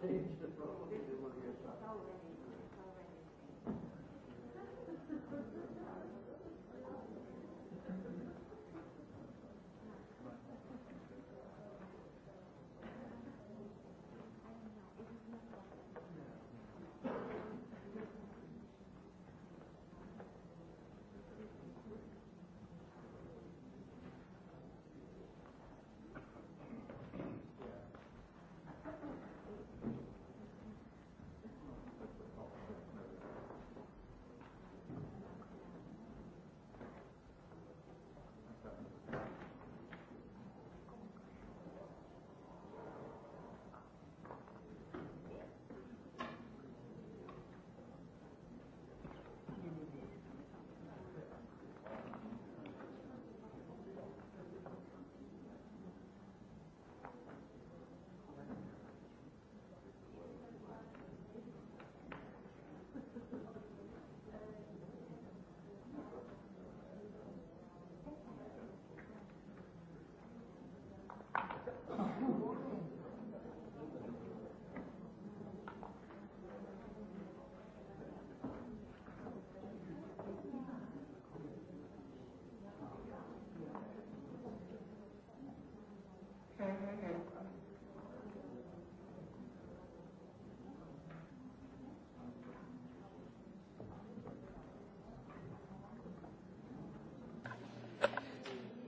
change the problem.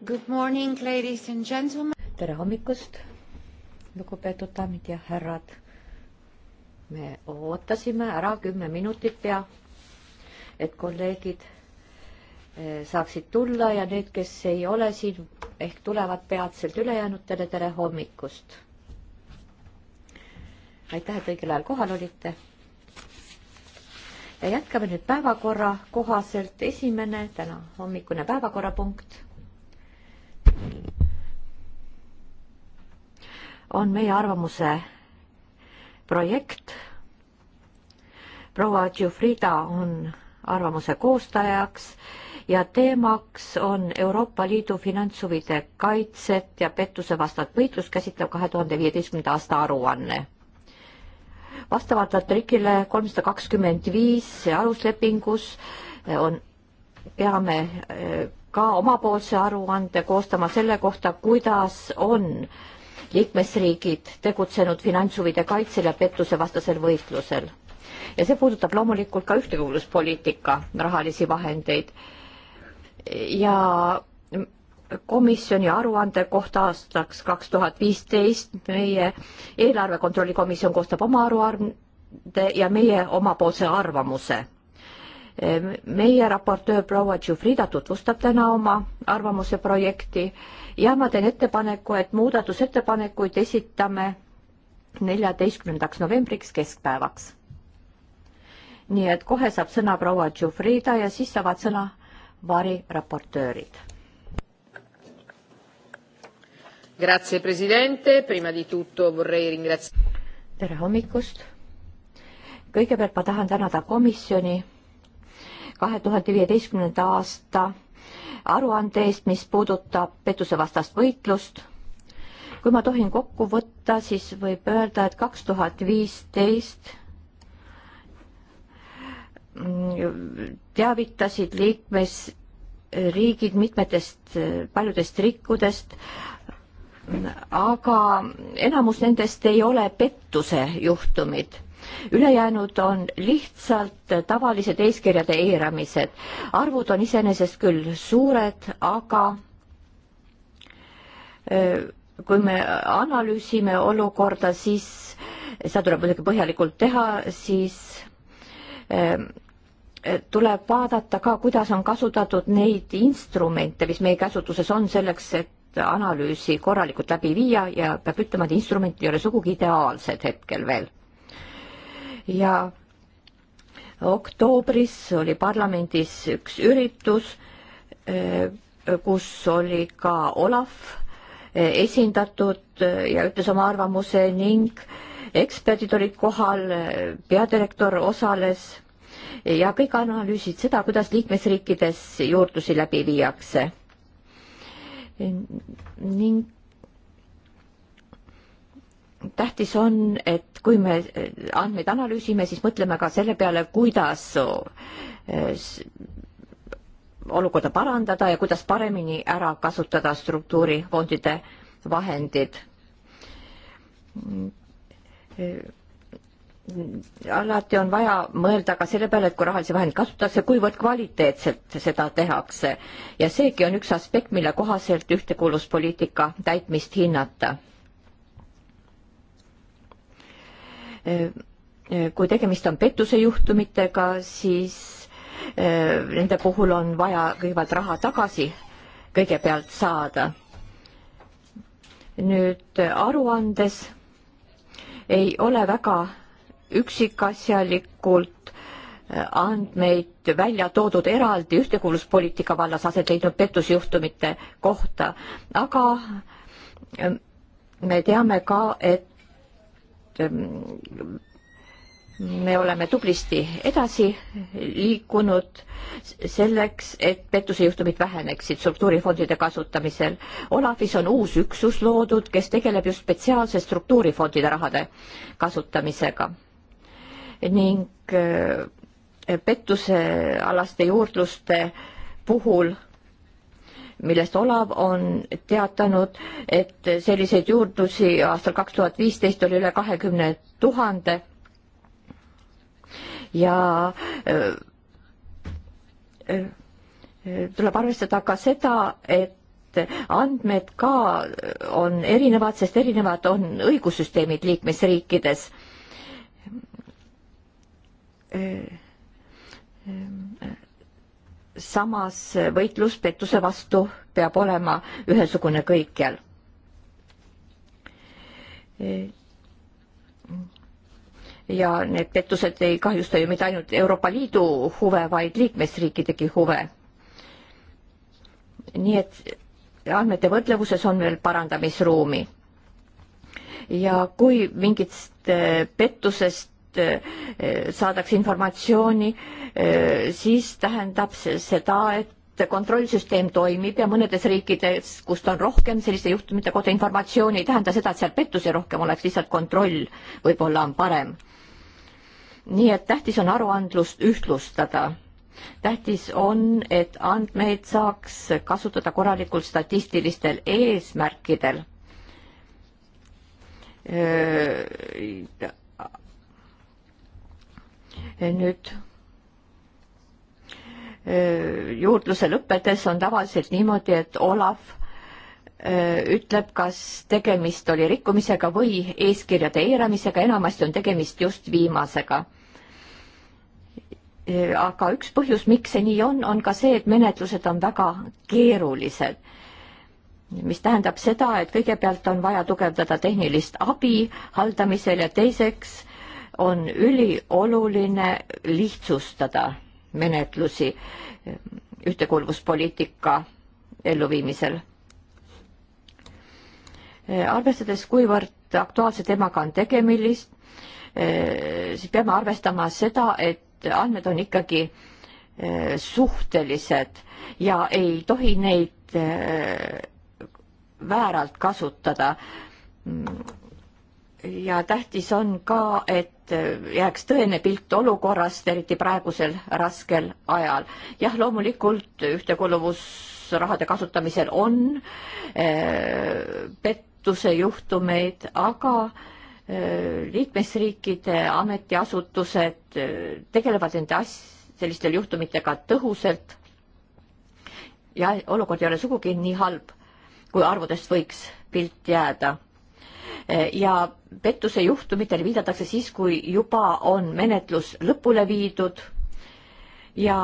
Good morning, ladies and gentlemen. tere hommikust, lugupeetud daamid ja härrad. me ootasime ära kümme minutit pea, et kolleegid eh, saaksid tulla ja need, kes ei ole siin, ehk tulevad peatselt ülejäänutele tere hommikust. aitäh, et õigel ajal kohal olite. ja jätkame nüüd päevakorra kohaselt. esimene täna hommikune päevakorrapunkt on meie arvamuse projekt. proua Tšufrida on arvamuse koostajaks ja teemaks on Euroopa Liidu finantshuvide kaitset ja pettusevastast võitlust käsitlev kahe tuhande viieteistkümnenda aasta aruanne. vastavalt artiklile kolmsada kakskümmend viis aluslepingus eh, on, peame eh, ka omapoolse aruande koostama selle kohta, kuidas on liikmesriigid tegutsenud finantshuvide kaitsel ja pettusevastasel võitlusel. ja see puudutab loomulikult ka ühtekuuluvuspoliitika rahalisi vahendeid ja komisjoni aruande kohta aastaks kaks tuhat viisteist meie eelarve kontrolli komisjon koostab oma aruande ja meie omapoolse arvamuse. meie raportöör proua Tšufrida tutvustab täna oma arvamuse projekti ja ma teen ettepaneku, et muudatusettepanekuid esitame neljateistkümnendaks novembriks keskpäevaks. nii et kohe saab sõna proua Tšufrida ja siis saavad sõna variraportöörid. Grazie presidente, prima di tutto vorrei ringrazia-. tere hommikust. kõigepealt ma tahan tänada komisjoni kahe tuhande viieteistkümnenda aasta aruande eest, mis puudutab pettusevastast võitlust. kui ma tohin kokku võtta, siis võib öelda, et kaks tuhat viisteist teavitasid liikmesriigid mitmetest paljudest rikkudest, aga enamus nendest ei ole pettuse juhtumid. ülejäänud on lihtsalt tavalised eeskirjade eiramised. arvud on iseenesest küll suured, aga e, kui me analüüsime olukorda, siis seda tuleb muidugi põhjalikult teha, siis Ehm, eh, tuleb vaadata ka, kuidas on kasutatud neid instrumente, mis meie käsutuses on selleks, et analüüsi korralikult läbi viia ja peab ütlema, et instrumendid ei ole sugugi ideaalsed hetkel veel. ja oktoobris oli parlamendis üks üritus, eh, kus oli ka Olav eh, esindatud ja ütles oma arvamuse ning äh, eksperdid olid kohal, peadirektor osales ja kõik analüüsid seda, kuidas liikmesriikides juurdlusi läbi viiakse. ning tähtis on, et kui me andmeid analüüsime, siis mõtleme ka selle peale, kuidas eh, olukorda parandada ja kuidas paremini ära kasutada struktuurifondide vahendid Äh, alati on vaja mõelda ka selle peale, et kui rahalisi vahendeid kasutatakse, kuivõrd kvaliteetselt seda tehakse. ja seegi on üks aspekt, mille kohaselt ühtekuuluvuspoliitika täitmist hinnata. Äh, äh, kui tegemist on pettusejuhtumitega, siis nende puhul on vaja kõigepealt raha tagasi kõigepealt saada. nüüd aruandes ei ole väga üksikasjalikult äh, andmeid välja toodud eraldi ühtekuuluvuspoliitika vallas aset leidnud pettusjuhtumite kohta, aga ähm, me teame ka, et ähm, me oleme tublisti edasi liikunud selleks, et pettusejuhtumid väheneksid struktuurifondide kasutamisel. Olafis on uus üksus loodud, kes tegeleb just spetsiaalse struktuurifondide rahade kasutamisega ning äh, pettusealaste juurdluste puhul millest Olav on teatanud, et selliseid juurdlusi aastal kaks tuhat viisteist oli üle kahekümne tuhande ja äh, äh, tuleb arvestada ka seda, et andmed ka on erinevad, sest erinevad on õigussüsteemid liikmesriikides. Äh, samas võitlus pettuse vastu peab olema ühesugune kõikjal ja need pettused ei kahjusta ju mitte ainult Euroopa Liidu huve, vaid liikmesriikidegi huve. nii et andmete võrdlevuses on veel parandamisruumi. ja kui mingist äh, pettusest äh, saadakse informatsiooni, äh, siis tähendab see seda, et kontrollsüsteem toimib ja mõnedes riikides, kust on rohkem selliste juhtumite kohta informatsiooni, ei tähenda seda, et seal pettusi rohkem oleks, lihtsalt kontroll võib-olla on parem nii et tähtis on aruandlust ühtlustada. tähtis on, et andmeid saaks kasutada korralikult statistilistel eesmärkidel äh, nüüd äh, juurdluse lõppedes on tavaliselt niimoodi, et Olav äh, ütleb, kas tegemist oli rikkumisega või eeskirjade eiramisega, enamasti on tegemist just viimasega Äh, aga üks põhjus, miks see nii on, on ka see, et menetlused on väga keerulised mis tähendab seda, et kõigepealt on vaja tugevdada tehnilist abi haldamisel ja teiseks on ülioluline lihtsustada menetlusi äh, ühtekuuluvuspoliitika elluviimisel. Äh, arvestades, kuivõrd aktuaalse teemaga on tegemist, siis peame arvestama seda, et need andmed on ikkagi eh, suhtelised ja ei tohi neid eh, vääralt kasutada. ja tähtis on ka, et eh, jääks tõene pilt olukorrast, eriti praegusel raskel ajal. jah, loomulikult ühtekuluvusrahade kasutamisel on pettuse juhtumeid, aga äh, liikmesriikide ametiasutused äh, tegelevad nende as-, sellistel juhtumitega tõhusalt ja olukord ei ole sugugi nii halb, kui arvudest võiks pilt jääda. Äh, ja pettuse juhtumitele viidatakse siis, kui juba on menetlus lõpule viidud ja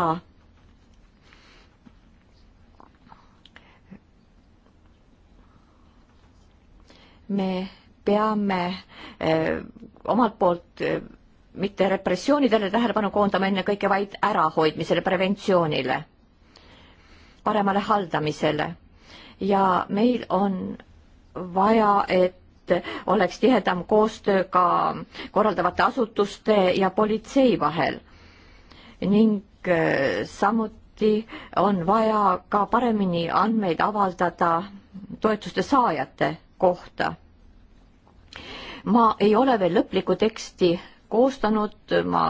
me peame eh, omalt poolt eh, mitte repressioonidele tähelepanu koondama ennekõike, vaid ärahoidmisele, preventsioonile, paremale haldamisele. ja meil on vaja, et oleks tihedam koostöö ka korraldavate asutuste ja politsei vahel. ning eh, samuti on vaja ka paremini andmeid avaldada toetuste saajate kohta ma ei ole veel lõplikku teksti koostanud, ma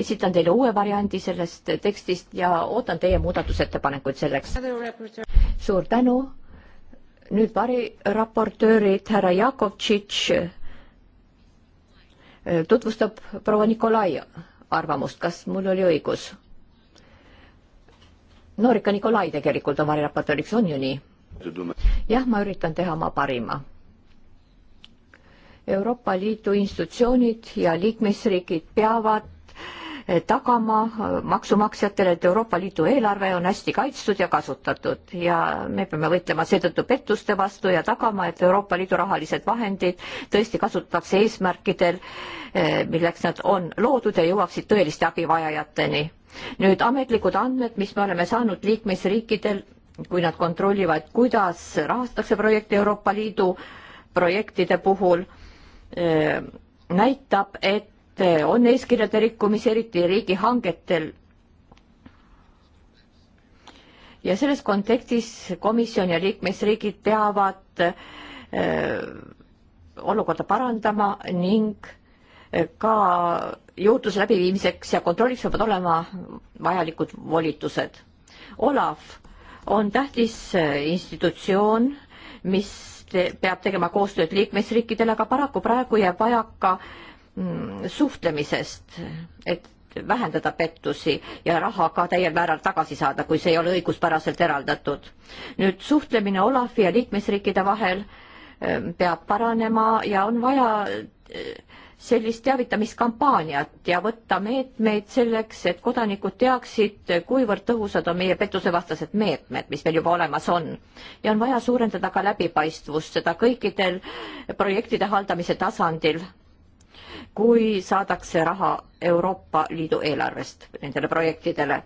esitan teile uue variandi sellest tekstist ja ootan teie muudatusettepanekuid selleks. suur tänu. nüüd variraportöörid, härra Jakovtšitš äh, tutvustab proua Nikolai arvamust, kas mul oli õigus? Norika Nikolai tegelikult on variraportööriks, on ju nii? jah, ma üritan teha oma parima Euroopa Liidu institutsioonid ja liikmesriigid peavad eh, tagama eh, maksumaksjatele, et Euroopa Liidu eelarve on hästi kaitstud ja kasutatud ja me peame võitlema seetõttu pettuste vastu ja tagama, et Euroopa Liidu rahalised vahendid tõesti kasutatakse eesmärkidel, eh, milleks nad on loodud ja jõuaksid tõeliste abivajajateni. nüüd ametlikud andmed, mis me oleme saanud liikmesriikidel, kui nad kontrollivad, kuidas rahastatakse projekte Euroopa Liidu projektide puhul Äh, näitab, et äh, on eeskirjade rikkumisi, eriti riigihangetel. ja selles kontekstis komisjon ja liikmesriigid peavad äh, olukorda parandama ning ka juurdluse läbiviimiseks ja kontrolliks peavad olema vajalikud volitused. Olav on tähtis institutsioon, mis te, peab tegema koostööd liikmesriikidele, aga paraku praegu jääb vajaka mm, suhtlemisest, et vähendada pettusi ja raha ka täiel määral tagasi saada, kui see ei ole õiguspäraselt eraldatud. nüüd suhtlemine Olafi ja liikmesriikide vahel ehm, peab paranema ja on vaja sellist teavitamiskampaaniat ja võtta meetmeid selleks, et kodanikud teaksid, kuivõrd tõhusad on meie pettusevastased meetmed, mis meil juba olemas on. ja on vaja suurendada ka läbipaistvust, seda kõikidel projektide haldamise tasandil, kui saadakse raha Euroopa Liidu eelarvest nendele projektidele.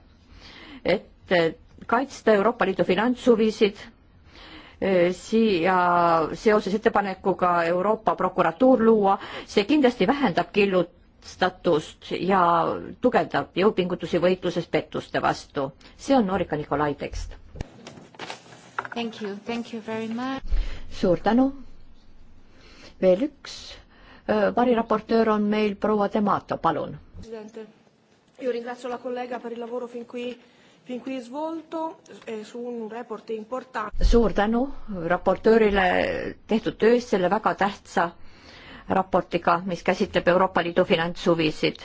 et kaitsta Euroopa Liidu finantshuvisid siia seoses ettepanekuga Euroopa prokuratuur luua, see kindlasti vähendab killustatust ja tugevdab jõupingutusi võitluses pettuste vastu. see on Norika Nikolai tekst. suur tänu. veel üks äh, variraportöör on meil proua Demato, palun. Io ringrazio la collega per il lavoro fin qui siin kui svolto su un report important-. suur tänu raportöörile tehtud töö eest selle väga tähtsa raportiga, mis käsitleb Euroopa Liidu finantshuvisid.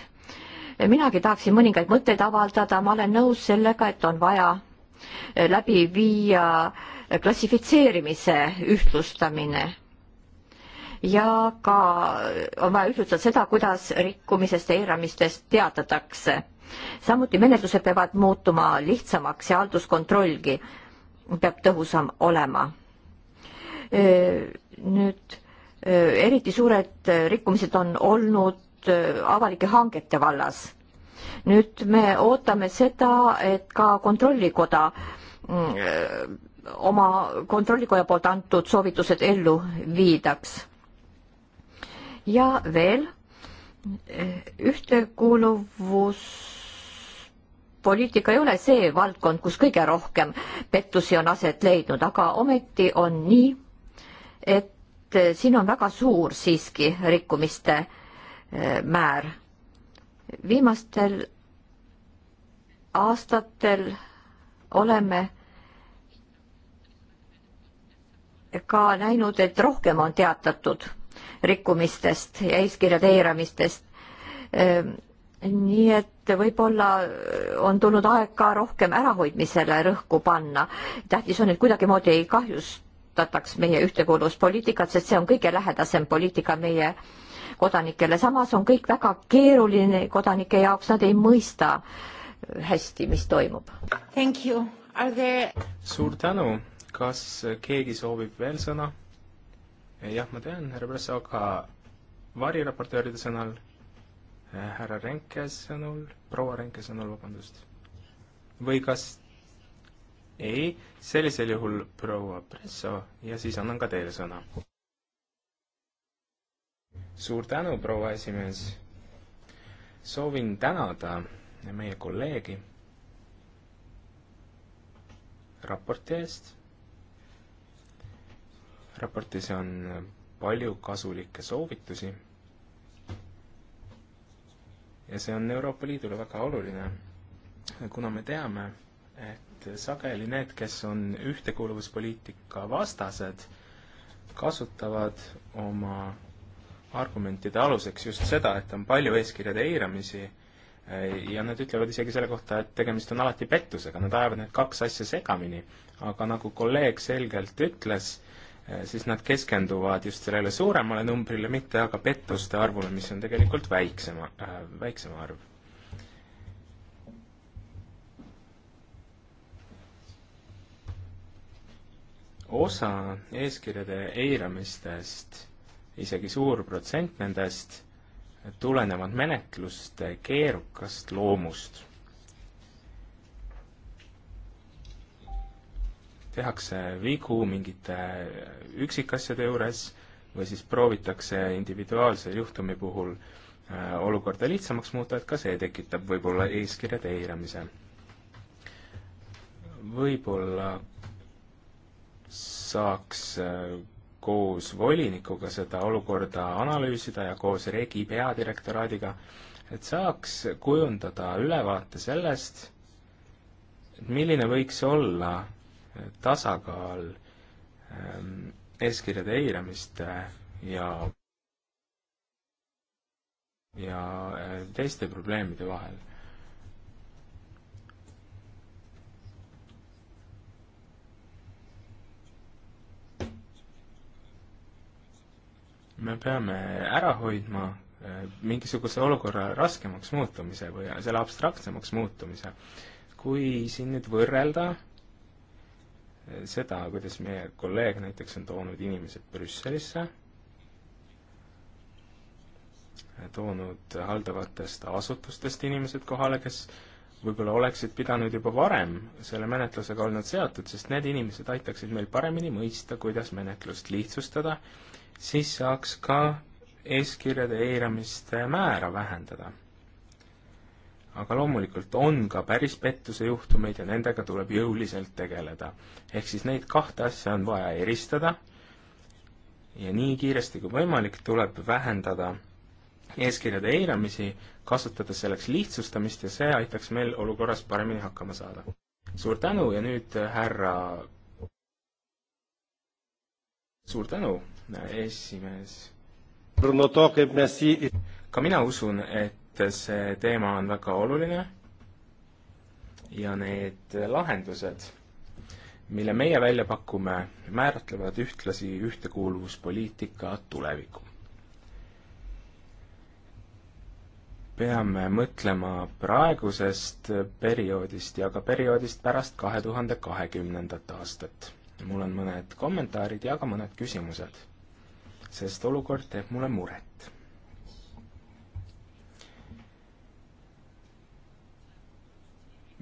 minagi tahaksin mõningaid mõtteid avaldada, ma olen nõus sellega, et on vaja läbi viia klassifitseerimise ühtlustamine ja ka on vaja ühtlustada seda, kuidas rikkumisest ja eiramistest teatatakse samuti menetlused peavad muutuma lihtsamaks ja halduskontrollgi peab tõhusam olema. nüüd eriti suured rikkumised on olnud avalike hangete vallas. nüüd me ootame seda, et ka kontrollikoda mm, oma kontrollikoja poolt antud soovitused ellu viidaks. ja veel ühtekuuluvus poliitika ei ole see valdkond, kus kõige rohkem pettusi on aset leidnud, aga ometi on nii, et eh, siin on väga suur siiski rikkumiste eh, määr. viimastel aastatel oleme ka näinud, et rohkem on teatatud rikkumistest ja eeskirjade eiramistest eh, nii et võib-olla äh, on tulnud aeg ka rohkem ärahoidmisele rõhku panna. tähtis on, et kuidagimoodi ei kahjustataks meie ühtekuuluvuspoliitikat, sest see on kõige lähedasem poliitika meie kodanikele. samas on kõik väga keeruline kodanike jaoks, nad ei mõista hästi, mis toimub. There... suur tänu. kas keegi soovib veel sõna? jah, ma tean, härra Press, aga variraportööride sõnal Eh, härra Renke sõnul, proua Renke sõnul, vabandust. või kas ei, sellisel juhul proua Presso ja siis annan ka teile sõna. suur tänu, proua esimees. soovin tänada meie kolleegi raporti eest. raportis on palju kasulikke soovitusi ja see on Euroopa Liidule väga oluline, kuna me teame, et sageli need, kes on ühtekuuluvuspoliitika vastased, kasutavad oma argumentide aluseks just seda, et on palju eeskirjade eiramisi eh, ja nad ütlevad isegi selle kohta, et tegemist on alati pettusega, nad ajavad need kaks asja segamini. aga nagu kolleeg selgelt ütles, Äh, siis nad keskenduvad just sellele suuremale numbrile, mitte aga pettuste arvule, mis on tegelikult väiksema äh,, väiksem arv. osa eeskirjade eiramistest, isegi suur protsent nendest, tulenevad menetluste keerukast loomust tehakse vigu mingite üksikasjade juures või siis proovitakse individuaalse juhtumi puhul äh, olukorda lihtsamaks muuta, et ka see tekitab võib-olla eeskirjade eiramise. võib-olla saaks äh, koos volinikuga seda olukorda analüüsida ja koos Regi peadirektoraadiga, et saaks kujundada ülevaate sellest, milline võiks olla tasakaal ähm, eeskirjade eiramiste äh, ja ja äh, teiste probleemide vahel. me peame ära hoidma äh, mingisuguse olukorra raskemaks muutumise või selle abstraktsemaks muutumise. kui siin nüüd võrrelda seda, kuidas meie kolleeg näiteks on toonud inimesed Brüsselisse, toonud haldavatest asutustest inimesed kohale, kes võib-olla oleksid pidanud juba varem selle menetlusega olnud seotud, sest need inimesed aitaksid meil paremini mõista, kuidas menetlust lihtsustada, siis saaks ka eeskirjade eiramiste määra vähendada aga loomulikult on ka päris pettuse juhtumeid ja nendega tuleb jõuliselt tegeleda. ehk siis neid kahte asja on vaja eristada ja nii kiiresti kui võimalik tuleb vähendada eeskirjade eiramisi, kasutades selleks lihtsustamist ja see aitaks meil olukorras paremini hakkama saada. suur tänu ja nüüd äh, härra suur tänu, äh, esimees. ka mina usun, et mõttes see teema on väga oluline ja need lahendused, mille meie välja pakume, määratlevad ühtlasi ühtekuuluvuspoliitika tulevikku. peame mõtlema praegusest perioodist ja ka perioodist pärast kahe tuhande kahekümnendat aastat. mul on mõned kommentaarid ja ka mõned küsimused, sest olukord teeb mulle muret.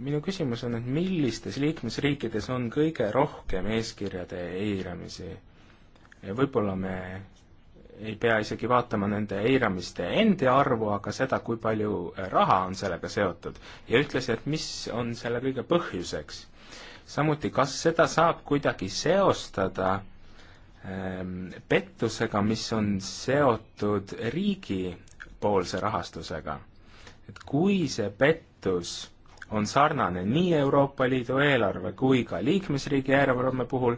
minu küsimus on, et millistes liikmesriikides on kõige rohkem eeskirjade eiramisi? võib-olla me ei pea isegi vaatama nende eiramiste endi arvu, aga seda, kui palju raha on sellega seotud. ja ühtlasi, et mis on selle kõige põhjuseks. samuti, kas seda saab kuidagi seostada ähm, pettusega, mis on seotud riigipoolse rahastusega? et kui see pettus on sarnane nii Euroopa Liidu eelarve kui ka liikmesriigi eelarve puhul,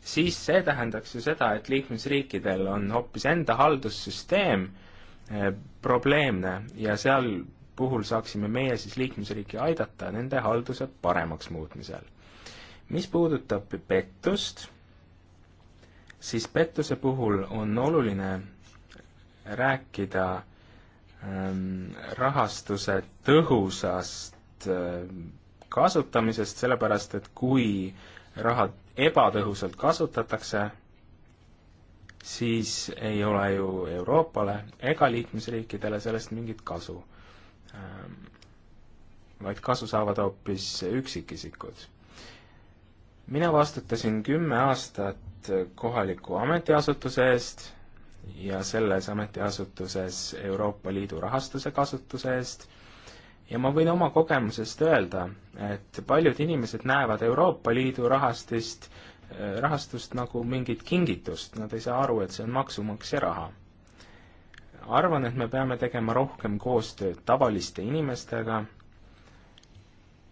siis see tähendaks ju seda, et liikmesriikidel on hoopis enda haldussüsteem eh, probleemne ja seal puhul saaksime meie siis liikmesriiki aidata nende halduse paremaks muutmisel. mis puudutab pettust, siis pettuse puhul on oluline rääkida ähm, rahastuse tõhusast Äh, kasutamisest, sellepärast et kui raha ebatõhusalt kasutatakse, siis ei ole ju Euroopale ega liikmesriikidele sellest mingit kasu. Ähm, vaid kasu saavad hoopis üksikisikud. mina vastutasin kümme aastat kohaliku ametiasutuse eest ja selles ametiasutuses Euroopa Liidu rahastuse kasutuse eest ja ma võin oma kogemusest öelda, et paljud inimesed näevad Euroopa Liidu rahastist, eh, rahastust nagu mingit kingitust, nad ei saa aru, et see on maksumaksja raha. arvan, et me peame tegema rohkem koostööd tavaliste inimestega,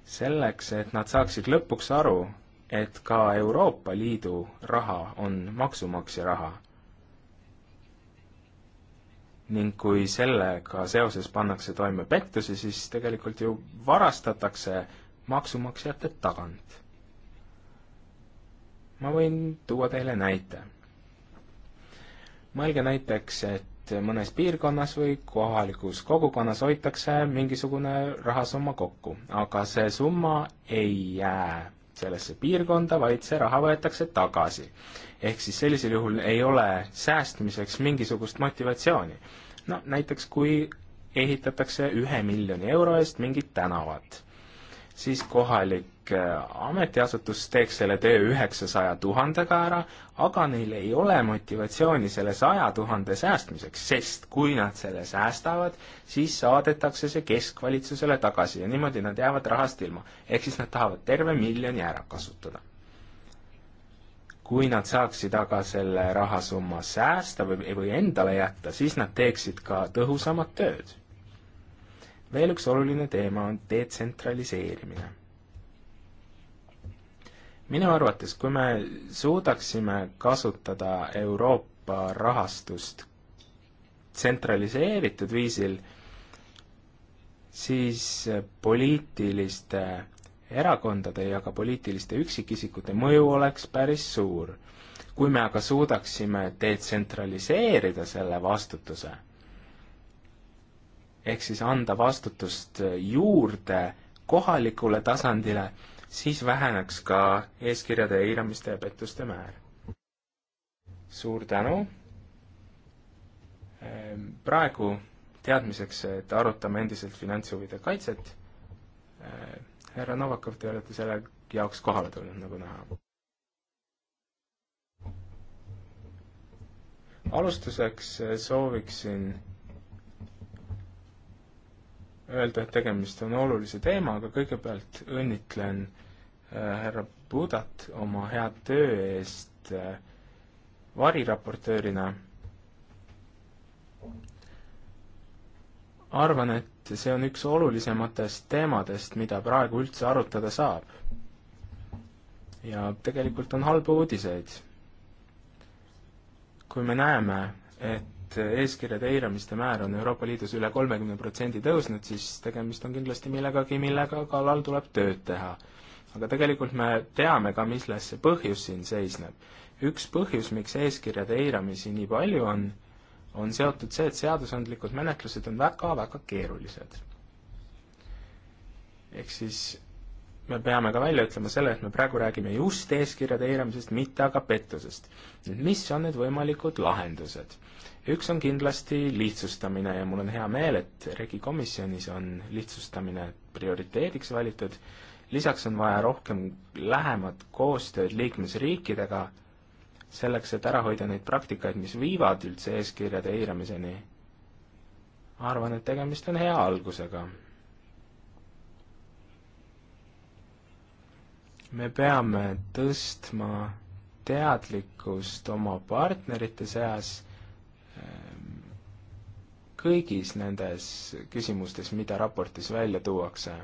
selleks, et nad saaksid lõpuks aru, et ka Euroopa Liidu raha on maksumaksja raha ning kui sellega seoses pannakse toime pettusi, siis tegelikult ju varastatakse maksumaksjate tagant. ma võin tuua teile näite. mõelge näiteks, et mõnes piirkonnas või kohalikus kogukonnas hoitakse mingisugune rahasumma kokku, aga see summa ei jää sellesse piirkonda, vaid see raha võetakse tagasi. ehk siis sellisel juhul ei ole säästmiseks mingisugust motivatsiooni. no näiteks kui ehitatakse ühe miljoni euro eest mingit tänavat, siis kohalik Äh, ametiasutus teeks selle töö üheksasaja tuhandega ära, aga neil ei ole motivatsiooni selle saja tuhande säästmiseks, sest kui nad selle säästavad, siis saadetakse see keskvalitsusele tagasi ja niimoodi nad jäävad rahast ilma. ehk siis nad tahavad terve miljoni ära kasutada. kui nad saaksid aga selle rahasumma säästa või, või endale jätta, siis nad teeksid ka tõhusamat tööd. veel üks oluline teema on detsentraliseerimine minu arvates, kui me suudaksime kasutada Euroopa rahastust tsentraliseeritud viisil, siis poliitiliste erakondade ja ka poliitiliste üksikisikute mõju oleks päris suur. kui me aga suudaksime detsentraliseerida selle vastutuse, ehk siis anda vastutust juurde kohalikule tasandile siis väheneks ka eeskirjade eiramiste ja pettuste määr. suur tänu! Ehm, praegu teadmiseks, et arutame endiselt finantshuvide kaitset. Ehm, härra Novakov, te olete selle jaoks kohale tulnud, nagu näha. alustuseks eh, sooviksin öelda, et tegemist on olulise teemaga, kõigepealt õnnitlen Äh, härra Budat oma hea töö eest äh, variraportöörina. arvan, et see on üks olulisematest teemadest, mida praegu üldse arutada saab. ja tegelikult on halbu uudiseid. kui me näeme, et eeskirjade eiramiste määr on Euroopa Liidus üle kolmekümne protsendi tõusnud, siis tegemist on kindlasti millegagi, millega kallal tuleb tööd teha aga tegelikult me teame ka, milles see põhjus siin seisneb. üks põhjus, miks eeskirjade eiramisi nii palju on, on seotud see, et seadusandlikud menetlused on väga-väga keerulised. ehk siis me peame ka välja ütlema selle, et me praegu räägime just eeskirjade eiramisest, mitte aga pettusest. nüüd mis on need võimalikud lahendused? üks on kindlasti lihtsustamine ja mul on hea meel, et regikomisjonis on lihtsustamine prioriteediks valitud, lisaks on vaja rohkem lähemat koostööd liikmesriikidega, selleks, et ära hoida neid praktikaid, mis viivad üldse eeskirjade eiramiseni. arvan, et tegemist on hea algusega. me peame tõstma teadlikkust oma partnerite seas ehm, kõigis nendes küsimustes, mida raportis välja tuuakse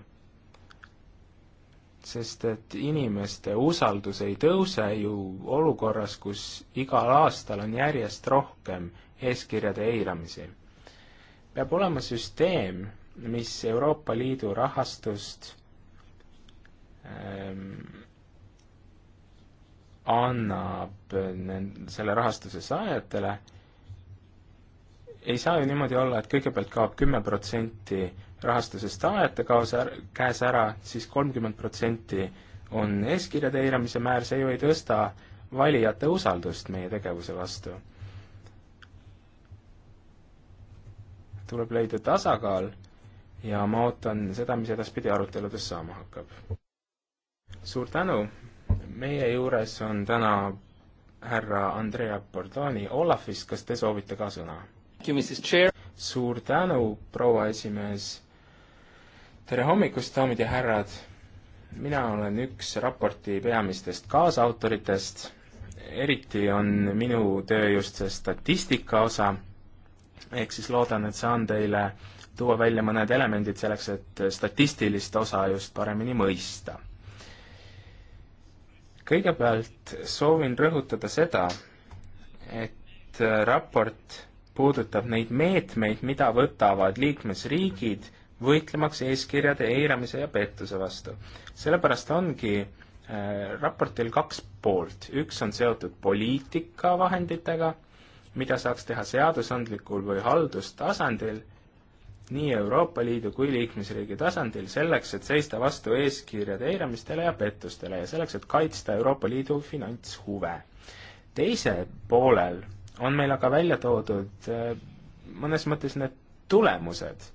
sest et inimeste usaldus ei tõuse ju olukorras, kus igal aastal on järjest rohkem eeskirjade eiramisi. peab olema süsteem, mis Euroopa Liidu rahastust ähm, annab selle rahastuse saajatele, ei saa ju niimoodi olla, et kõigepealt kaob kümme protsenti rahastusest aete kaasa, käes ära siis, siis kolmkümmend protsenti on eeskirjade eiramise määr, see ju ei tõsta valijate usaldust meie tegevuse vastu. tuleb leida tasakaal ja ma ootan seda, mis edaspidi aruteludes saama hakkab. suur tänu, meie juures on täna härra Andrea Bordoni Olafist, kas te soovite ka sõna? suur tänu, proua esimees tere hommikust, daamid ja härrad! mina olen üks raporti peamistest kaasautoritest, eriti on minu töö just see statistika osa, ehk siis loodan, et saan teile tuua välja mõned elemendid selleks, et statistilist osa just paremini mõista. kõigepealt soovin rõhutada seda, et raport puudutab neid meetmeid, mida võtavad liikmesriigid võitlemaks eeskirjade eiramise ja pettuse vastu. sellepärast ongi äh, raportil kaks poolt, üks on seotud poliitikavahenditega, mida saaks teha seadusandlikul või haldustasandil, nii Euroopa Liidu kui liikmesriigi tasandil, selleks, et seista vastu eeskirjade eiramistele ja pettustele ja selleks, et kaitsta Euroopa Liidu finantshuve. teise poolel on meil aga välja toodud äh, mõnes mõttes need tulemused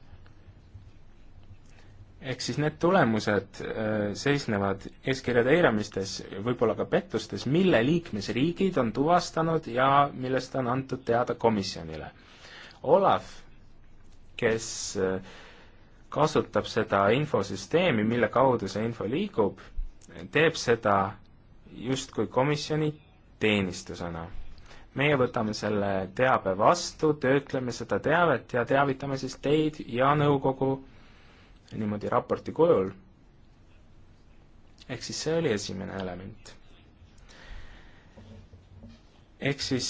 ehk siis need tulemused äh, seisnevad eeskirjade eiramistes, võib-olla ka pettustes, mille liikmesriigid on tuvastanud ja millest on antud teada komisjonile. Olav, kes äh, kasutab seda infosüsteemi, mille kaudu see info liigub, teeb seda justkui komisjoni teenistusena. meie võtame selle teabe vastu, töötleme seda teavet ja teavitame siis teid ja nõukogu niimoodi raporti kujul. ehk siis see oli esimene element. ehk siis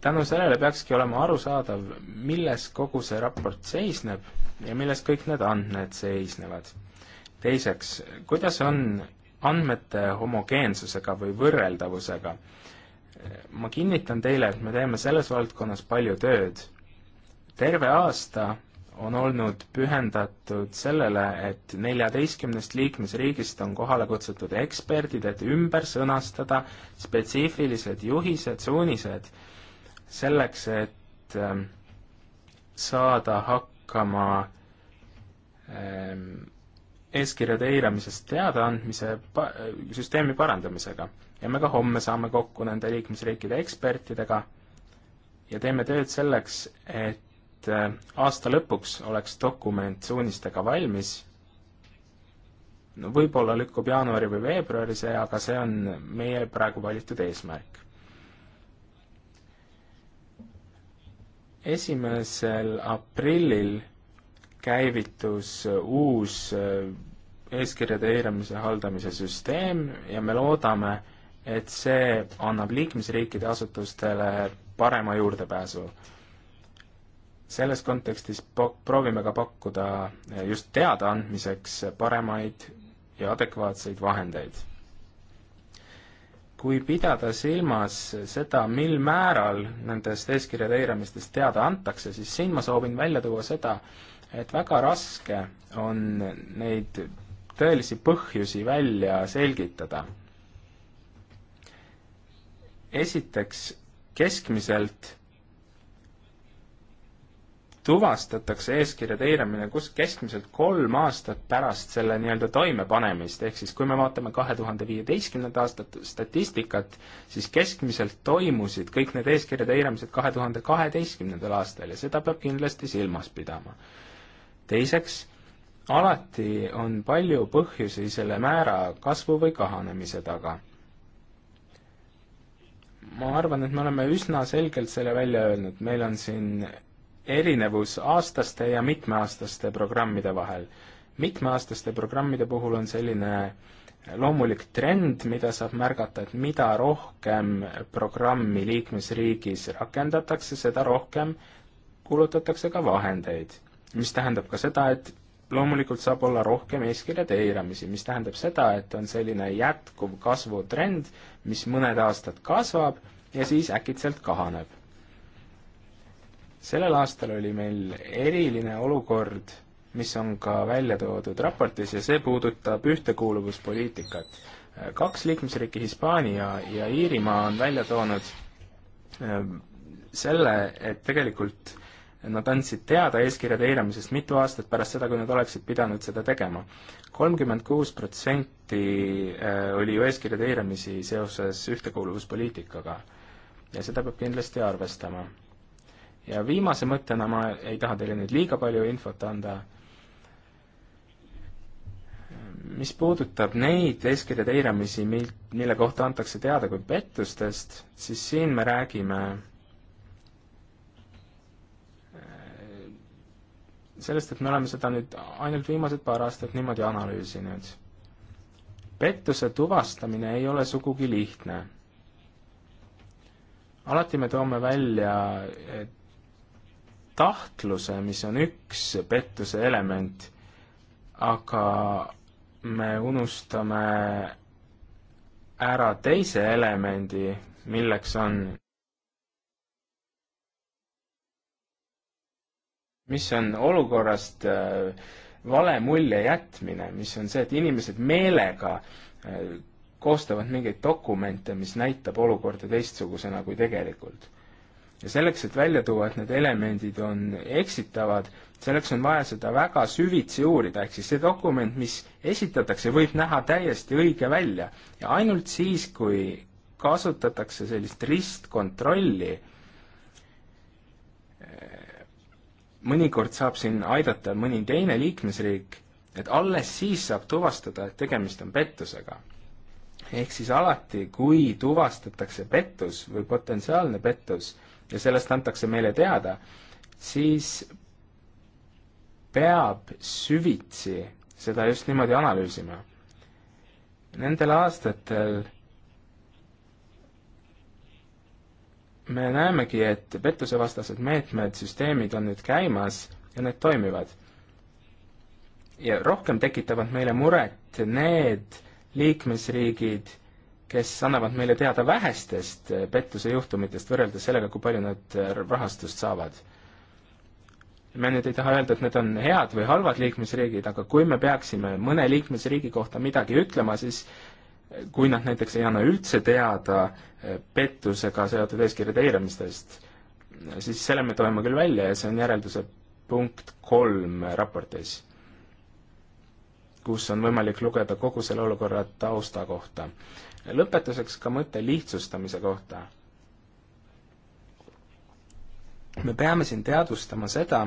tänu sellele peakski olema arusaadav, milles kogu see raport seisneb ja milles kõik need andmed seisnevad. teiseks, kuidas on andmete homogeensusega või võrreldavusega? ma kinnitan teile, et me teeme selles valdkonnas palju tööd. terve aasta on olnud pühendatud sellele, et neljateistkümnest liikmesriigist on kohale kutsutud eksperdid, et ümber sõnastada spetsiifilised juhised, suunised selleks, et ähm, saada hakkama ähm, eeskirjade eiramisest teadaandmise pa-, süsteemi parandamisega. ja me ka homme saame kokku nende liikmesriikide ekspertidega ja teeme tööd selleks, et et äh, aasta lõpuks oleks dokument suunistega valmis. no võib-olla lükkub jaanuari või veebruari see, aga see on meie praegu valitud eesmärk. esimesel aprillil käivitus uus äh, eeskirjade eiramise haldamise süsteem ja me loodame, et see annab liikmesriikide asutustele parema juurdepääsu selles kontekstis proovime ka pakkuda eh, just teadaandmiseks paremaid ja adekvaatseid vahendeid. kui pidada silmas seda, mil määral nendest eeskirjade eiramistest teada antakse, siis siin ma soovin välja tuua seda, et väga raske on neid tõelisi põhjusi välja selgitada. esiteks, keskmiselt tuvastatakse eeskirjade eiramine kus keskmiselt kolm aastat pärast selle nii-öelda toimepanemist, ehk siis kui me vaatame kahe tuhande viieteistkümnenda aasta statistikat, siis keskmiselt toimusid kõik need eeskirjade eiramised kahe tuhande kaheteistkümnendal aastal ja seda peab kindlasti silmas pidama. teiseks, alati on palju põhjusi selle määra kasvu või kahanemise taga ma arvan, et me oleme üsna selgelt selle välja öelnud, meil on siin erinevus aastaste ja mitmeaastaste programmide vahel. mitmeaastaste programmide puhul on selline loomulik trend, mida saab märgata, et mida rohkem programmi liikmesriigis rakendatakse, seda rohkem kulutatakse ka vahendeid. mis tähendab ka seda, et loomulikult saab olla rohkem eeskirjade eiramisi, mis tähendab seda, et on selline jätkuv kasvutrend, mis mõned aastad kasvab ja siis äkitselt kahaneb sellel aastal oli meil eriline olukord, mis on ka välja toodud raportis ja see puudutab ühtekuuluvuspoliitikat. kaks liikmesriiki, Hispaania ja Iirimaa, on välja toonud äh, selle, et tegelikult nad andsid teada eeskirjade eiramisest mitu aastat pärast seda, kui nad oleksid pidanud seda tegema. kolmkümmend kuus protsenti äh, oli ju eeskirjade eiramisi seoses ühtekuuluvuspoliitikaga ja seda peab kindlasti arvestama ja viimase mõttena ma ei taha teile nüüd liiga palju infot anda, mis puudutab neid eeskirjade eiramisi, mil, mille kohta antakse teada kui pettustest, siis siin me räägime äh, sellest, et me oleme seda nüüd ainult viimased paar aastat niimoodi analüüsinud. pettuse tuvastamine ei ole sugugi lihtne alati me toome välja, et tahtluse, mis on üks pettuse element, aga me unustame ära teise elemendi, milleks on mis on olukorrast äh, vale mulje jätmine, mis on see, et inimesed meelega äh, koostavad mingeid dokumente, mis näitab olukorda teistsugusena kui tegelikult ja selleks, et välja tuua, et need elemendid on eksitavad, selleks on vaja seda väga süvitsi uurida, ehk siis see dokument, mis esitatakse, võib näha täiesti õige välja ja ainult siis, kui kasutatakse sellist ristkontrolli, eh, mõnikord saab siin aidata mõni teine liikmesriik, et alles siis saab tuvastada, et tegemist on pettusega ehk siis alati, kui tuvastatakse pettus või potentsiaalne pettus, ja sellest antakse meile teada, siis peab süvitsi seda just niimoodi analüüsima. Nendel aastatel me näemegi, et pettusevastased meetmed, süsteemid on nüüd käimas ja need toimivad. ja rohkem tekitavad meile muret need liikmesriigid kes annavad meile teada vähestest eh, pettuse juhtumitest võrreldes sellega, kui palju nad eh, rahastust saavad. me nüüd ei taha öelda, et need on head või halvad liikmesriigid, aga kui me peaksime mõne liikmesriigi kohta midagi ütlema, siis eh, kui nad näiteks ei anna üldse teada pettusega seotud eeskirjade eiramistest, siis selle me toome küll välja ja see on järelduse punkt kolm raportis, kus on võimalik lugeda kogu selle olukorra tausta kohta lõpetuseks ka mõte lihtsustamise kohta. me peame siin teadvustama seda,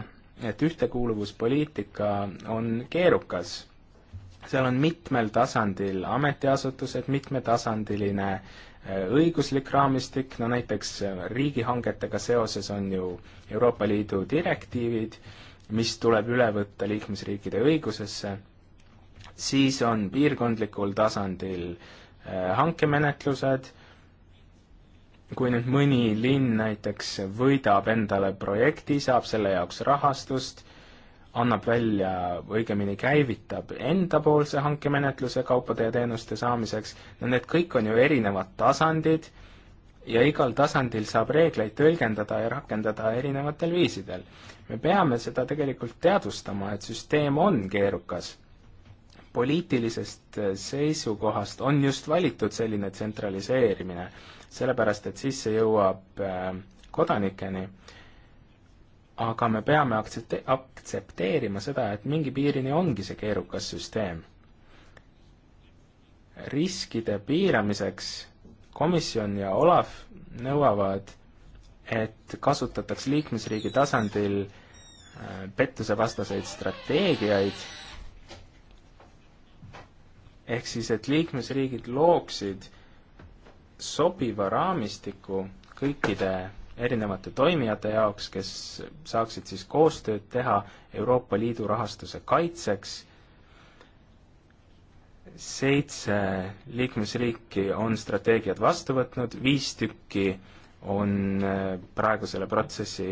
et ühtekuuluvuspoliitika on keerukas. seal on mitmel tasandil ametiasutused, mitmetasandiline äh, õiguslik raamistik, no näiteks äh, riigihangetega seoses on ju Euroopa Liidu direktiivid, mis tuleb üle võtta liikmesriikide õigusesse, siis on piirkondlikul tasandil Äh, hankemenetlused, kui nüüd mõni linn näiteks võidab endale projekti, saab selle jaoks rahastust, annab välja, õigemini käivitab endapoolse hankemenetluse kaupade ja teenuste saamiseks, no need kõik on ju erinevad tasandid ja igal tasandil saab reegleid tõlgendada ja rakendada erinevatel viisidel. me peame seda tegelikult teadvustama, et süsteem on keerukas poliitilisest äh, seisukohast on just valitud selline tsentraliseerimine, sellepärast et siis see jõuab äh, kodanikeni, aga me peame aktsepte-, aktsepteerima seda, et mingi piirini ongi see keerukas süsteem. riskide piiramiseks komisjon ja Olav nõuavad, et kasutataks liikmesriigi tasandil äh, pettusevastaseid strateegiaid ehk siis, et liikmesriigid looksid sobiva raamistiku kõikide erinevate toimijate jaoks, kes saaksid siis koostööd teha Euroopa Liidu rahastuse kaitseks. seitse liikmesriiki on strateegiad vastu võtnud, viis tükki on äh, praegu selle protsessi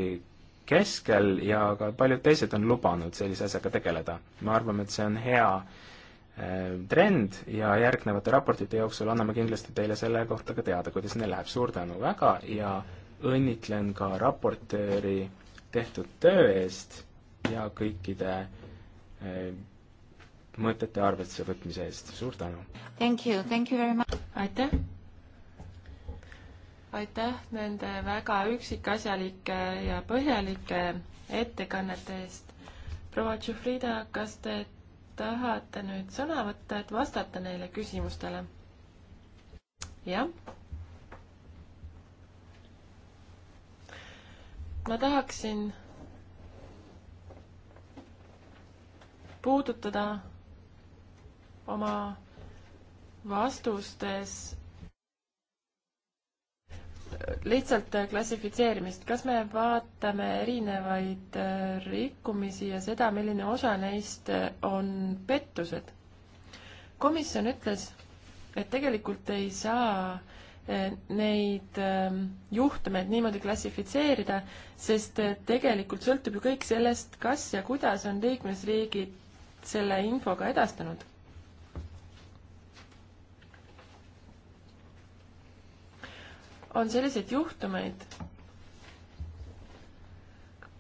keskel ja ka paljud teised on lubanud sellise asjaga tegeleda. me arvame, et see on hea äh, Ehm, trend ja järgnevate raportite jooksul anname kindlasti teile selle kohta ka teada, kuidas neil läheb. suur tänu väga ja õnnitlen ka raportööri tehtud töö eest ja kõikide ehm, mõtete arvesse võtmise eest, suur tänu! Thank you, thank you very much! aitäh! aitäh nende väga üksikasjalike ja põhjalike ettekannete eest! proua Tšufrida, kas te tahate nüüd sõna võtta, et vastata neile küsimustele? jah? ma tahaksin puudutada oma vastustes lihtsalt klassifitseerimist, kas me vaatame erinevaid äh, rikkumisi ja seda, milline osa neist äh, on pettused? komisjon ütles, et tegelikult ei saa äh, neid ähm, juhtumeid niimoodi klassifitseerida, sest tegelikult sõltub ju kõik sellest, kas ja kuidas on liikmesriigid selle infoga edastanud on selliseid juhtumeid,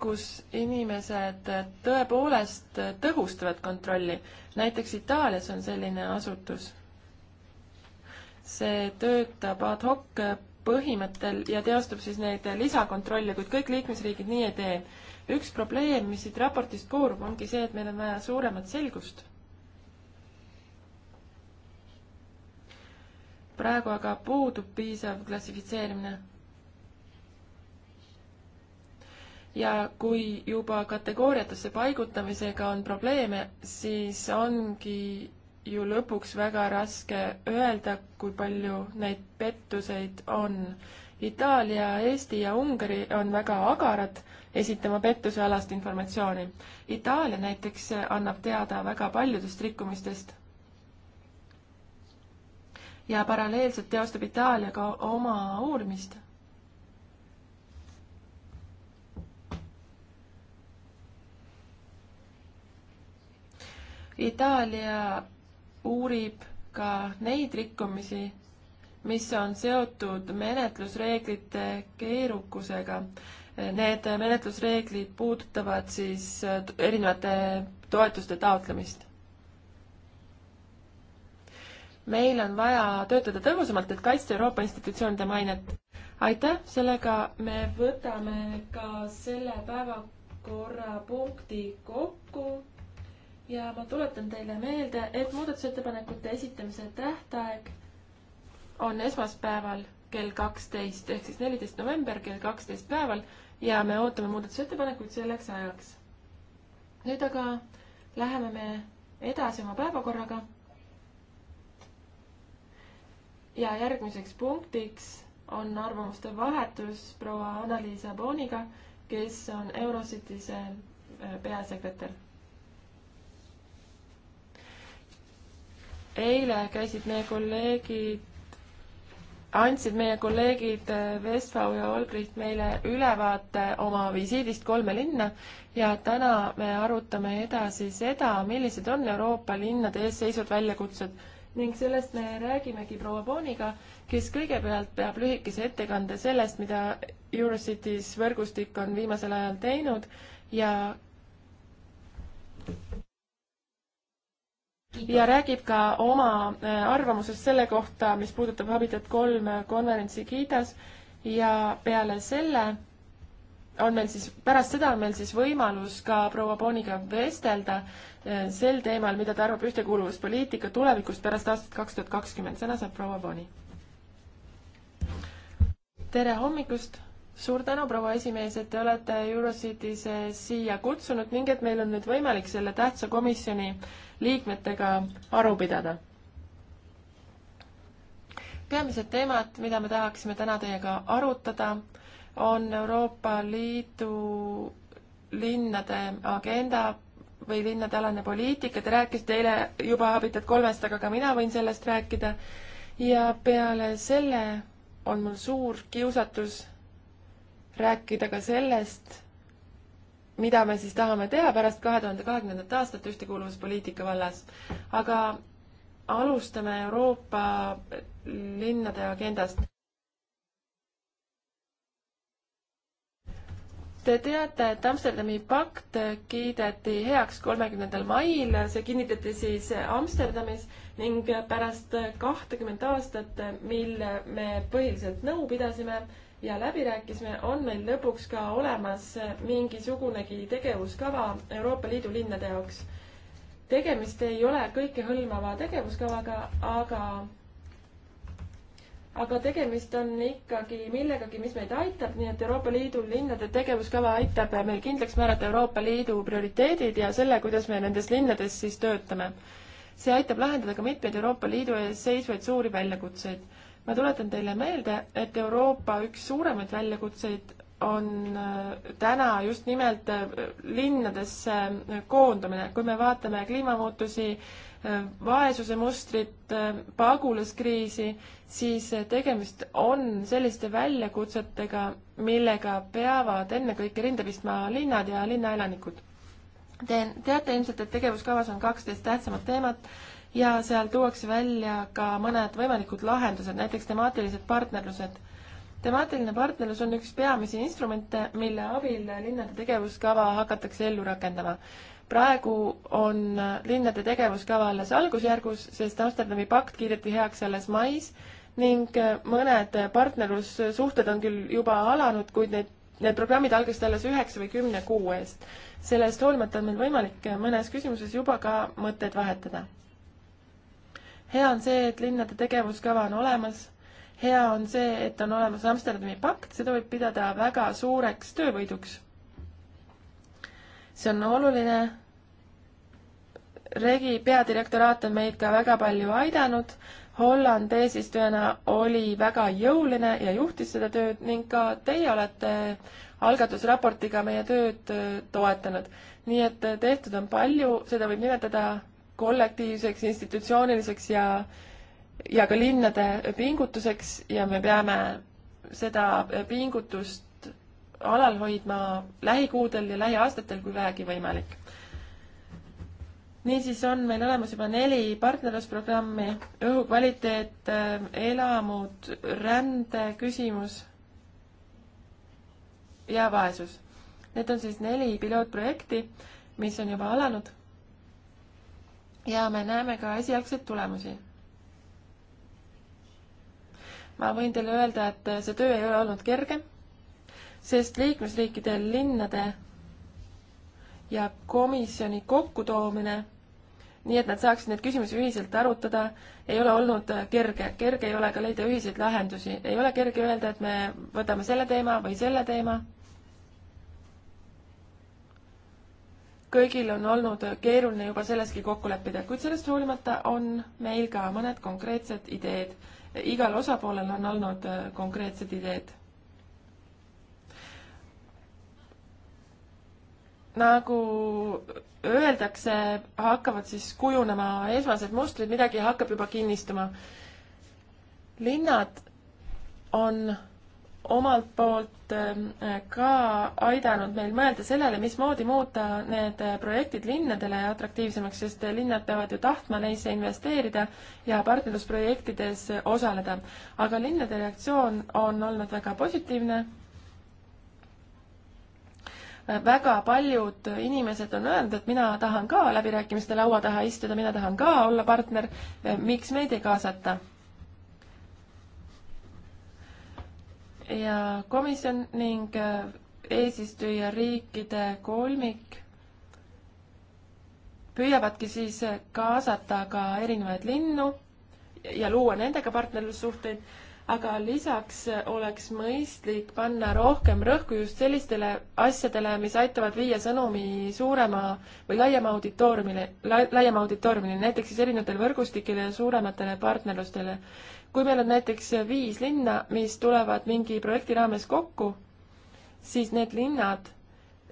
kus inimesed tõepoolest tõhustavad kontrolli. näiteks Itaalias on selline asutus. see töötab ad hoc põhimõttel ja teostab siis neid lisakontrolle, kuid kõik liikmesriigid nii ei tee. üks probleem, mis siit raportist koorub, ongi see, et meil on vaja suuremat selgust praegu aga puudub piisav klassifitseerimine. ja kui juba kategooriatesse paigutamisega on probleeme, siis ongi ju lõpuks väga raske öelda, kui palju neid pettuseid on. Itaalia, Eesti ja Ungari on väga agarad esitama pettusealast informatsiooni. Itaalia näiteks annab teada väga paljudest rikkumistest ja paralleelselt teostab Itaalia ka oma uurimist. Itaalia uurib ka neid rikkumisi, mis on seotud menetlusreeglite keerukusega. Need menetlusreeglid puudutavad siis erinevate toetuste taotlemist meil on vaja töötada tõhusamalt, et kaitsta Euroopa institutsioonide mainet. aitäh, sellega me võtame ka selle päevakorrapunkti kokku ja ma tuletan teile meelde, et muudatusettepanekute esitamise tähtaeg on esmaspäeval kell kaksteist ehk siis neliteist november kell kaksteist päeval ja me ootame muudatusettepanekuid selleks ajaks. nüüd aga läheme me edasi oma päevakorraga ja järgmiseks punktiks on arvamuste vahetus proua Annaliisa Booniga, kes on Eurocitise äh, peasekretär. eile käisid meie kolleegid, andsid meie kolleegid Vesfau äh, ja Olgrit meile ülevaate oma visiidist kolme linna ja täna me arutame edasi seda, millised on Euroopa linnade ees seisvad väljakutsed ning sellest me räägimegi proua Booniga, kes kõigepealt peab lühikese ettekande sellest, mida Eurocities võrgustik on viimasel ajal teinud ja ja räägib ka oma äh, arvamusest selle kohta, mis puudutab Habitat kolm konverentsi Gidas ja peale selle on meil siis, pärast seda on meil siis võimalus ka proua Booniga vestelda eh, sel teemal, mida ta arvab ühtekuuluvuspoliitika tulevikust pärast aastat kaks tuhat kakskümmend. sõna saab proua Booni. tere hommikust! suur tänu, proua esimees, et te olete Eurocities siia kutsunud ning et meil on nüüd võimalik selle tähtsa komisjoni liikmetega aru pidada. peamised teemad, mida me tahaksime täna teiega arutada on Euroopa Liidu linnade agenda või linnadealane poliitika, te rääkisite eile juba Habitat kolmest, aga ka mina võin sellest rääkida. ja peale selle on mul suur kiusatus rääkida ka sellest, mida me siis tahame teha pärast kahe tuhande kahekümnendat aastat ühtekuuluvuspoliitika vallas. aga alustame Euroopa linnade agendast Te teate, et Amsterdami pakt kiideti heaks kolmekümnendal mail, see kinnitati siis Amsterdamis ning pärast kahtekümmet aastat, mil me põhiliselt nõu pidasime ja läbi rääkisime, on meil lõpuks ka olemas mingisugunegi tegevuskava Euroopa Liidu linnade jaoks. tegemist ei ole kõikehõlmava tegevuskavaga, aga aga tegemist on ikkagi millegagi, mis meid aitab, nii et Euroopa Liidu linnade tegevuskava aitab meil kindlaks määrata Euroopa Liidu prioriteedid ja selle, kuidas me nendes linnades siis töötame. see aitab lahendada ka mitmeid Euroopa Liidu ees seisvaid suuri väljakutseid. ma tuletan teile meelde, et Euroopa üks suuremaid väljakutseid on äh, täna just nimelt äh, linnadesse äh, koondumine, kui me vaatame kliimamuutusi, vaesuse mustrit, pagulaskriisi, siis tegemist on selliste väljakutsetega, millega peavad ennekõike rinda pistma linnad ja linnaelanikud. Te teate ilmselt, et tegevuskavas on kaksteist tähtsamat teemat ja seal tuuakse välja ka mõned võimalikud lahendused, näiteks temaatilised partnerlused. temaatiline partnerlus on üks peamisi instrumente, mille abil linnade tegevuskava hakatakse ellu rakendama praegu on linnade tegevuskava alles algusjärgus, sest Amsterdami pakt kiideti heaks alles mais ning mõned partnerlussuhted on küll juba alanud, kuid neid, need programmid algasid alles üheksa või kümne kuu eest. sellest hoolimata on meil võimalik mõnes küsimuses juba ka mõtteid vahetada. hea on see, et linnade tegevuskava on olemas, hea on see, et on olemas Amsterdami pakt, seda võib pidada väga suureks töövõiduks see on oluline. regi peadirektoraat on meid ka väga palju aidanud. Holland eesistujana oli väga jõuline ja juhtis seda tööd ning ka teie olete algatusraportiga meie tööd äh, toetanud. nii et äh, tehtud on palju, seda võib nimetada kollektiivseks, institutsiooniliseks ja, ja ka linnade pingutuseks ja me peame seda pingutust alal hoidma lähikuudel ja lähiaastatel, kui vähegi võimalik. niisiis on meil olemas juba neli partnerlusprogrammi, õhukvaliteet, elamud, rände küsimus ja vaesus. Need on siis neli pilootprojekti, mis on juba alanud. ja me näeme ka esialgseid tulemusi ma võin teile öelda, et see töö ei ole olnud kerge, sest liikmesriikide linnade ja komisjoni kokkutoomine, nii et nad saaksid neid küsimusi ühiselt arutada, ei ole olnud kerge. kerge ei ole ka leida ühiseid lahendusi. ei ole kerge öelda, et me võtame selle teema või selle teema. kõigil on olnud keeruline juba selleski kokku leppida, kuid sellest hoolimata on meil ka mõned konkreetsed ideed. igal osapoolel on olnud konkreetsed ideed nagu öeldakse, hakkavad siis kujunema esmased mustrid, midagi hakkab juba kinnistuma. linnad on omalt poolt ähm, ka aidanud meil mõelda sellele, mismoodi muuta need projektid linnadele atraktiivsemaks, sest linnad peavad ju tahtma neisse investeerida ja partnerlusprojektides osaleda. aga linnade reaktsioon on olnud väga positiivne väga paljud inimesed on öelnud, et mina tahan ka läbirääkimiste laua taha istuda, mina tahan ka olla partner, miks meid ei kaasata? ja komisjon ning eesistuja riikide kolmik püüavadki siis kaasata ka erinevaid linnu ja luua nendega partnerlussuhteid aga lisaks oleks mõistlik panna rohkem rõhku just sellistele asjadele, mis aitavad viia sõnumi suurema või laiema auditooriumile la,, laiema auditooriumile, näiteks siis erinevatele võrgustikele ja suurematele partnerlustele. kui meil on näiteks viis linna, mis tulevad mingi projekti raames kokku, siis need linnad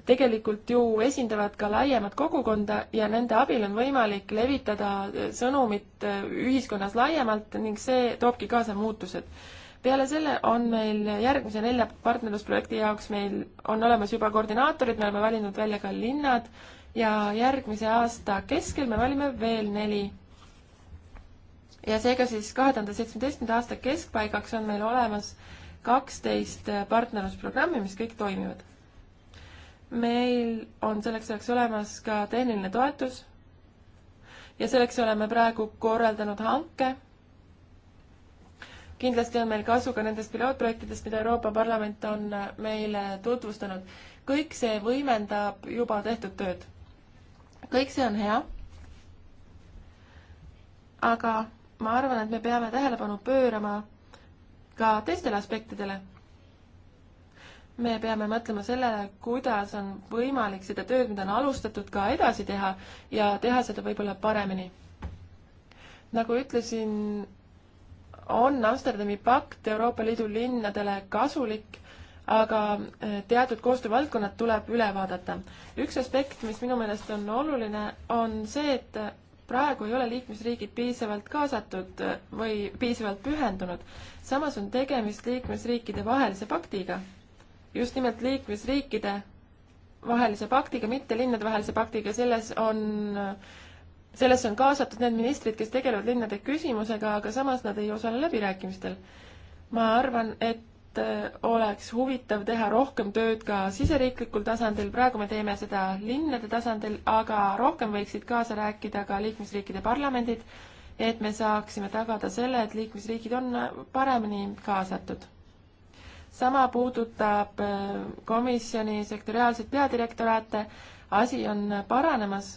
tegelikult ju esindavad ka laiemat kogukonda ja nende abil on võimalik levitada äh, sõnumit äh, ühiskonnas laiemalt ning see toobki kaasa muutused. peale selle on meil järgmise nelja partnerlusprojekti jaoks, meil on olemas juba koordinaatorid, me oleme valinud välja ka linnad ja järgmise aasta keskel me valime veel neli. ja seega siis kahe tuhande seitsmeteistkümnenda aasta keskpaigaks on meil olemas kaksteist äh, partnerlusprogrammi, mis kõik toimivad meil on selleks ajaks olemas ka tehniline toetus ja selleks oleme praegu korraldanud hanke. kindlasti on meil kasu ka nendest pilootprojektidest, mida Euroopa Parlament on äh, meile tutvustanud. kõik see võimendab juba tehtud tööd. kõik see on hea. aga ma arvan, et me peame tähelepanu pöörama ka teistele aspektidele me peame mõtlema sellele, kuidas on võimalik seda tööd, mida on alustatud, ka edasi teha ja teha seda võib-olla paremini. nagu ütlesin, on Amsterdami pakt Euroopa Liidu linnadele kasulik, aga eh, teatud koostöövaldkonnad tuleb üle vaadata. üks aspekt, mis minu meelest on oluline, on see, et praegu ei ole liikmesriigid piisavalt kaasatud eh, või piisavalt pühendunud. samas on tegemist liikmesriikide vahelise paktiga just nimelt liikmesriikide vahelise paktiga, mitte linnadevahelise paktiga, selles on, sellesse on kaasatud need ministrid, kes tegelevad linnade küsimusega, aga samas nad ei osale läbirääkimistel. ma arvan, et äh, oleks huvitav teha rohkem tööd ka siseriiklikul tasandil, praegu me teeme seda linnade tasandil, aga rohkem võiksid kaasa rääkida ka liikmesriikide parlamendid, et me saaksime tagada selle, et liikmesriigid on äh, paremini kaasatud sama puudutab äh, komisjoni sektoriaalseid peadirektoraate, asi on paranemas.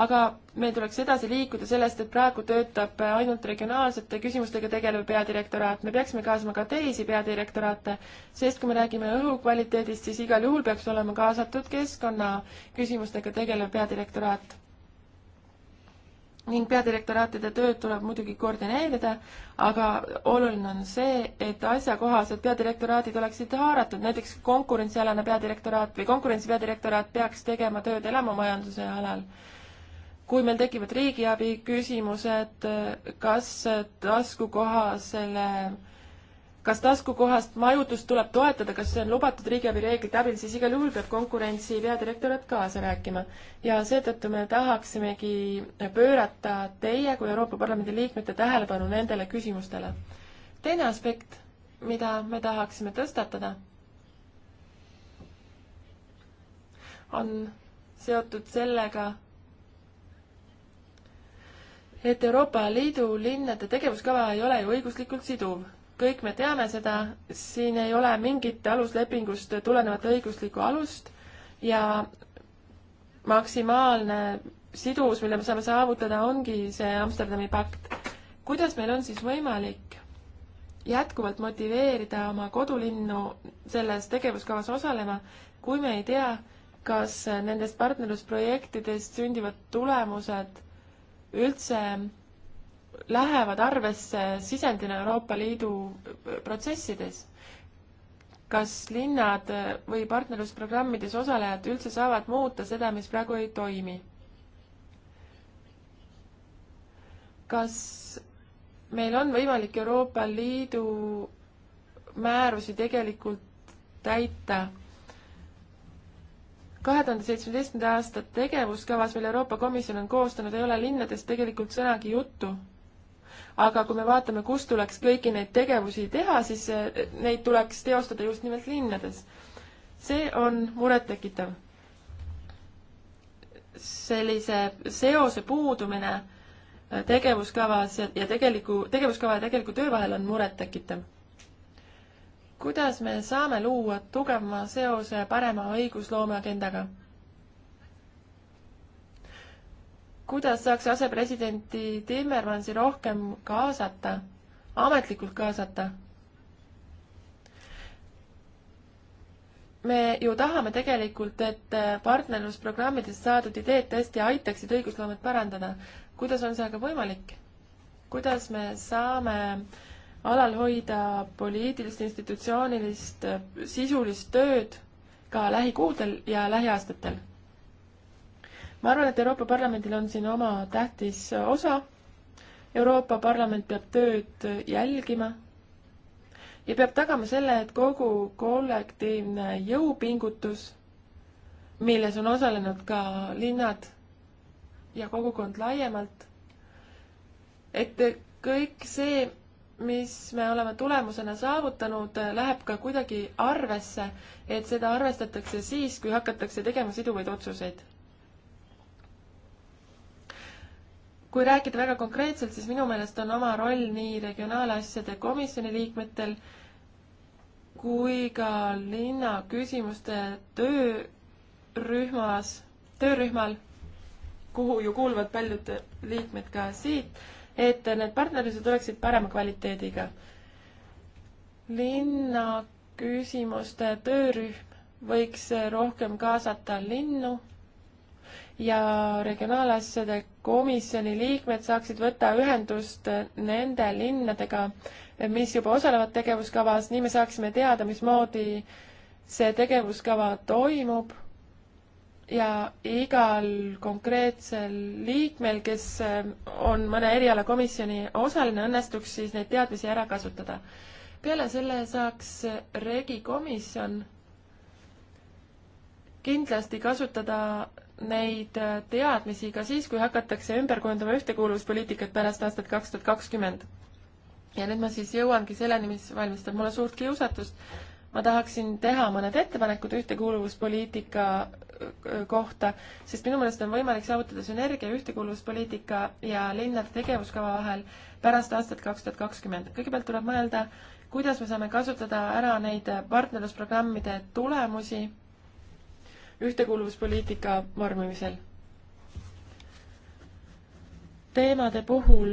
aga meil tuleks edasi liikuda sellest, et praegu töötab ainult regionaalsete küsimustega tegelev peadirektoraat, me peaksime kaasama ka teisi peadirektoraate, sest kui me räägime õhukvaliteedist, siis igal juhul peaks olema kaasatud keskkonna küsimustega tegelev peadirektoraat ning peadirektoraatide tööd tuleb muidugi koordineerida, aga oluline on see, et asjakohased peadirektoraadid oleksid haaratud, näiteks konkurentsialane peadirektoraat või konkurentsi peadirektoraat peaks tegema tööd elamumajanduse alal. kui meil tekivad riigiabi küsimused, kas taskukohasele äh, kas taskukohast majutust tuleb toetada, kas see on lubatud riigiabi reeglite abil, siis igal juhul peab konkurentsi peadirektorat kaasa rääkima. ja seetõttu me tahaksimegi pöörata teie kui Euroopa Parlamendi liikmete tähelepanu nendele küsimustele. teine aspekt, mida me tahaksime tõstatada, on seotud sellega, et Euroopa Liidu linnade tegevuskava ei ole ju õiguslikult siduv kõik me teame seda, siin ei ole mingit aluslepingust tulenevat õiguslikku alust ja maksimaalne sidus, mille me saame saavutada, ongi see Amsterdami pakt. kuidas meil on siis võimalik jätkuvalt motiveerida oma kodulinnu selles tegevuskavas osalema, kui me ei tea, kas nendest partnerlusprojektidest sündivad tulemused üldse lähevad arvesse sisendina Euroopa Liidu protsessides? kas linnad või partnerlusprogrammides osalejad üldse saavad muuta seda, mis praegu ei toimi? kas meil on võimalik Euroopa Liidu määrusi tegelikult täita? kahe tuhande seitsmeteistkümnenda aasta tegevuskavas, mille Euroopa Komisjon on koostanud, ei ole linnadest tegelikult sõnagi juttu aga kui me vaatame, kus tuleks kõiki neid tegevusi teha, siis eh, neid tuleks teostada just nimelt linnades. see on murettekitav. sellise seose puudumine eh, tegevuskavas ja, ja tegeliku, tegevuskava ja tegeliku töö vahel on murettekitav. kuidas me saame luua tugevama seose parema õigusloome agendaga? kuidas saaks asepresidenti Timmermansi rohkem kaasata, ametlikult kaasata? me ju tahame tegelikult, et partnerlusprogrammidest saadud ideed tõesti aitaksid õigusloomet parandada. kuidas on see aga võimalik? kuidas me saame alal hoida poliitilist, institutsioonilist, sisulist tööd ka lähikuudel ja lähiaastatel? ma arvan, et Euroopa Parlamendil on siin oma tähtis osa. Euroopa Parlament peab tööd jälgima ja peab tagama selle, et kogu kollektiivne jõupingutus, milles on osalenud ka linnad ja kogukond laiemalt, et kõik see, mis me oleme tulemusena saavutanud, läheb ka kuidagi arvesse, et seda arvestatakse siis, kui hakatakse tegema siduvaid otsuseid. kui rääkida väga konkreetselt, siis minu meelest on oma roll nii regionaalasjade komisjoni liikmetel kui ka linna küsimuste töörühmas, töörühmal, kuhu ju kuuluvad paljud liikmed ka siit, et need partnerlused oleksid parema kvaliteediga. linna küsimuste töörühm võiks rohkem kaasata linnu ja regionaalasjade komisjoni liikmed saaksid võtta ühendust nende linnadega, mis juba osalevad tegevuskavas, nii me saaksime teada, mismoodi see tegevuskava toimub ja igal konkreetsel liikmel, kes on mõne erialakomisjoni osaline, õnnestuks siis neid teadmisi ära kasutada. peale selle saaks regikomisjon kindlasti kasutada neid äh, teadmisi ka siis, kui hakatakse ümber kujundama ühtekuuluvuspoliitikat pärast aastat kaks tuhat kakskümmend. ja nüüd ma siis jõuangi selleni, mis valmistab mulle suurt kiusatust. ma tahaksin teha mõned ettepanekud ühtekuuluvuspoliitika äh, kohta, sest minu meelest on võimalik saavutada sünergia ühtekuuluvuspoliitika ja linnade tegevuskava vahel pärast aastat kaks tuhat kakskümmend. kõigepealt tuleb mõelda, kuidas me saame kasutada ära neid partnerlusprogrammide tulemusi ühtekuuluvuspoliitika vormimisel. teemade puhul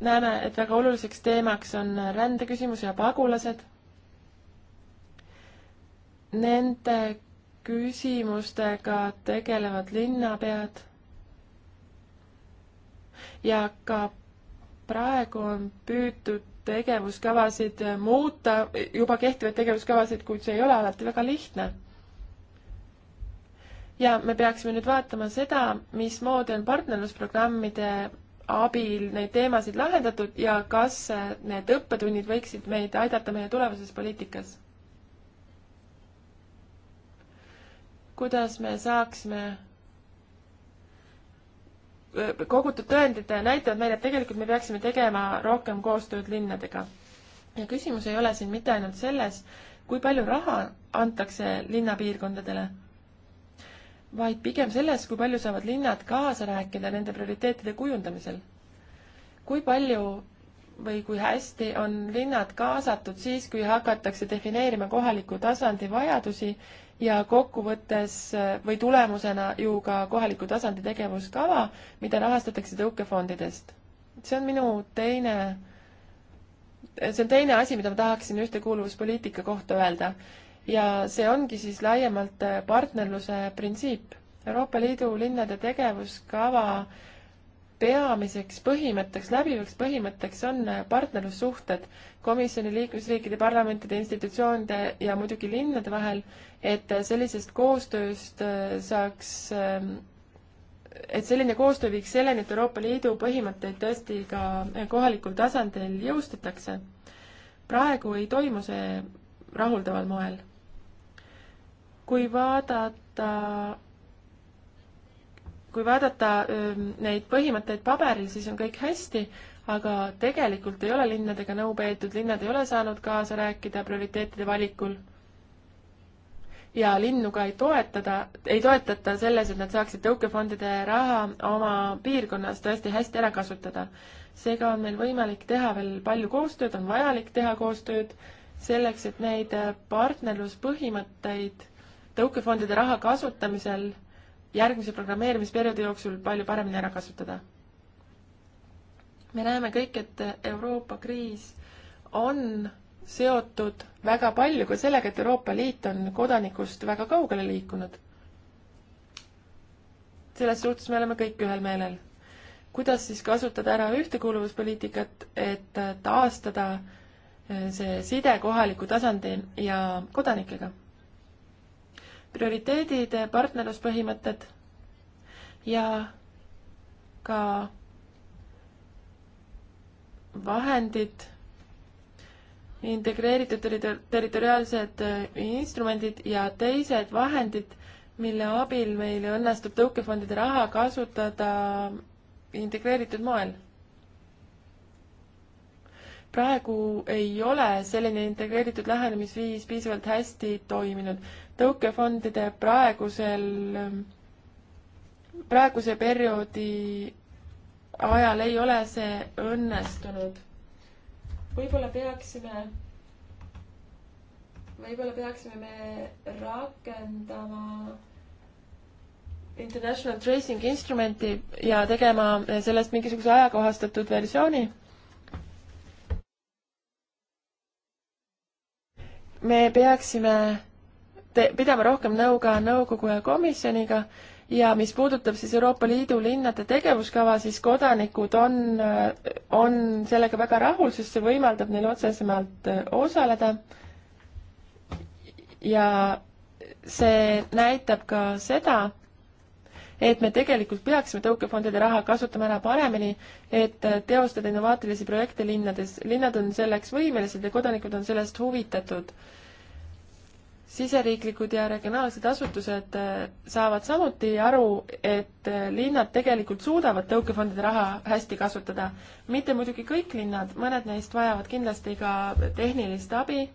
näeme, et väga oluliseks teemaks on rändeküsimus ja pagulased. Nende küsimustega tegelevad linnapead ja ka praegu on püütud tegevuskavasid muuta, juba kehtivaid tegevuskavasid, kuid see ei ole alati väga lihtne ja me peaksime nüüd vaatama seda, mismoodi on partnerlusprogrammide abil neid teemasid lahendatud ja kas need õppetunnid võiksid meid aidata meie tulevases poliitikas. kuidas me saaksime kogutud tõendid näitavad meile, et tegelikult me peaksime tegema rohkem koostööd linnadega. ja küsimus ei ole siin mitte ainult selles, kui palju raha antakse linnapiirkondadele vaid pigem selles, kui palju saavad linnad kaasa rääkida nende prioriteetide kujundamisel. kui palju või kui hästi on linnad kaasatud siis, kui hakatakse defineerima kohaliku tasandi vajadusi ja kokkuvõttes või tulemusena ju ka kohaliku tasandi tegevuskava, mida rahastatakse tõukefondidest. see on minu teine, see on teine asi, mida ma tahaksin ühtekuuluvuspoliitika kohta öelda ja see ongi siis laiemalt äh, partnerluse printsiip. Euroopa Liidu linnade tegevuskava peamiseks põhimõtteks, läbivaks põhimõtteks on äh, partnerlussuhted komisjoni, liikmesriikide, parlamentide, institutsioonide ja muidugi linnade vahel, et äh, sellisest koostööst saaks, ähm, et selline koostöö viiks selleni, et Euroopa Liidu põhimõtteid tõesti ka kohalikul tasandil jõustatakse. praegu ei toimu see rahuldaval moel kui vaadata kui vaadata ähm, neid põhimõtteid paberil, siis on kõik hästi, aga tegelikult ei ole linnadega nõu peetud, linnad ei ole saanud kaasa rääkida prioriteetide valikul. ja linnu ka ei toetada, ei toetata selles, et nad saaksid tõukefondide raha oma piirkonnas tõesti hästi ära kasutada. seega on meil võimalik teha veel palju koostööd, on vajalik teha koostööd selleks, et neid partnerluspõhimõtteid tõukefondide raha kasutamisel järgmise programmeerimisperioodi jooksul palju paremini ära kasutada. me näeme kõik, et Euroopa kriis on seotud väga palju ka sellega, et Euroopa Liit on kodanikust väga kaugele liikunud. selles suhtes me oleme kõik ühel meelel. kuidas siis kasutada ära ühtekuuluvuspoliitikat, et taastada eh, see side kohaliku tasandi ja kodanikega prioriteedid, partnerluspõhimõtted ja ka vahendid, integreeritud terri-, territoriaalsed äh, instrumendid ja teised vahendid, mille abil meil õnnestub tõukefondide raha kasutada integreeritud moel praegu ei ole selline integreeritud lähenemisviis piisavalt hästi toiminud. tõukefondide praegusel, praeguse perioodi ajal ei ole see õnnestunud. võib-olla peaksime, võib-olla peaksime me rakendama International Tracing Instrumenti ja tegema sellest mingisuguse ajakohastatud versiooni me peaksime te-, pidama rohkem nõu ka nõukogu ja komisjoniga ja mis puudutab siis Euroopa Liidu linnade tegevuskava, siis kodanikud on, on sellega väga rahul, sest see võimaldab neil otsesemalt äh, osaleda. ja see näitab ka seda, et me tegelikult peaksime tõukefondide raha kasutama ära paremini, et teostada innovaatilisi projekte linnades. linnad on selleks võimelised ja kodanikud on sellest huvitatud. siseriiklikud ja regionaalsed asutused äh, saavad samuti aru, et äh, linnad tegelikult suudavad tõukefondide raha hästi kasutada. mitte muidugi kõik linnad, mõned neist vajavad kindlasti ka tehnilist abi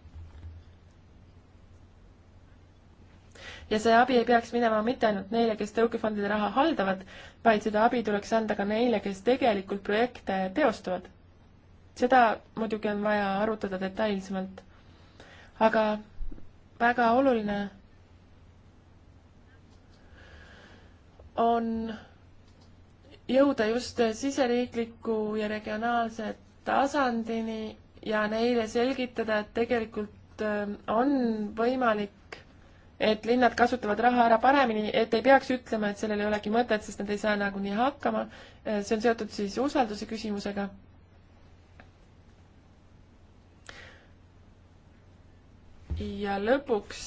ja see abi ei peaks minema mitte ainult neile, kes tõukefondide raha haldavad, vaid seda abi tuleks anda ka neile, kes tegelikult projekte teostavad. seda muidugi on vaja arutada detailsemalt. aga väga oluline on jõuda just siseriikliku ja regionaalse tasandini ja neile selgitada, et tegelikult äh, on võimalik et linnad kasutavad raha ära paremini, et ei peaks ütlema, et sellel ei olegi mõtet, sest nad ei saa nagunii hakkama. Eh, see on seotud siis usalduse küsimusega. ja lõpuks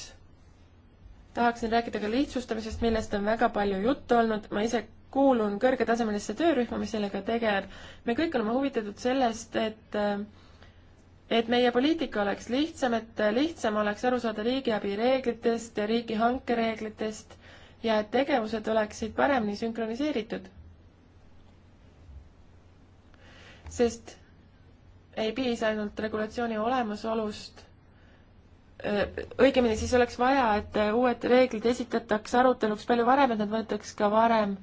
tahaksin rääkida ka lihtsustamisest, millest on väga palju juttu olnud, ma ise kuulun kõrgetasemelisse töörühma, mis sellega tegeleb. me kõik oleme huvitatud sellest, et äh, et meie poliitika oleks lihtsam, et lihtsam oleks aru saada riigiabi reeglitest ja riigihanke reeglitest ja et tegevused oleksid paremini sünkroniseeritud. sest ei piisa ainult regulatsiooni olemasolust, õigemini siis oleks vaja, et uued reeglid esitataks aruteluks palju varem, et nad võetaks ka varem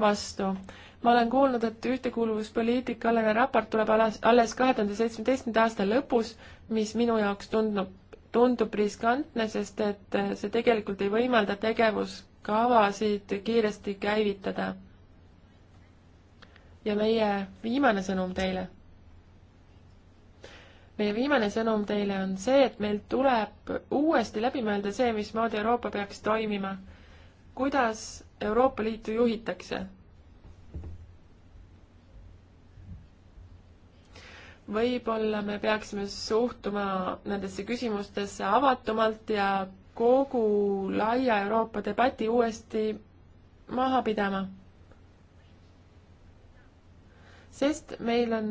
vastu ma olen kuulnud, et ühtekuuluvuspoliitika alane raport tuleb alles, alles kahe tuhande seitsmeteistkümnenda aasta lõpus, mis minu jaoks tundub, tundub riskantne, sest et see tegelikult ei võimalda tegevuskavasid kiiresti käivitada. ja meie viimane sõnum teile. meie viimane sõnum teile on see, et meil tuleb uuesti läbi mõelda see, mismoodi Euroopa peaks toimima. kuidas Euroopa Liitu juhitakse võib-olla me peaksime suhtuma nendesse küsimustesse avatumalt ja kogu laia Euroopa debati uuesti maha pidama. sest meil on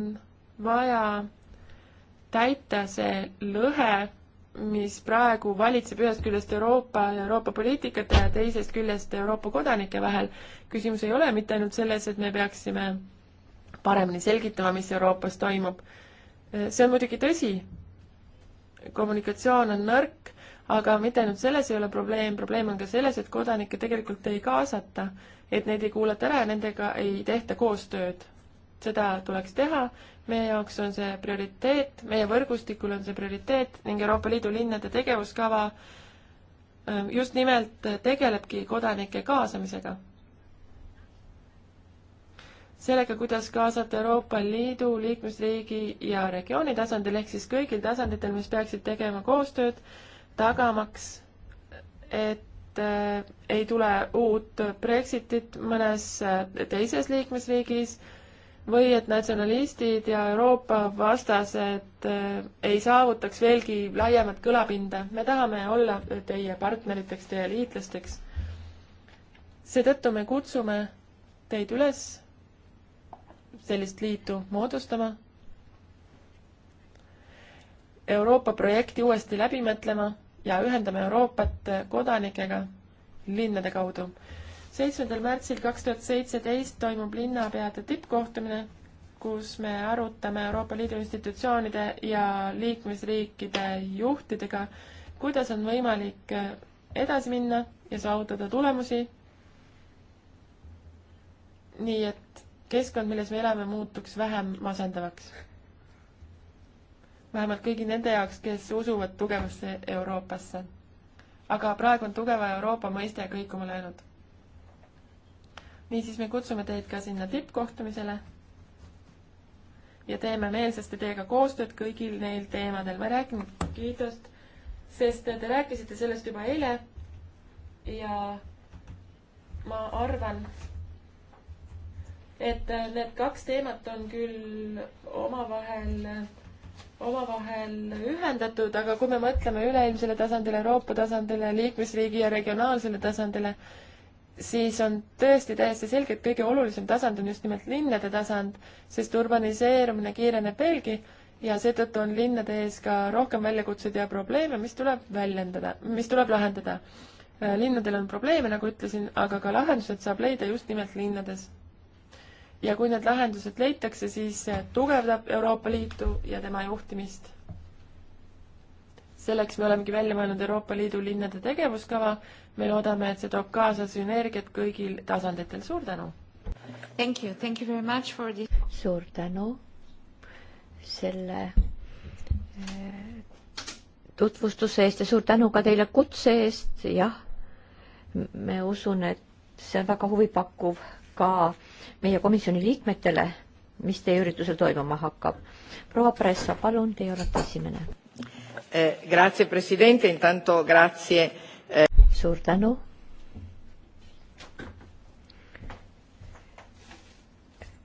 vaja täita see lõhe, mis praegu valitseb ühest küljest Euroopa ja Euroopa poliitikate ja teisest küljest Euroopa kodanike vahel. küsimus ei ole mitte ainult selles, et me peaksime paremini selgitama, mis Euroopas toimub Äh, see on muidugi tõsi, kommunikatsioon on nõrk, aga mitte ainult selles ei ole probleem, probleem on ka selles, et kodanikke tegelikult ei kaasata, et neid ei kuulata ära ja nendega ei tehta koostööd. seda tuleks teha, meie jaoks on see prioriteet, meie võrgustikul on see prioriteet ning Euroopa Liidu linnade tegevuskava ähm, just nimelt tegelebki kodanike kaasamisega sellega, kuidas kaasata Euroopa Liidu liikmesriigi ja regiooni tasandil ehk siis kõigil tasanditel, mis peaksid tegema koostööd, tagamaks, et äh, ei tule uut Brexitit mõnes äh, teises liikmesriigis või et natsionalistid ja Euroopa vastased äh, ei saavutaks veelgi laiemat kõlapinda. me tahame olla teie partneriteks, teie liitlasteks. seetõttu me kutsume teid üles sellist liitu moodustama, Euroopa projekti uuesti läbi mõtlema ja ühendame Euroopat kodanikega linnade kaudu. seitsmendal märtsil kaks tuhat seitseteist toimub linnapeade tippkohtumine, kus me arutame Euroopa Liidu institutsioonide ja liikmesriikide juhtidega, kuidas on võimalik edasi minna ja saavutada tulemusi, nii et keskkond, milles me elame, muutuks vähem masendavaks. vähemalt kõigi nende jaoks, kes usuvad tugevasse Euroopasse. aga praegu on tugeva Euroopa mõiste kõikuma löönud. niisiis me kutsume teid ka sinna tippkohtumisele ja teeme meelsasti teiega koostööd kõigil neil teemadel. ma räägin Guidost, sest te rääkisite sellest juba eile ja ma arvan, et äh, need kaks teemat on küll omavahel, omavahel ühendatud, aga kui me mõtleme üleilmsele tasandile, Euroopa tasandile, liikmesriigi ja regionaalsele tasandile, siis on tõesti täiesti selge, et kõige olulisem tasand on just nimelt linnade tasand, sest urbaniseerumine kiireneb veelgi ja seetõttu on linnade ees ka rohkem väljakutseid ja probleeme, mis tuleb väljendada, mis tuleb lahendada. Äh, linnadel on probleeme, nagu ütlesin, aga ka lahendused saab leida just nimelt linnades ja kui need lahendused leitakse, siis see tugevdab Euroopa Liitu ja tema juhtimist. selleks me olemegi välja mõelnud Euroopa Liidu linnade tegevuskava. me loodame, et see toob kaasa sünergiat kõigil tasanditel. suur tänu! Thank you, thank you very much for this. suur tänu selle eh, tutvustuse eest ja suur tänu ka teile kutse eest, jah. me usun, et see on väga huvipakkuv ka meie komisjoni liikmetele, mis teie üritusel toimuma hakkab. proua Pressa, palun, teie olete esimene eh,. Grazie, president, intanto grazie eh.. suur tänu.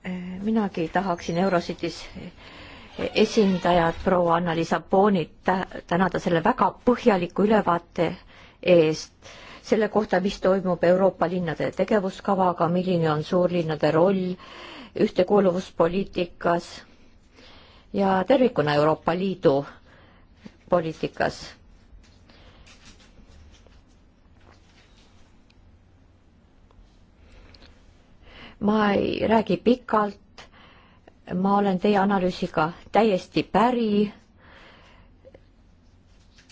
Eh, minagi tahaksin Eurocities eh, esindajat proua Anna-Liisa Boonit tänada selle väga põhjaliku ülevaate eest selle kohta, mis toimub Euroopa linnade tegevuskavaga, milline on suurlinnade roll ühtekuuluvuspoliitikas ja tervikuna Euroopa Liidu poliitikas. ma ei räägi pikalt, ma olen teie analüüsiga täiesti päri,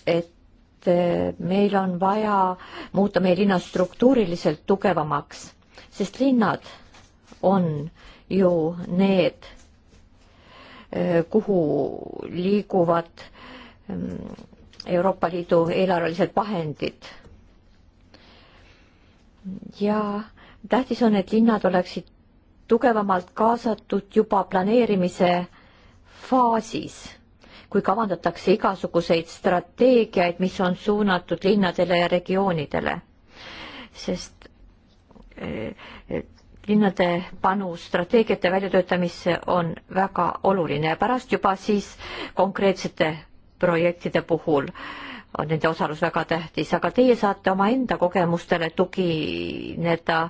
et et eh, meil on vaja muuta meie linnad struktuuriliselt tugevamaks, sest linnad on ju need, eh, kuhu liiguvad mm, Euroopa Liidu eelarvelised vahendid. ja tähtis on, et linnad oleksid tugevamalt kaasatud juba planeerimise faasis kui kavandatakse igasuguseid strateegiaid, mis on suunatud linnadele ja regioonidele. sest eh, eh, linnade panus strateegiate väljatöötamisse on väga oluline ja pärast juba siis konkreetsete projektide puhul on nende osalus väga tähtis, aga teie saate omaenda kogemustele tugineda.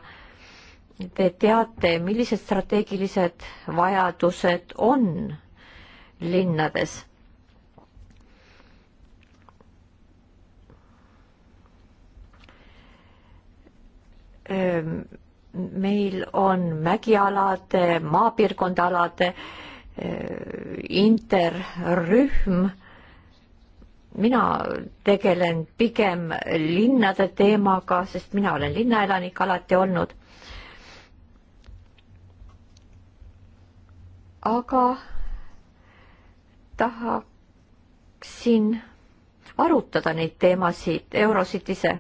Te teate, millised strateegilised vajadused on linnades meil on mägialade, maapiirkondaalade interrühm. mina tegelen pigem linnade teemaga, sest mina olen linnaelanik alati olnud. aga tahaksin arutada neid teemasid Eurositise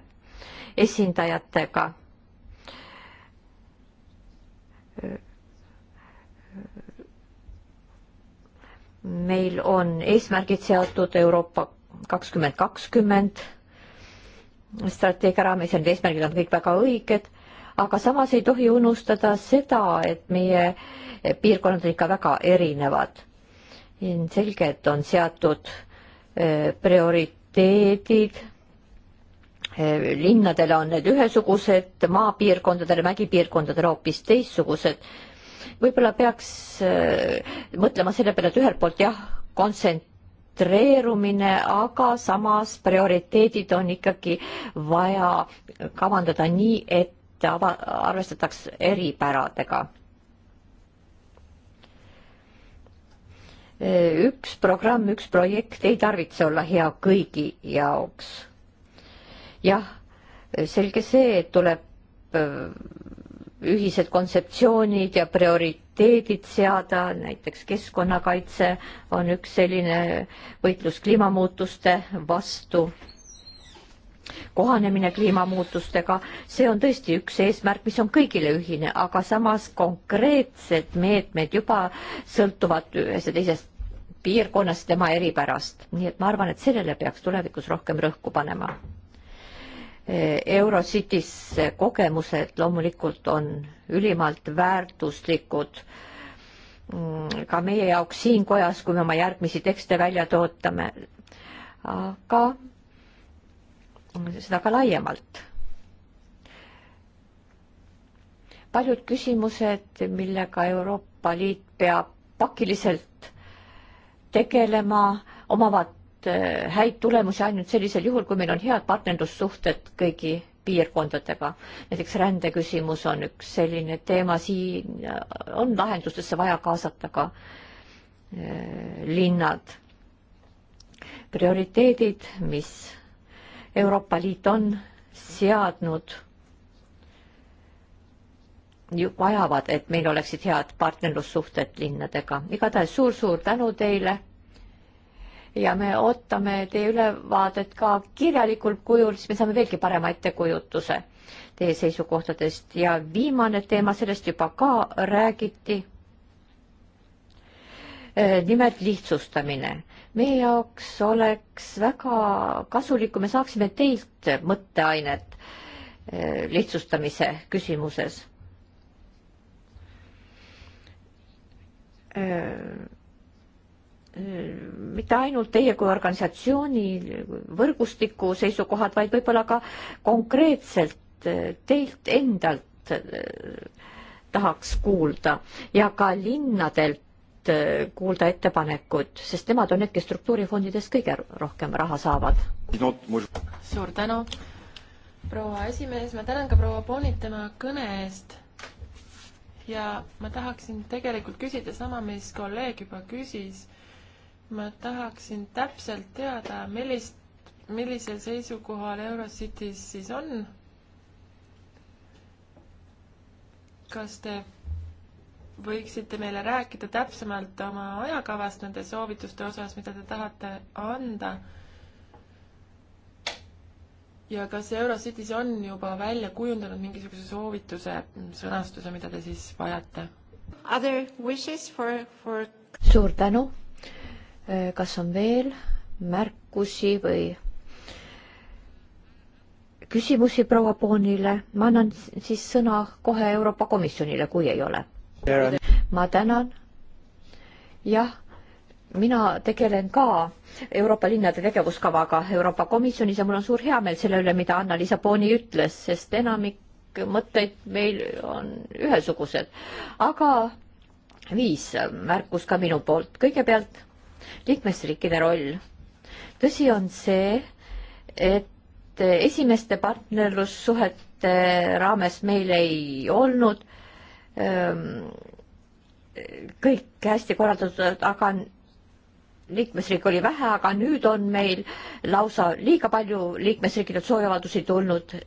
esindajatega meil on eesmärgid seotud Euroopa kakskümmend kakskümmend strateegia raames ja need eesmärgid on kõik väga õiged, aga samas ei tohi unustada seda, et meie piirkonnad on ikka väga erinevad. selge, et on seatud eh, prioriteedid linnadele on need ühesugused, maapiirkondadele, mägipiirkondadele hoopis teistsugused. võib-olla peaks äh, mõtlema selle peale, et ühelt poolt jah, kontsentreerumine, aga samas prioriteedid on ikkagi vaja kavandada nii, et ava-, arvestataks eripäradega äh, üks programm, üks projekt ei tarvitse olla hea kõigi jaoks jah, selge see, et tuleb äh, ühised kontseptsioonid ja prioriteedid seada, näiteks keskkonnakaitse on üks selline võitlus kliimamuutuste vastu. kohanemine kliimamuutustega, see on tõesti üks eesmärk, mis on kõigile ühine, aga samas konkreetsed meetmed juba sõltuvad ühest ja teisest piirkonnast, tema eripärast, nii et ma arvan, et sellele peaks tulevikus rohkem rõhku panema Eh, Eurocities kogemused loomulikult on ülimalt väärtuslikud mm, ka meie jaoks siin kojas, kui me oma järgmisi tekste välja tootame, aga seda ka laiemalt. paljud küsimused, millega Euroopa Liit peab pakiliselt tegelema, omavad Eh, häid tulemusi ainult sellisel juhul, kui meil on head partnerlussuhted kõigi piirkondadega. näiteks rändeküsimus on üks selline teema, siin eh, on lahendustesse vaja kaasata ka eh, linnad. prioriteedid, mis Euroopa Liit on seadnud, vajavad, et meil oleksid head partnerlussuhted linnadega. igatahes suur-suur tänu teile ja me ootame teie ülevaadet ka kirjalikul kujul, siis me saame veelgi parema ettekujutuse teie seisukohtadest ja viimane teema, sellest juba ka räägiti. Äh, nimelt lihtsustamine. meie jaoks oleks väga kasulik, kui me saaksime teilt mõtteainet äh, lihtsustamise küsimuses äh, mitte ainult teie kui organisatsiooni võrgustiku seisukohad, vaid võib-olla ka konkreetselt eh, teilt endalt eh, tahaks kuulda ja ka linnadelt eh, kuulda ettepanekud, sest nemad on need, kes struktuurifondidest kõige rohkem raha saavad. suur tänu, proua esimees, ma tänan ka proua Bonit tema kõne eest ja ma tahaksin tegelikult küsida sama, mis kolleeg juba küsis ma tahaksin täpselt teada, millist, millisel seisukohal Eurocities siis on. kas te võiksite meile rääkida täpsemalt oma ajakavast nende soovituste osas, mida te tahate anda? ja kas Eurocities on juba välja kujundanud mingisuguse soovituse, sõnastuse, mida te siis vajate? For... suur tänu Äh, kas on veel märkusi või küsimusi proua Poonile? ma annan siis sõna kohe Euroopa Komisjonile, kui ei ole. ma tänan. jah, mina tegelen ka Euroopa linnade tegevuskavaga Euroopa Komisjonis ja mul on suur heameel selle üle, mida Anna-Liisa Pooni ütles, sest enamik mõtteid meil on ühesugused. aga viis märkus ka minu poolt. kõigepealt liikmesriikide roll. tõsi on see, et esimeste partnerlussuhete raames meil ei olnud ähm, kõik hästi korraldatud, aga liikmesriike oli vähe, aga nüüd on meil lausa liiga palju liikmesriikidelt sooviavaldusi tulnud. Äh,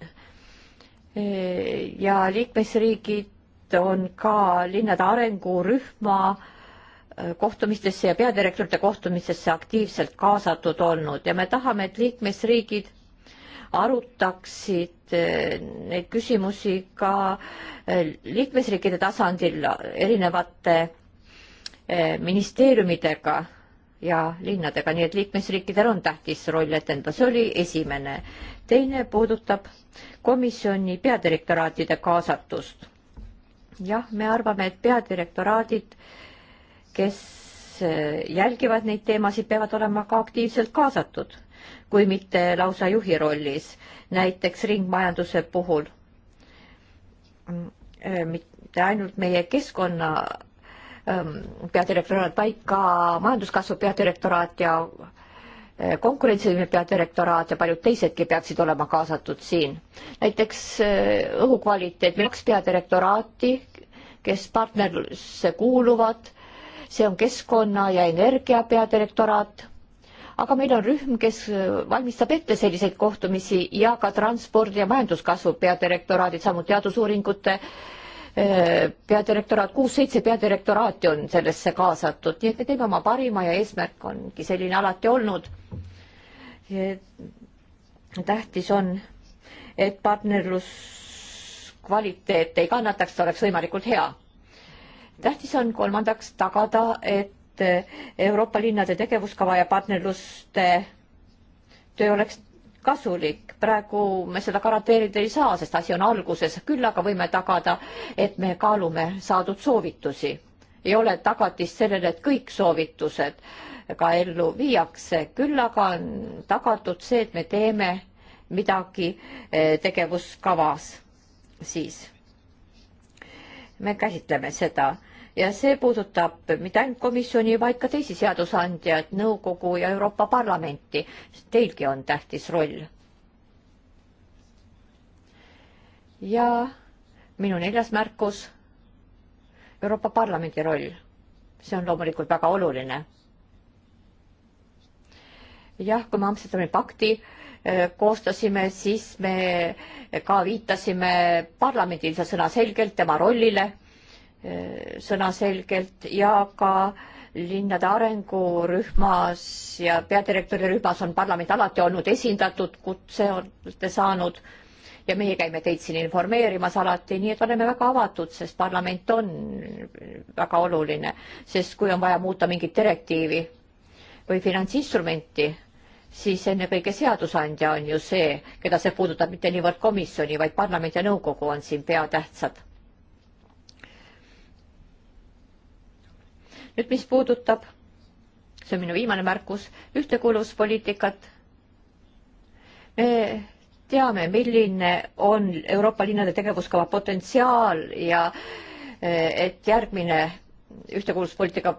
ja liikmesriigid on ka linnade arengurühma kohtumistesse ja peadirektorite kohtumistesse aktiivselt kaasatud olnud ja me tahame, et liikmesriigid arutaksid eh, neid küsimusi ka eh, liikmesriikide tasandil erinevate eh, ministeeriumidega ja linnadega, nii et liikmesriikidel on tähtis roll etendada, see oli esimene. teine puudutab komisjoni peadirektoraatide kaasatust. jah, me arvame, et peadirektoraadid äh, kes eh, jälgivad neid teemasid, peavad olema ka aktiivselt kaasatud, kui mitte lausa juhi rollis, näiteks ringmajanduse puhul. Mm, eh, mitte ainult meie keskkonna ehm, peadirektoraat, vaid ka majanduskasvu peadirektoraat ja eh, konkurentsivõime peadirektoraat ja paljud teisedki peaksid olema kaasatud siin. näiteks õhukvaliteet, kaks peadirektoraati, kes partnerlusse kuuluvad see on Keskkonna ja Energia peadirektoraat. aga meil on rühm, kes valmistab ette selliseid kohtumisi ja ka Transpordi ja Majanduskasvu peadirektoraadid, samuti teadusuuringute eh, peadirektoraat, kuus-seitse peadirektoraati on sellesse kaasatud, nii et me teeme oma parima ja eesmärk ongi selline alati olnud. tähtis on, et partnerlus kvaliteet ei kannataks, ta oleks võimalikult hea tähtis on kolmandaks tagada, et Euroopa linnade tegevuskava ja partnerluste töö oleks kasulik. praegu me seda garanteerida ei saa, sest asi on alguses, küll aga võime tagada, et me kaalume saadud soovitusi. ei ole tagatist sellele, et kõik soovitused ka ellu viiakse, küll aga on tagatud see, et me teeme midagi eh, tegevuskavas siis. me käsitleme seda ja see puudutab mitte ainult komisjoni, vaid ka teisi seadusandjaid, nõukogu ja Euroopa Parlamenti. Teilgi on tähtis roll. ja minu neljas märkus, Euroopa Parlamendi roll. see on loomulikult väga oluline. jah, kui me Amsterdami pakti eh, koostasime, siis me ka viitasime parlamendil sõnaselgelt tema rollile sõnaselgelt ja ka linnade arengurühmas ja peadirektori rühmas on parlament alati olnud esindatud, kutse olete saanud ja meie käime teid siin informeerimas alati, nii et oleme väga avatud, sest parlament on väga oluline, sest kui on vaja muuta mingit direktiivi või finantsinstrumenti, siis ennekõike seadusandja on ju see, keda see puudutab, mitte niivõrd komisjoni, vaid parlament ja nõukogu on siin peatähtsad nüüd, mis puudutab, see on minu viimane märkus, ühtekuuluvuspoliitikat. me teame, milline on Euroopa linnade tegevuskava potentsiaal ja eh, et järgmine ühtekuuluvuspoliitika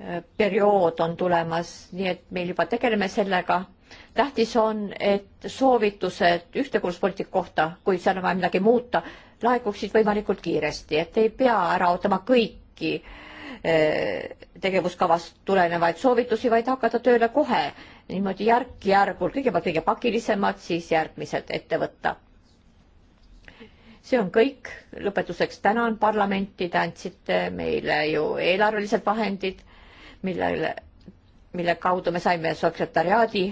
eh, periood on tulemas, nii et meil juba tegeleme sellega. tähtis on, et soovitused ühtekuuluvuspoliitika kohta, kui seal on vaja midagi muuta, laekuksid võimalikult kiiresti, et ei pea ära ootama kõiki äh, Eh, tegevuskavast tulenevaid soovitusi, vaid hakata tööle kohe niimoodi järk-järgult, kõigepealt kõige pakilisemad, siis järgmised ette võtta. see on kõik, lõpetuseks tänan parlamenti, te andsite meile ju eelarvelised vahendid, millele, mille kaudu me saime sekretariaadi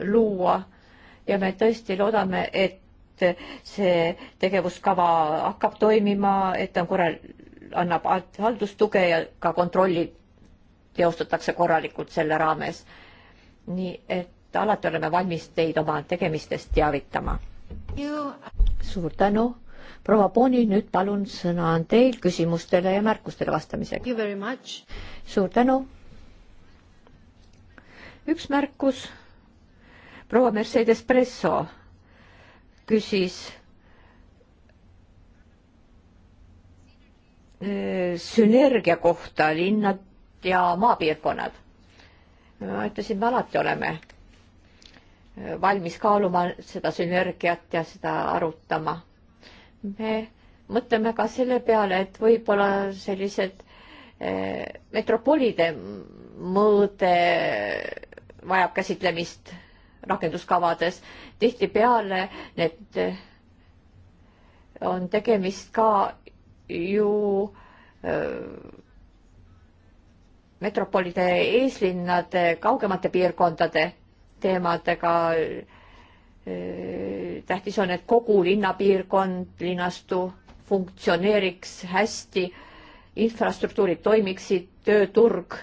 luua ja me tõesti loodame, et see tegevuskava hakkab toimima, et on korral-, annab haldustuge ja ka kontrolli teostatakse korralikult selle raames. nii et alati oleme valmis teid oma tegemistest teavitama. suur tänu. proua Boni, nüüd palun, sõna on teil küsimustele ja märkustele vastamiseks. suur tänu. üks märkus. proua Mercedes Presso küsis Äh, sünergia kohta linnad ja maapiirkonnad. ma ütlesin, me alati oleme äh, valmis kaaluma seda sünergiat ja seda arutama. me mõtleme ka selle peale, et võib-olla sellised äh, metropolide mõõde vajab käsitlemist rakenduskavades. tihtipeale need on tegemist ka ju metropolide eeslinnade kaugemate piirkondade teemadega. tähtis on, et kogu linnapiirkond, linnastu funktsioneeriks hästi, infrastruktuurid toimiksid, tööturg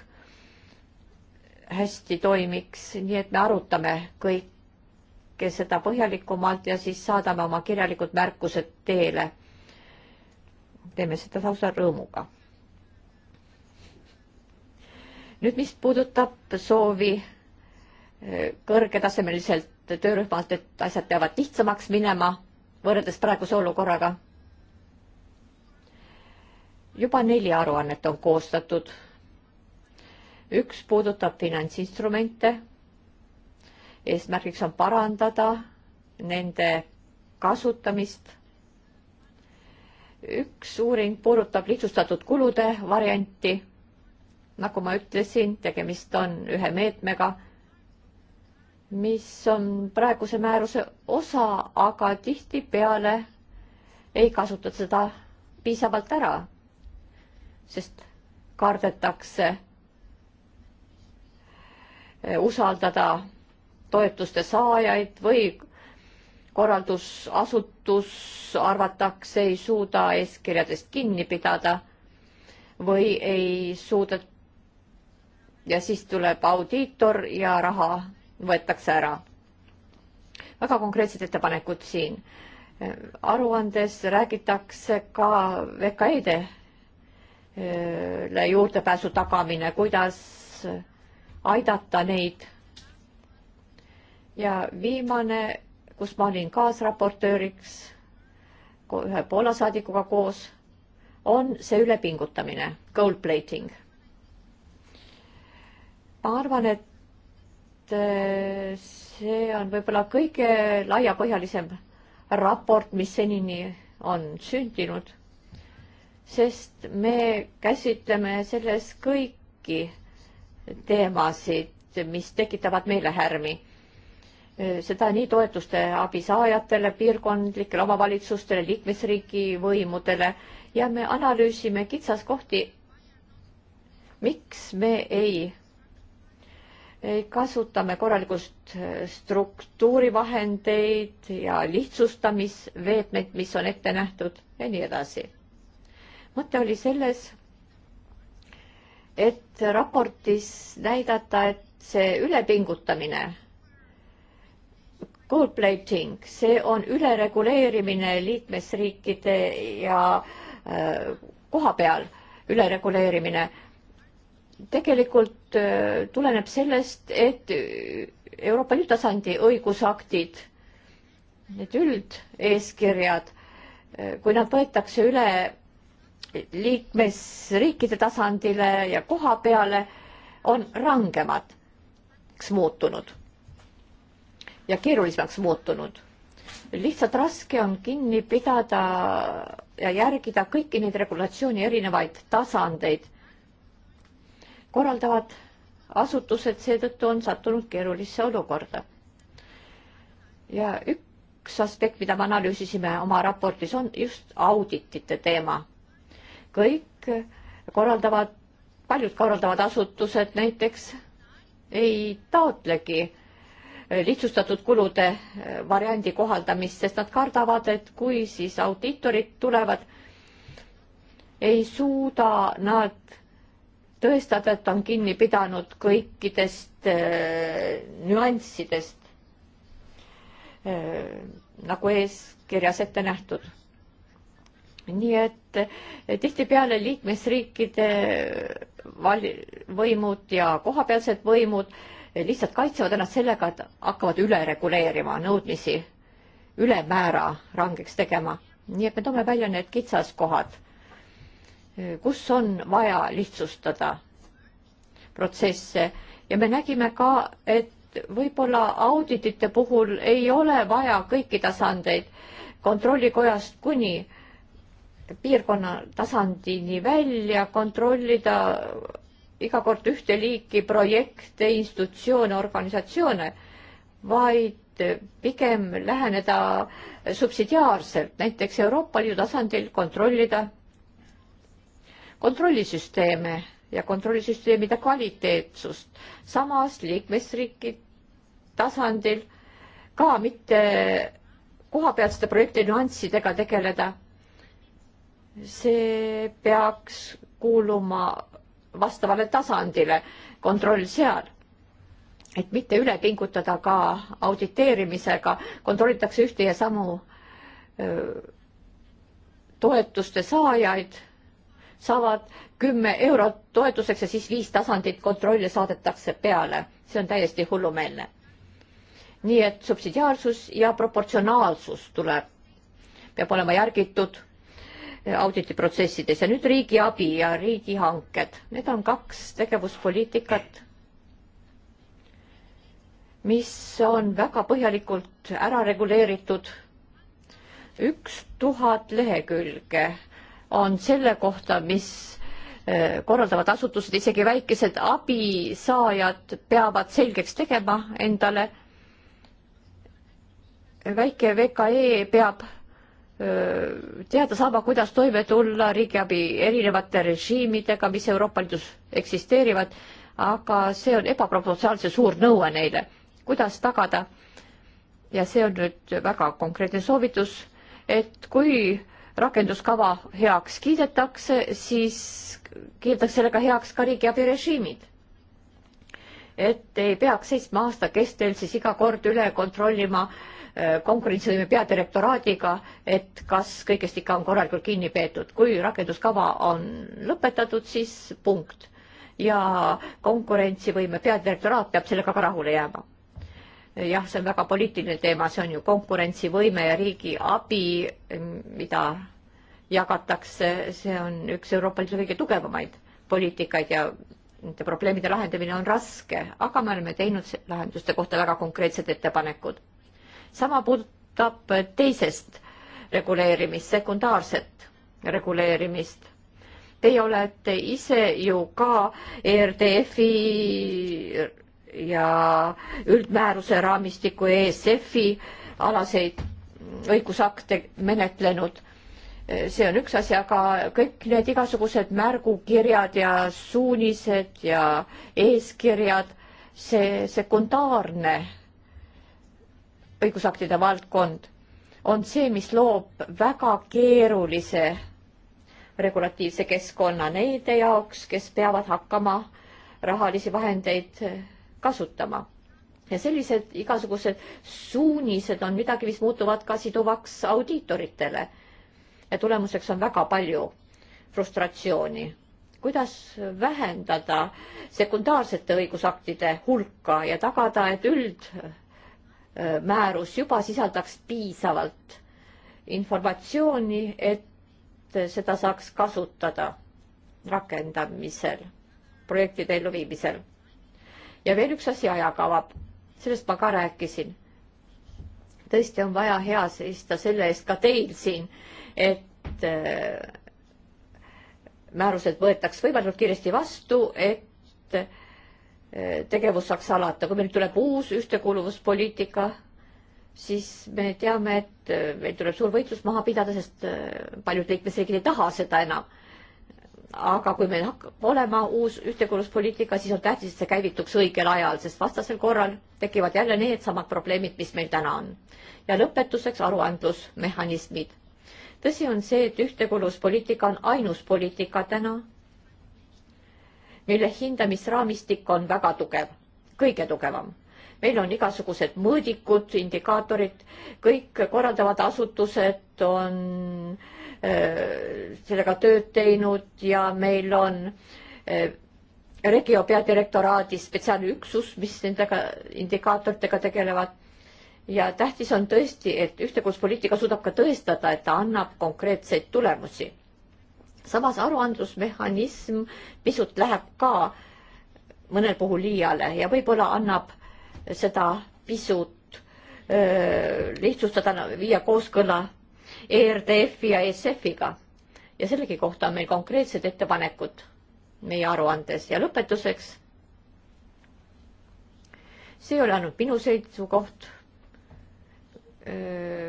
hästi toimiks, nii et me arutame kõike seda põhjalikumalt ja siis saadame oma kirjalikud märkused teele teeme seda lausa rõõmuga. nüüd, mis puudutab soovi eh, kõrgetasemeliselt töörühmalt, et asjad peavad lihtsamaks minema võrreldes praeguse olukorraga. juba neli aruannet on koostatud. üks puudutab finantsinstrumente. eesmärgiks on parandada nende kasutamist üks uuring puudutab lihtsustatud kulude varianti. nagu ma ütlesin, tegemist on ühe meetmega, mis on praeguse määruse osa, aga tihtipeale ei kasutata seda piisavalt ära, sest kardetakse eh, usaldada toetuste saajaid või korraldusasutus arvatakse ei suuda eeskirjadest kinni pidada või ei suuda ja siis tuleb audiitor ja raha võetakse ära. väga konkreetsed ettepanekud siin. aruandes räägitakse ka VKE-dele äh, juurdepääsu tagamine, kuidas aidata neid. ja viimane kus ma olin kaasraportööriks ühe Poola saadikuga koos, on see ülepingutamine, gold plating. ma arvan, et äh, see on võib-olla kõige laiapõhjalisem raport, mis senini on sündinud, sest me käsitleme selles kõiki teemasid, mis tekitavad meelehärmi Äh, seda nii toetuste abisaajatele, piirkondlikele omavalitsustele, liikmesriigi võimudele ja me analüüsime kitsaskohti, miks me ei kasutame korralikust äh, struktuurivahendeid ja lihtsustamisveetmeid, mis on ette nähtud ja nii edasi. mõte oli selles, et raportis näidata, et see ülepingutamine gold plating, see on ülereguleerimine liikmesriikide ja äh, koha peal ülereguleerimine. tegelikult äh, tuleneb sellest, et Euroopa Liidu tasandi õigusaktid, need üldeeskirjad, äh, kui nad võetakse üle liikmesriikide tasandile ja koha peale, on rangemaks muutunud ja keerulisemaks muutunud. lihtsalt raske on kinni pidada ja järgida kõiki neid regulatsiooni erinevaid tasandeid. korraldavad asutused seetõttu on sattunud keerulisse olukorda. ja üks aspekt, mida me analüüsisime oma raportis, on just auditite teema. kõik korraldavad, paljud korraldavad asutused näiteks ei taotlegi lihtsustatud kulude eh, variandi kohaldamist, sest nad kardavad, et kui siis audiitorid tulevad, ei suuda nad tõestada, et on kinni pidanud kõikidest eh, nüanssidest eh, nagu eeskirjas ette nähtud. nii et tihtipeale liikmesriikide vali-, võimud ja kohapealsed võimud äh, lihtsalt kaitsevad ennast sellega, et hakkavad üle reguleerima nõudmisi, ülemäära rangeks tegema. nii et me toome välja need kitsaskohad, kus on vaja lihtsustada protsesse ja me nägime ka, et võib-olla auditite puhul ei ole vaja kõiki tasandeid kontrollikojast kuni piirkonna tasandini välja kontrollida iga kord ühte liiki projekte, institutsioone, organisatsioone, vaid pigem läheneda subsidiaarselt, näiteks Euroopa Liidu tasandil kontrollida kontrollisüsteeme ja kontrollisüsteemide kvaliteetsust. samas liikmesriigi tasandil ka mitte kohapealsete projekti nüanssidega tegeleda. see peaks kuuluma vastavale tasandile, kontroll seal. et mitte üle pingutada ka auditeerimisega, kontrollitakse ühte ja samu öö, toetuste saajaid, saavad kümme eurot toetuseks ja siis viis tasandit kontrolli saadetakse peale. see on täiesti hullumeelne. nii et subsidiaarsus ja proportsionaalsus tuleb, peab olema järgitud auditiprotsessides ja nüüd riigiabi ja riigihanked, need on kaks tegevuspoliitikat, mis on väga põhjalikult ära reguleeritud. üks tuhat lehekülge on selle kohta, mis eh, korraldavad asutused, isegi väikesed abisaajad peavad selgeks tegema endale. väike VKE peab teada saama, kuidas toime tulla riigiabi erinevate režiimidega, mis Euroopa Liidus eksisteerivad, aga see on ebaproportsionaalselt suur nõue neile. kuidas tagada? ja see on nüüd väga konkreetne soovitus, et kui rakenduskava heaks kiidetakse, siis kiidetakse sellega heaks ka riigiabi režiimid. et ei peaks seitsme aasta kestel siis iga kord üle kontrollima äh, Äh, konkurentsivõime peadirektoraadiga, et kas kõigest ikka on korralikult kinni peetud. kui rakenduskava on lõpetatud, siis punkt. ja konkurentsivõime peadirektoraat peab sellega ka rahule jääma. jah, see on väga poliitiline teema, see on ju konkurentsivõime ja riigi abi, mida jagatakse, see on üks Euroopa Liidu kõige tugevamaid poliitikaid ja nende probleemide lahendamine on raske, aga me oleme teinud lahenduste kohta väga konkreetsed ettepanekud sama puudutab teisest reguleerimist, sekundaarset reguleerimist. Teie olete ise ju ka ERDF-i ja üldmääruse raamistiku ESF-i alaseid õigusakte menetlenud. see on üks asi, aga kõik need igasugused märgukirjad ja suunised ja eeskirjad, see sekundaarne õigusaktide valdkond on see, mis loob väga keerulise regulatiivse keskkonna neide jaoks, kes peavad hakkama rahalisi vahendeid eh, kasutama. ja sellised igasugused suunised on midagi, mis muutuvad ka siduvaks audiitoritele. ja tulemuseks on väga palju frustratsiooni. kuidas vähendada sekundaarsete õigusaktide hulka ja tagada, et üld Äh, määrus juba sisaldaks piisavalt informatsiooni, et seda saaks kasutada rakendamisel, projektide elluviimisel. ja veel üks asi, ajakava. sellest ma ka rääkisin. tõesti on vaja hea seista selle eest ka teil siin, et äh, määrused võetaks võimalikult kiiresti vastu, et Eh, tegevus saaks alata, kui meil tuleb uus ühtekuuluvuspoliitika, siis me teame, et eh, meil tuleb suur võitlus maha pidada, sest eh, paljud liikmesriigid ei taha seda enam. aga kui meil hakkab olema uus ühtekuuluvuspoliitika, siis on tähtis, et see käivituks õigel ajal, sest vastasel korral tekivad jälle needsamad probleemid, mis meil täna on. ja lõpetuseks aruandlusmehhanismid. tõsi on see, et ühtekuuluvuspoliitika on ainus poliitika täna mille hindamisraamistik on väga tugev, kõige tugevam. meil on igasugused mõõdikud, indikaatorid, kõik korraldavad asutused on öö, äh, sellega tööd teinud ja meil on öö, äh, Regio peadirektoraadi spetsiaalne üksus, mis nendega indikaatoritega tegelevad. ja tähtis on tõesti, et ühtekuuluvuspoliitika suudab ka tõestada, et ta annab konkreetseid tulemusi samas aruandlusmehhanism pisut läheb ka mõnel puhul liiale ja võib-olla annab seda pisut öö, lihtsustada, viia kooskõlla ERDF-i ja ESF-iga. ja sellegi kohta on meil konkreetsed ettepanekud meie aruandes ja lõpetuseks. see ei ole ainult minu seisukoht.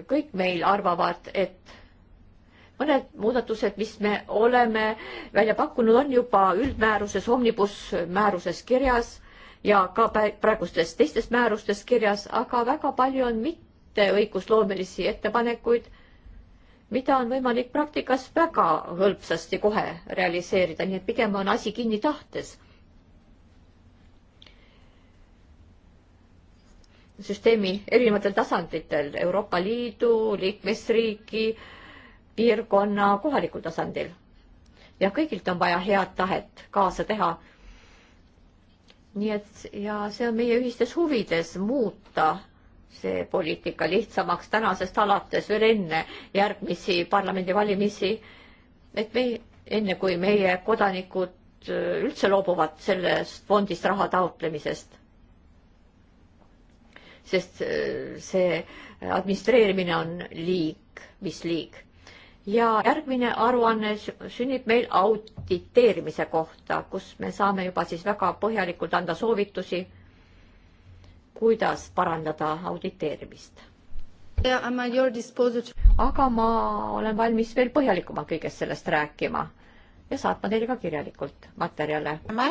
kõik meil arvavad, et mõned muudatused, mis me oleme välja pakkunud, on juba üldmääruses, Omnibus määruses kirjas ja ka praegustes teistes määrustes kirjas, aga väga palju on mitte õigusloomelisi ettepanekuid, mida on võimalik praktikas väga hõlpsasti kohe realiseerida, nii et pigem on asi kinni tahtes süsteemi erinevatel tasanditel, Euroopa Liidu, liikmesriigi piirkonna kohalikul tasandil. ja kõigilt on vaja head tahet kaasa teha. nii et ja see on meie ühistes huvides muuta see poliitika lihtsamaks tänasest alates veel enne järgmisi parlamendivalimisi, et me enne kui meie kodanikud äh, üldse loobuvad sellest fondist raha taotlemisest. sest äh, see administreerimine on liig, mis liig ja järgmine aruanne sünnib meil auditeerimise kohta, kus me saame juba siis väga põhjalikult anda soovitusi, kuidas parandada auditeerimist. aga ma olen valmis veel põhjalikumalt kõigest sellest rääkima ja saatma teile ka kirjalikult materjale. ma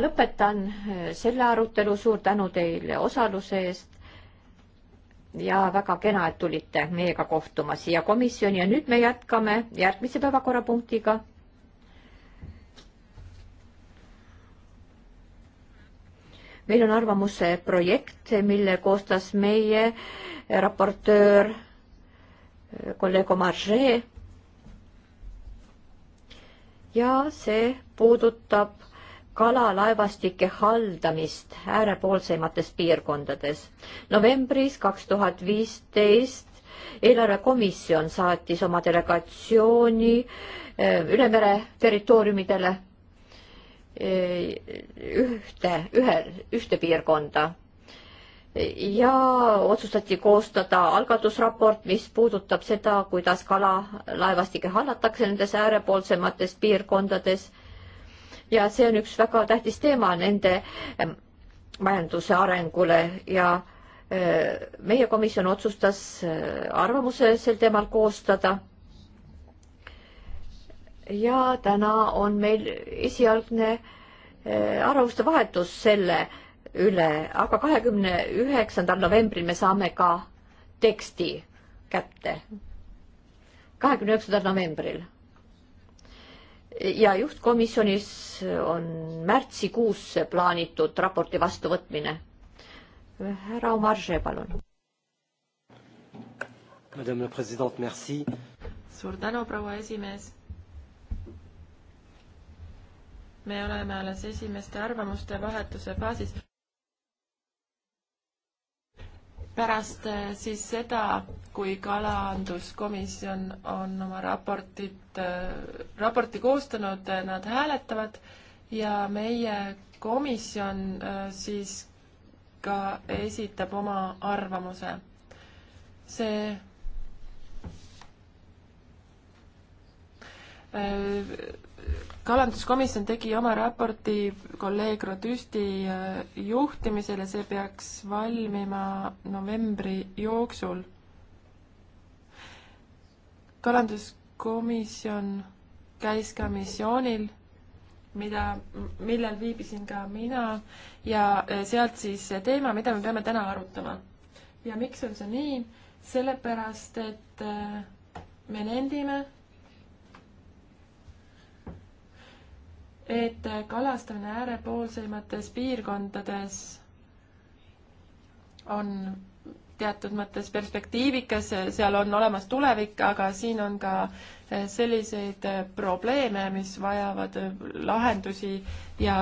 lõpetan eh, selle arutelu, suur tänu teile osaluse eest ja väga kena, et tulite meiega kohtuma siia komisjoni ja nüüd me jätkame järgmise päevakorrapunktiga. meil on arvamuse projekt, mille koostas meie raportöör eh, kolleeg Omar Žee. ja see puudutab kalalaevastike haldamist äärepoolseimates piirkondades. novembris kaks tuhat viisteist eelarvekomisjon saatis oma delegatsiooni eh, üle mere territooriumidele eh, ühte, ühe, ühte piirkonda ja otsustati koostada algatusraport, mis puudutab seda, kuidas kalalaevastike hallatakse nendes äärepoolsemates piirkondades ja see on üks väga tähtis teema nende majanduse arengule ja meie komisjon otsustas arvamuse sel teemal koostada. ja täna on meil esialgne arvamuste vahetus selle üle, aga kahekümne üheksandal novembril me saame ka teksti kätte. kahekümne üheksandal novembril ja juhtkomisjonis on märtsikuusse plaanitud raporti vastuvõtmine. härra Omarže, palun. Madame la Présidente, merci. suur tänu, proua esimees. me oleme alles esimeste arvamuste vahetuse faasis pärast äh, siis seda, kui kalanduskomisjon on oma raportit, äh, raporti koostanud, äh, nad hääletavad ja meie komisjon siis ka esitab oma arvamuse. see kalanduskomisjon tegi oma raporti kolleeg Rodüsti äh, juhtimisel ja see peaks valmima novembri jooksul. kalanduskomisjon käis ka missioonil mida, millel viibisin ka mina ja äh, sealt siis teema, mida me peame täna arutama. ja miks on see nii? sellepärast, et äh, me nendime, et kalastamine äärepoolseimates piirkondades on teatud mõttes perspektiivikas, seal on olemas tulevik, aga siin on ka selliseid probleeme, mis vajavad lahendusi ja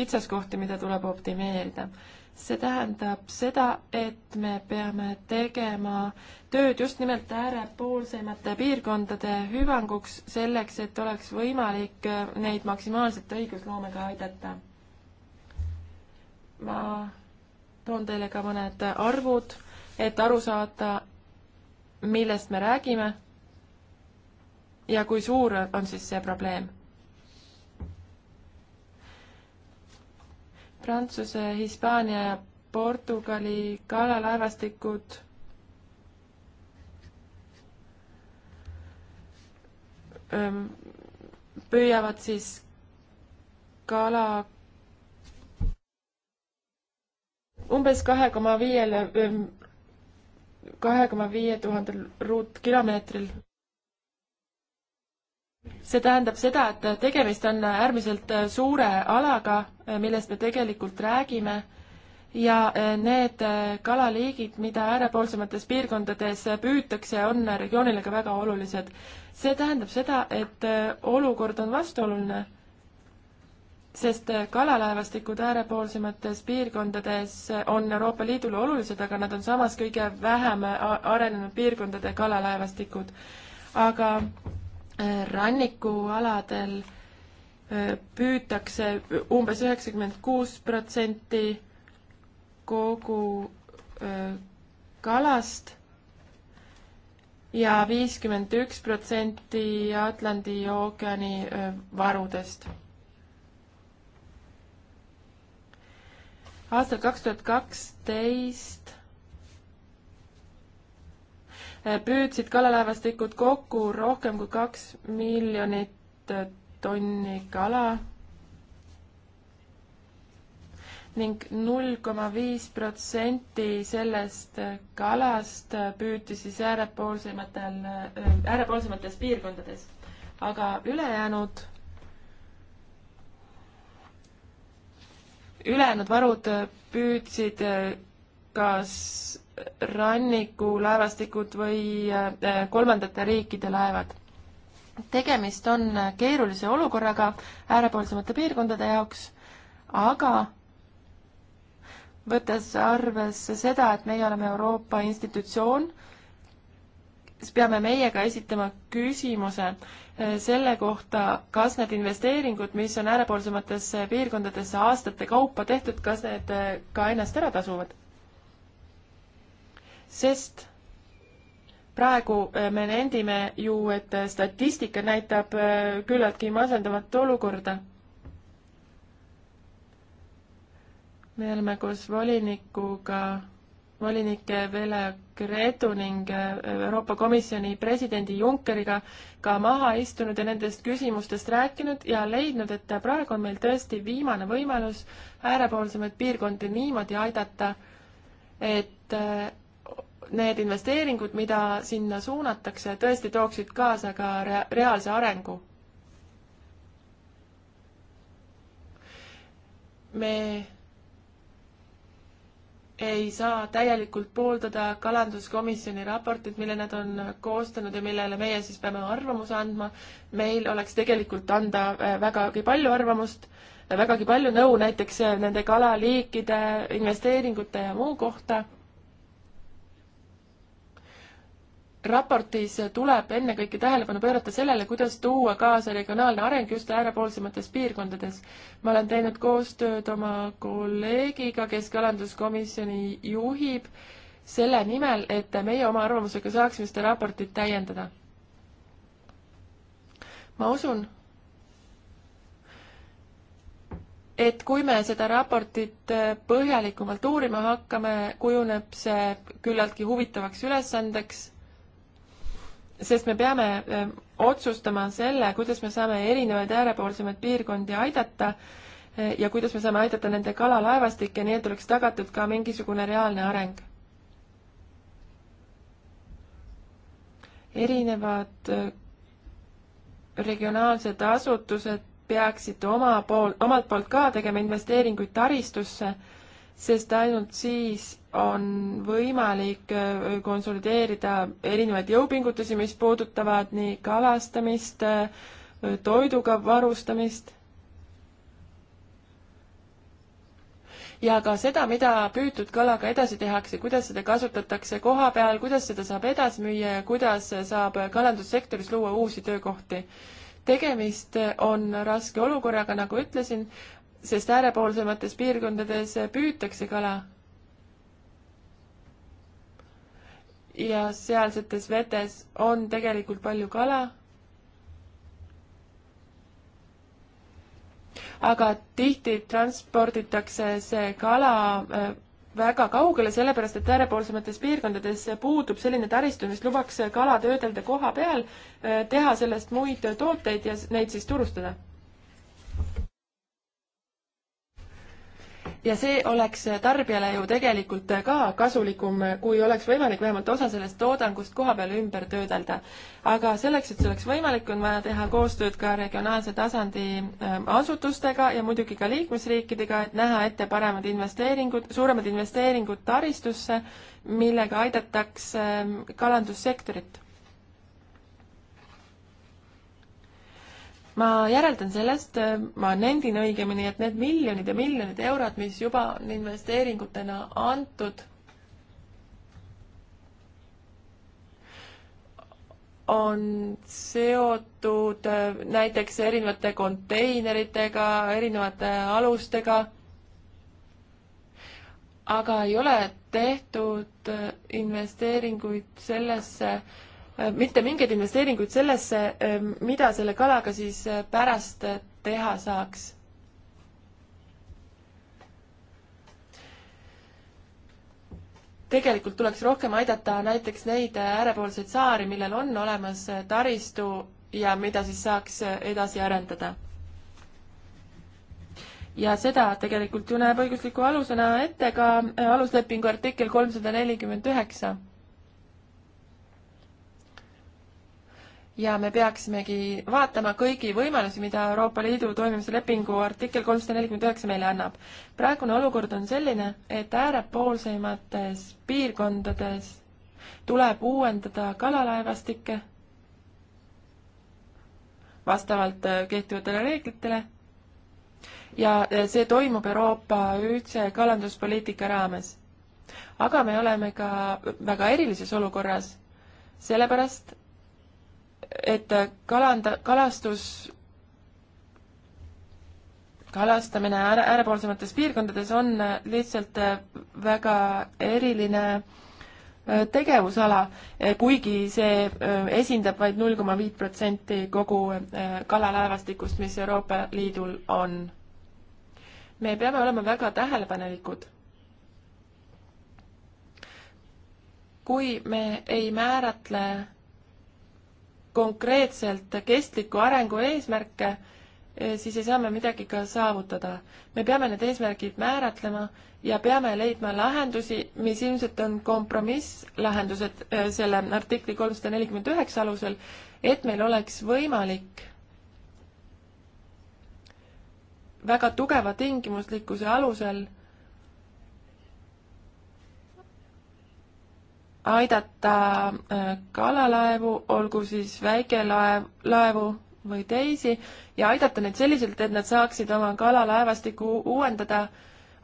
kitsaskohti, mida tuleb optimeerida see tähendab seda, et me peame tegema tööd just nimelt äärepoolsemate piirkondade hüvanguks, selleks et oleks võimalik neid maksimaalselt õigusloomega aidata. ma toon teile ka mõned arvud, et aru saada, millest me räägime ja kui suur on siis see probleem Prantsuse, Hispaania ja Portugali kalalaevastikud püüavad siis kala umbes kahe koma viiele, kahe koma viie tuhandel ruutkilomeetril see tähendab seda, et tegemist on äärmiselt suure alaga, millest me tegelikult räägime ja need kalaliigid, mida äärepoolsemates piirkondades püütakse, on regioonile ka väga olulised. see tähendab seda, et olukord on vastuoluline, sest kalalaevastikud äärepoolsemates piirkondades on Euroopa Liidule olulised, aga nad on samas kõige vähem arenenud piirkondade kalalaevastikud. aga rannikualadel püütakse umbes üheksakümmend kuus protsenti kogu kalast ja viiskümmend üks protsenti Atlandi ookeani varudest. aastal kaks tuhat kaksteist püüdsid kalalaevastikud kokku rohkem kui kaks miljonit tonni kala ning null koma viis protsenti sellest kalast püüti siis äärepoolsematel, äärepoolsemates piirkondades, aga ülejäänud ülejäänud varud püüdsid kas rannikulaevastikud või äh, kolmandate riikide laevad. tegemist on äh, keerulise olukorraga äärepoolsemate piirkondade jaoks, aga võttes arvesse seda, et meie oleme Euroopa institutsioon, siis peame meie ka esitama küsimuse äh, selle kohta, kas need investeeringud, mis on äärepoolsematesse piirkondadesse aastate kaupa tehtud, kas need ka ennast ära tasuvad sest praegu äh, me nendime ju, et äh, statistika näitab äh, küllaltki masendavat olukorda. me oleme koos volinikuga, volinike Vele Gretu ning Euroopa Komisjoni presidendi Junckeriga ka maha istunud ja nendest küsimustest rääkinud ja leidnud, et praegu on meil tõesti viimane võimalus äärepoolsemaid piirkondi niimoodi aidata, et need investeeringud, mida sinna suunatakse, tõesti tooksid kaasa ka rea-, reaalse arengu. me ei saa täielikult pooldada kalanduskomisjoni raportit, mille nad on koostanud ja millele meie siis peame arvamuse andma. meil oleks tegelikult anda äh, vägagi palju arvamust, vägagi palju nõu näiteks äh, nende kalaliikide investeeringute ja muu kohta raportis tuleb ennekõike tähelepanu pöörata sellele, kuidas tuua kaasa regionaalne areng just äärepoolsemates piirkondades. ma olen teinud koostööd oma kolleegiga, kes kalanduskomisjoni juhib, selle nimel, et meie oma arvamusega saaksime seda raportit täiendada. ma usun, et kui me seda raportit põhjalikumalt uurima hakkame, kujuneb see küllaltki huvitavaks ülesandeks sest me peame ähm, otsustama selle, kuidas me saame erinevaid äärepoolsemaid piirkondi aidata äh, ja kuidas me saame aidata nende kalalaevastikke, nii et oleks tagatud ka mingisugune reaalne areng. erinevad äh, regionaalsed asutused peaksid oma pool, omalt poolt ka tegema investeeringuid taristusse, sest ainult siis on võimalik äh, konsolideerida erinevaid jõupingutusi, mis puudutavad nii kalastamist, äh, toiduga varustamist ja ka seda, mida püütud kalaga edasi tehakse, kuidas seda kasutatakse koha peal, kuidas seda saab edasi müüa ja kuidas saab kalandussektoris luua uusi töökohti. tegemist on raske olukorraga, nagu ütlesin, sest äärepoolsemates piirkondades püütakse kala, ja sealsetes vetes on tegelikult palju kala. aga tihti transporditakse see kala äh, väga kaugele, sellepärast et äärepoolsemates piirkondades puudub selline taristu, mis lubaks kala töödelda koha peal, äh, teha sellest muid tooteid ja neid siis turustada ja see oleks tarbijale ju tegelikult ka kasulikum, kui oleks võimalik vähemalt osa sellest toodangust koha peal ümber töödelda. aga selleks, et see oleks võimalik, on vaja teha koostööd ka regionaalse tasandi ähm, asutustega ja muidugi ka liikmesriikidega, et näha ette paremad investeeringud, suuremad investeeringud taristusse, millega aidatakse ähm, kalandussektorit ma järeldan sellest, äh, ma nendin õigemini, et need miljonid ja miljonid eurod, mis juba on investeeringutena antud, on seotud äh, näiteks erinevate konteineritega, erinevate alustega, aga ei ole tehtud äh, investeeringuid sellesse, Äh, mitte mingeid investeeringuid sellesse, ähm, mida selle kalaga siis äh, pärast äh, teha saaks tegelikult tuleks rohkem aidata näiteks neid äärepoolseid saari, millel on olemas taristu ja mida siis saaks edasi arendada. ja seda tegelikult ju näeb õigusliku alusena ette ka aluslepingu artikkel kolmsada nelikümmend üheksa ja me peaksimegi vaatama kõigi võimalusi, mida Euroopa Liidu toimimise lepingu artikkel kolmsada nelikümmend üheksa meile annab. praegune olukord on selline, et äärepoolseimates piirkondades tuleb uuendada kalalaevastikke vastavalt äh, kehtivatele reeglitele ja äh, see toimub Euroopa ühtse kalanduspoliitika raames. aga me oleme ka väga erilises olukorras, sellepärast et kalanda, kalastus, kalastamine ääre, äärepoolsemates piirkondades on lihtsalt väga eriline äh, tegevusala, äh, kuigi see äh, esindab vaid null koma viit protsenti kogu kalalaevastikust, mis Euroopa Liidul on. me peame olema väga tähelepanelikud. kui me ei määratle konkreetselt kestliku arengu eesmärke, eh, siis ei saa me midagi ka saavutada. me peame need eesmärgid määratlema ja peame leidma lahendusi, mis ilmselt on kompromisslahendused eh, selle artikli kolmsada nelikümmend üheksa alusel, et meil oleks võimalik väga tugeva tingimuslikkuse alusel aidata äh, kalalaevu, olgu siis väikelaev, laevu või teisi, ja aidata neid selliselt, et nad saaksid oma kalalaevastikku uuendada,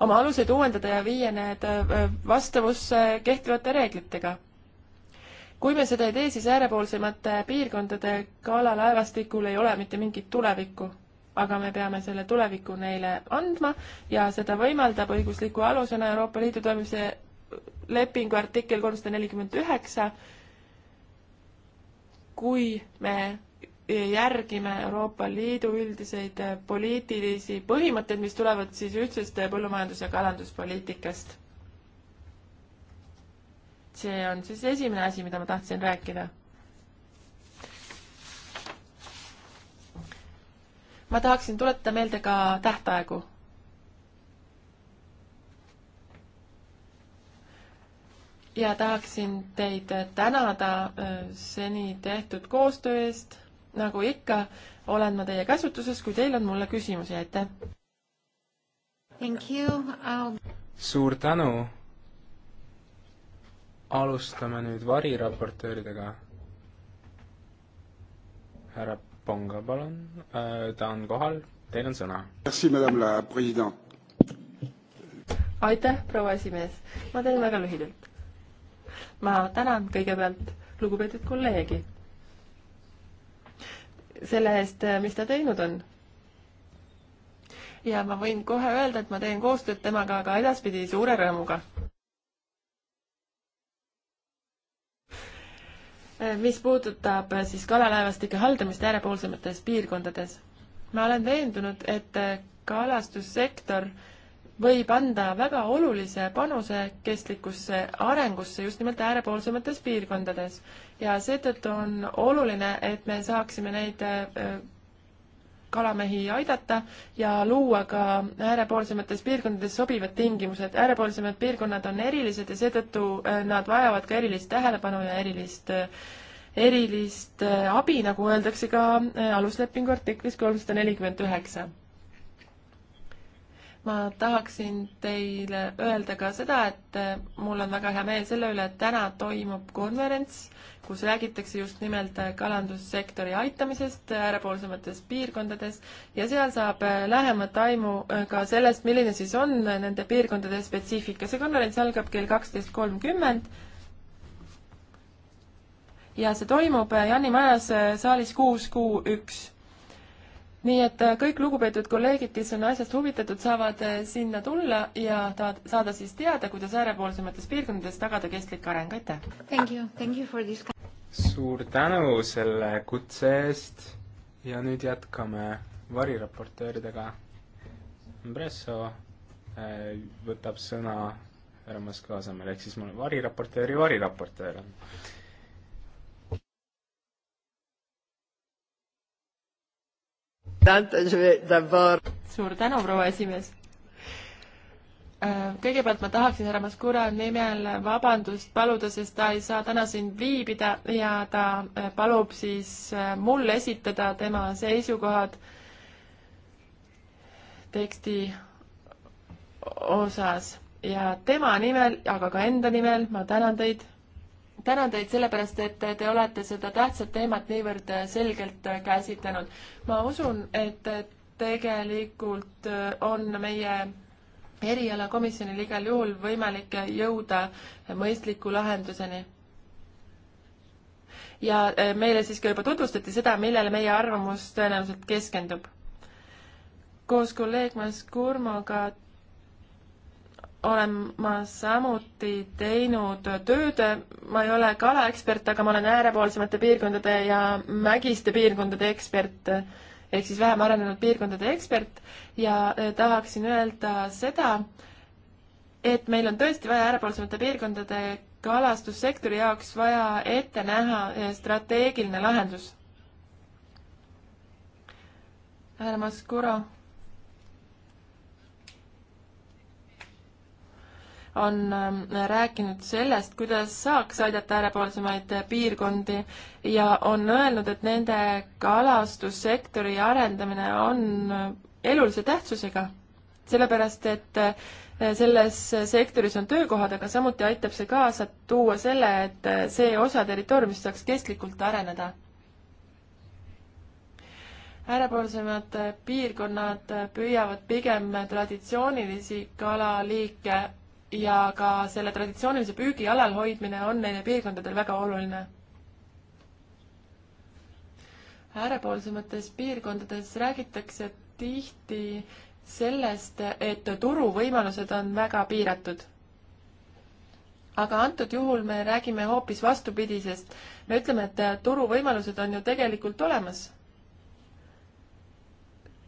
oma aluseid uuendada ja viia need äh, vastavusse kehtivate reeglitega. kui me seda ei tee, siis äärepoolsemate piirkondade kalalaevastikul ei ole mitte mingit tulevikku aga me peame selle tuleviku neile andma ja seda võimaldab õigusliku alusena Euroopa Liidu toimimise lepingu artikkel kolmsada nelikümmend üheksa, kui me järgime Euroopa Liidu üldiseid poliitilisi põhimõtteid, mis tulevad siis ühtsest põllumajandus- ja kalanduspoliitikast. see on siis esimene asi, mida ma tahtsin rääkida. ma tahaksin tuletada meelde ka tähtaegu ja tahaksin teid tänada äh, seni tehtud koostöö eest. nagu ikka, olen ma teie käsutuses, kui teil on mulle küsimusi, aitäh! suur tänu! alustame nüüd variraportööridega. härra Ponga, palun, äh, ta on kohal, teil on sõna. aitäh, proua esimees, ma teen väga lühidalt ma tänan kõigepealt lugupeetud kolleegi selle eest, äh, mis ta teinud on. ja ma võin kohe öelda, et ma teen koostööd temaga ka edaspidi suure rõõmuga. Äh, mis puudutab äh, siis kalalaevastike haldamist äärepoolsemates piirkondades, ma olen veendunud, et kalastussektor ka võib anda väga olulise panuse kestlikusse arengusse just nimelt äärepoolsemates piirkondades. ja seetõttu on oluline, et me saaksime neid äh, kalamehi aidata ja luua ka äärepoolsemates piirkondades sobivad tingimused. äärepoolsemad piirkonnad on erilised ja seetõttu äh, nad vajavad ka erilist tähelepanu ja erilist, äh, erilist abi, nagu öeldakse ka aluslepingu artiklis kolmsada nelikümmend üheksa ma tahaksin teile öelda ka seda, et äh, mul on väga hea meel selle üle, et täna toimub konverents, kus räägitakse just nimelt äh, kalandussektori aitamisest äärepoolsemates äh, piirkondades ja seal saab lähemat aimu ka sellest, milline siis on nende piirkondade spetsiifika. see konverents algab kell kaksteist kolmkümmend ja see toimub Janni Majas saalis kuus kuu üks nii et äh, kõik lugupeetud kolleegid, kes on asjast huvitatud, saavad äh, sinna tulla ja tahavad saada siis teada, kuidas äärepoolsemates piirkondades tagada kestlik areng, aitäh! This... suur tänu selle kutse eest ja nüüd jätkame variraportööridega. Ambresso äh, võtab sõna härra Moskva asemel, ehk siis mul variraportööri variraportöör on suur tänu, proua esimees äh, kõigepealt ma tahaksin härra Maskura nimel vabandust paluda, sest ta ei saa täna siin viibida ja ta äh, palub siis äh, mul esitada tema seisukohad teksti osas ja tema nimel, aga ka enda nimel ma tänan teid tänan teid sellepärast, et te olete seda tähtsat teemat niivõrd selgelt käsitlenud. ma usun, et tegelikult on meie erialakomisjonil igal juhul võimalik jõuda mõistliku lahenduseni. ja meile siis ka juba tutvustati seda, millele meie arvamus tõenäoliselt keskendub. koos kolleeg Mas Kurmoga olen ma samuti teinud tööd, ma ei ole kalaekspert, aga ma olen äärepoolsemate piirkondade ja mägiste piirkondade ekspert, ehk siis vähem arenenud piirkondade ekspert ja e, tahaksin öelda seda, et meil on tõesti vaja äärepoolsemate piirkondade kalastussektori jaoks vaja ette näha e, strateegiline lahendus. härra Maskuro on ähm, rääkinud sellest, kuidas saaks aidata äärepoolsemaid piirkondi ja on öelnud, et nende kalastussektori arendamine on äh, elulise tähtsusega, sellepärast et äh, selles sektoris on töökohad, aga samuti aitab see kaasa tuua selle, et äh, see osa territooriumist saaks kestlikult areneda äärepoolsemad piirkonnad püüavad pigem traditsioonilisi kalaliike ja ka selle traditsioonilise püügi alalhoidmine on neile piirkondadel väga oluline. äärepoolsemates piirkondades räägitakse tihti sellest, et turuvõimalused on väga piiratud. aga antud juhul me räägime hoopis vastupidisest. me ütleme, et turuvõimalused on ju tegelikult olemas.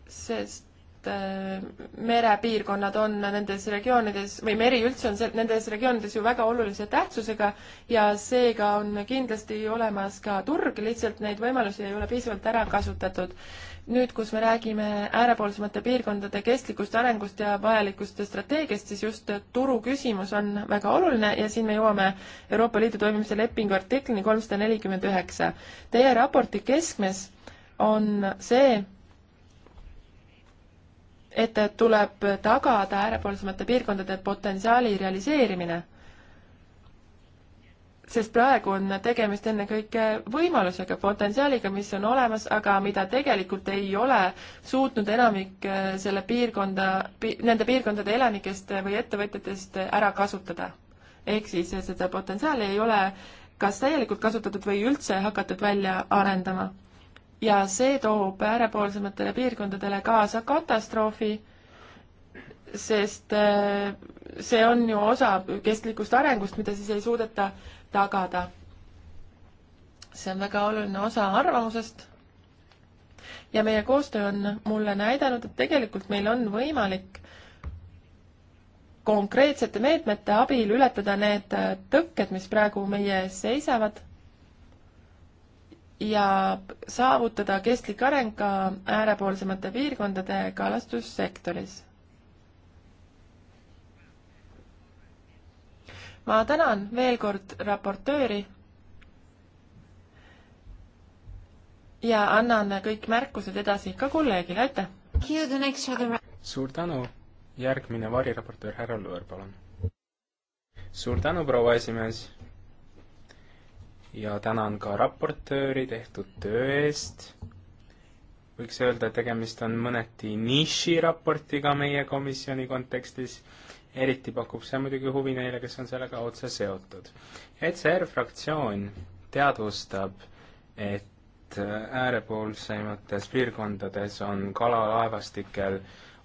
sest Äh, merepiirkonnad on nendes regioonides või meri üldse on nendes regioonides ju väga olulise tähtsusega ja seega on kindlasti olemas ka turg, lihtsalt neid võimalusi ei ole piisavalt ära kasutatud. nüüd, kus me räägime äärepoolsemate piirkondade kestlikust arengust ja vajalikust strateegiast, siis just turu küsimus on väga oluline ja siin me jõuame Euroopa Liidu toimimise lepingu artiklini kolmsada nelikümmend üheksa. Teie raporti keskmes on see, et tuleb tagada äärepoolsemate piirkondade potentsiaali realiseerimine. sest praegu on tegemist ennekõike võimalusega, potentsiaaliga, mis on olemas, aga mida tegelikult ei ole suutnud enamik eh, selle piirkonda, nende piirkondade elanikest või ettevõtjatest ära kasutada. ehk siis eh, seda potentsiaali ei ole kas täielikult kasutatud või üldse hakatud välja arendama ja see toob äärepoolsematele piirkondadele kaasa katastroofi, sest äh, see on ju osa kestlikust arengust, mida siis ei suudeta tagada. see on väga oluline osa arvamusest. ja meie koostöö on mulle näidanud, et tegelikult meil on võimalik konkreetsete meetmete abil ületada need tõkked, mis praegu meie ees seisavad ja saavutada kestlik areng ka äärepoolsemate piirkondade kalastussektoris. ma tänan veel kord raportööri ja annan kõik märkused edasi ka kolleegile, aitäh! suur tänu, järgmine variraportöör härra Lõõr, palun! suur tänu, proua esimees! ja tänan ka raportööri tehtud töö eest. võiks öelda, et tegemist on mõneti niširaportiga meie komisjoni kontekstis, eriti pakub see muidugi huvi neile, kes on sellega otse seotud. ECR fraktsioon teadvustab, et äärepoolsemates piirkondades on kalalaevastikel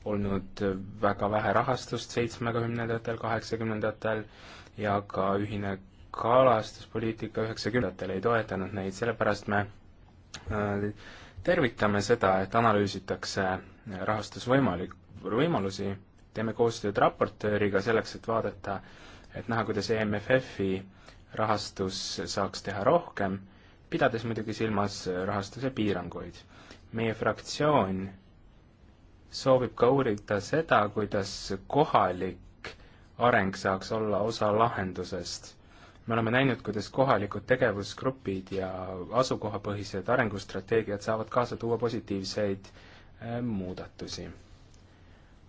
olnud väga vähe rahastust seitsmekümnendatel, kaheksakümnendatel ja ka ühine kalastuspoliitika üheksakümnendatel ei toetanud neid, sellepärast me äh, tervitame seda, et analüüsitakse rahastusvõimalik-, võimalusi, teeme koostööd raportööriga selleks, et vaadata, et näha, kuidas EMFF-i rahastus saaks teha rohkem, pidades muidugi silmas rahastuse piiranguid. meie fraktsioon soovib ka uurida seda, kuidas kohalik areng saaks olla osa lahendusest me oleme näinud, kuidas kohalikud tegevusgrupid ja asukohapõhised arengustrateegiad saavad kaasa tuua positiivseid äh, muudatusi.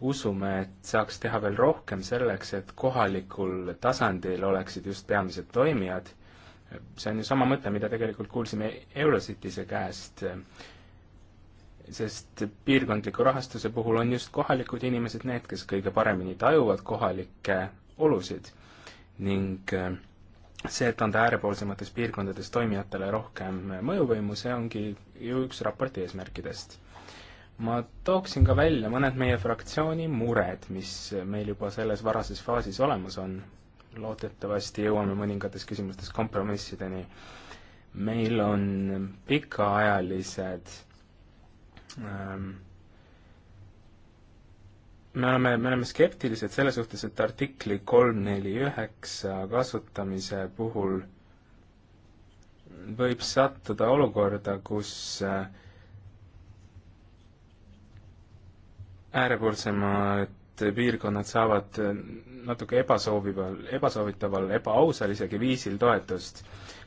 usume, et saaks teha veel rohkem selleks, et kohalikul tasandil oleksid just peamised toimijad, see on ju sama mõte, mida tegelikult kuulsime Eurocitise käest, äh, sest piirkondliku rahastuse puhul on just kohalikud inimesed need, kes kõige paremini tajuvad kohalikke olusid ning äh, see, et anda äärepoolsemates piirkondades toimijatele rohkem mõjuvõimu, see ongi ju üks raporti eesmärkidest. ma tooksin ka välja mõned meie fraktsiooni mured, mis meil juba selles varases faasis olemas on. loodetavasti jõuame mõningates küsimustes kompromissideni. meil on pikaajalised ähm, me oleme, me oleme skeptilised selle suhtes, et artikli kolm neli üheksa kasutamise puhul võib sattuda olukorda, kus äh, äärepoolsema et piirkonnad saavad natuke ebasoovival, ebasoovitaval, ebaausal isegi viisil toetust.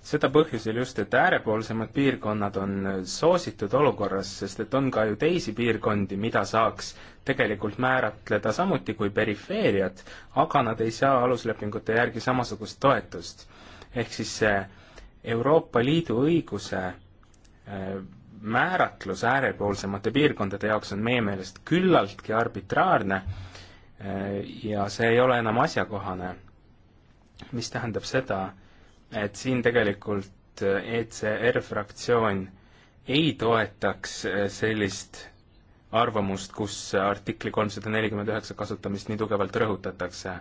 seda põhjusel just, et äärepoolsemad piirkonnad on soositud olukorras, sest et on ka ju teisi piirkondi, mida saaks tegelikult määratleda samuti kui perifeeriat, aga nad ei saa aluslepingute järgi samasugust toetust. ehk siis see Euroopa Liidu õiguse äh, määratlus äärepoolsemate piirkondade jaoks on meie meelest küllaltki arbitraarne Äh, ja see ei ole enam asjakohane, mis tähendab seda, et siin tegelikult äh, ECR fraktsioon ei toetaks äh, sellist arvamust, kus artikli kolmsada nelikümmend üheksa kasutamist nii tugevalt rõhutatakse.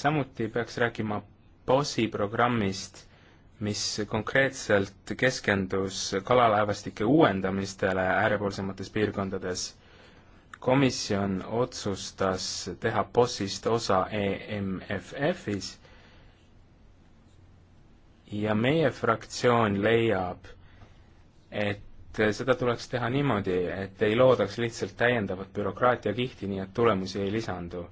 samuti peaks rääkima POSI programmist, mis konkreetselt keskendus kalalaevastike uuendamistele äärepoolsemates piirkondades komisjon otsustas teha POS-ist osa EMFF-is ja meie fraktsioon leiab, et seda tuleks teha niimoodi, et ei loodaks lihtsalt täiendavat bürokraatiakihti, nii et tulemusi ei lisandu.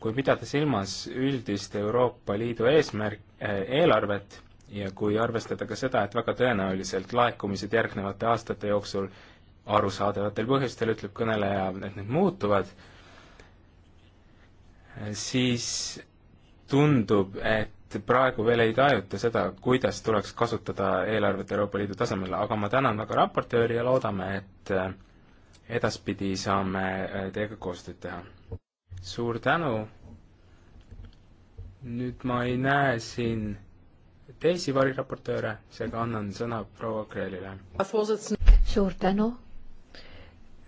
kui pidada silmas üldist Euroopa Liidu eesmärk äh,, eelarvet ja kui arvestada ka seda, et väga tõenäoliselt laekumised järgnevate aastate jooksul arusaadavatel põhjustel ütleb kõneleja, et need muutuvad, siis tundub, et praegu veel ei tajuta seda, kuidas tuleks kasutada eelarvet Euroopa Liidu tasemel, aga ma tänan väga raportööri ja loodame, et eh, edaspidi saame eh, teiega koostööd teha. suur tänu! nüüd ma ei näe siin teisi variraportööre, seega annan sõna proua Kreelile. suur tänu,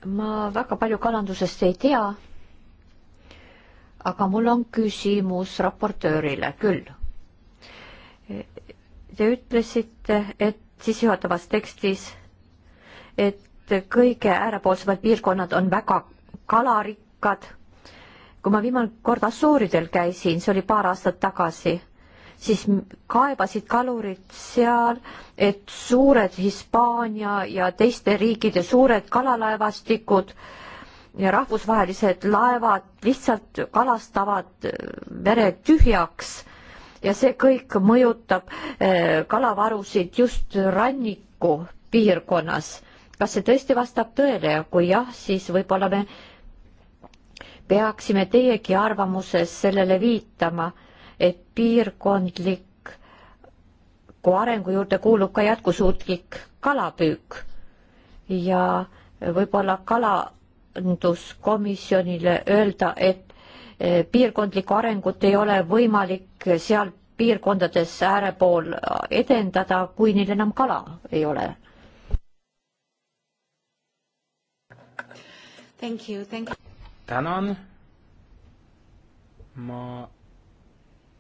ma väga palju kalandusest ei tea, aga mul on küsimus raportöörile küll. Te ütlesite, et sissejuhatavas tekstis, et kõige äärepoolsemad piirkonnad on väga kalarikkad. kui ma viimane kord Assuuridel käisin, see oli paar aastat tagasi siis kaebasid kalurid seal, et suured Hispaania ja teiste riikide suured kalalaevastikud ja rahvusvahelised laevad lihtsalt kalastavad äh, mere tühjaks ja see kõik mõjutab äh, kalavarusid just ranniku piirkonnas. kas see tõesti vastab tõele ja kui jah, siis võib-olla me peaksime teiegi arvamuses sellele viitama et piirkondliku arengu juurde kuulub ka jätkusuutlik kalapüük ja võib-olla kalanduskomisjonile öelda, et eh, piirkondlikku arengut ei ole võimalik seal piirkondades äärepool edendada, kui neil enam kala ei ole Thank you, thank you. tänan. ma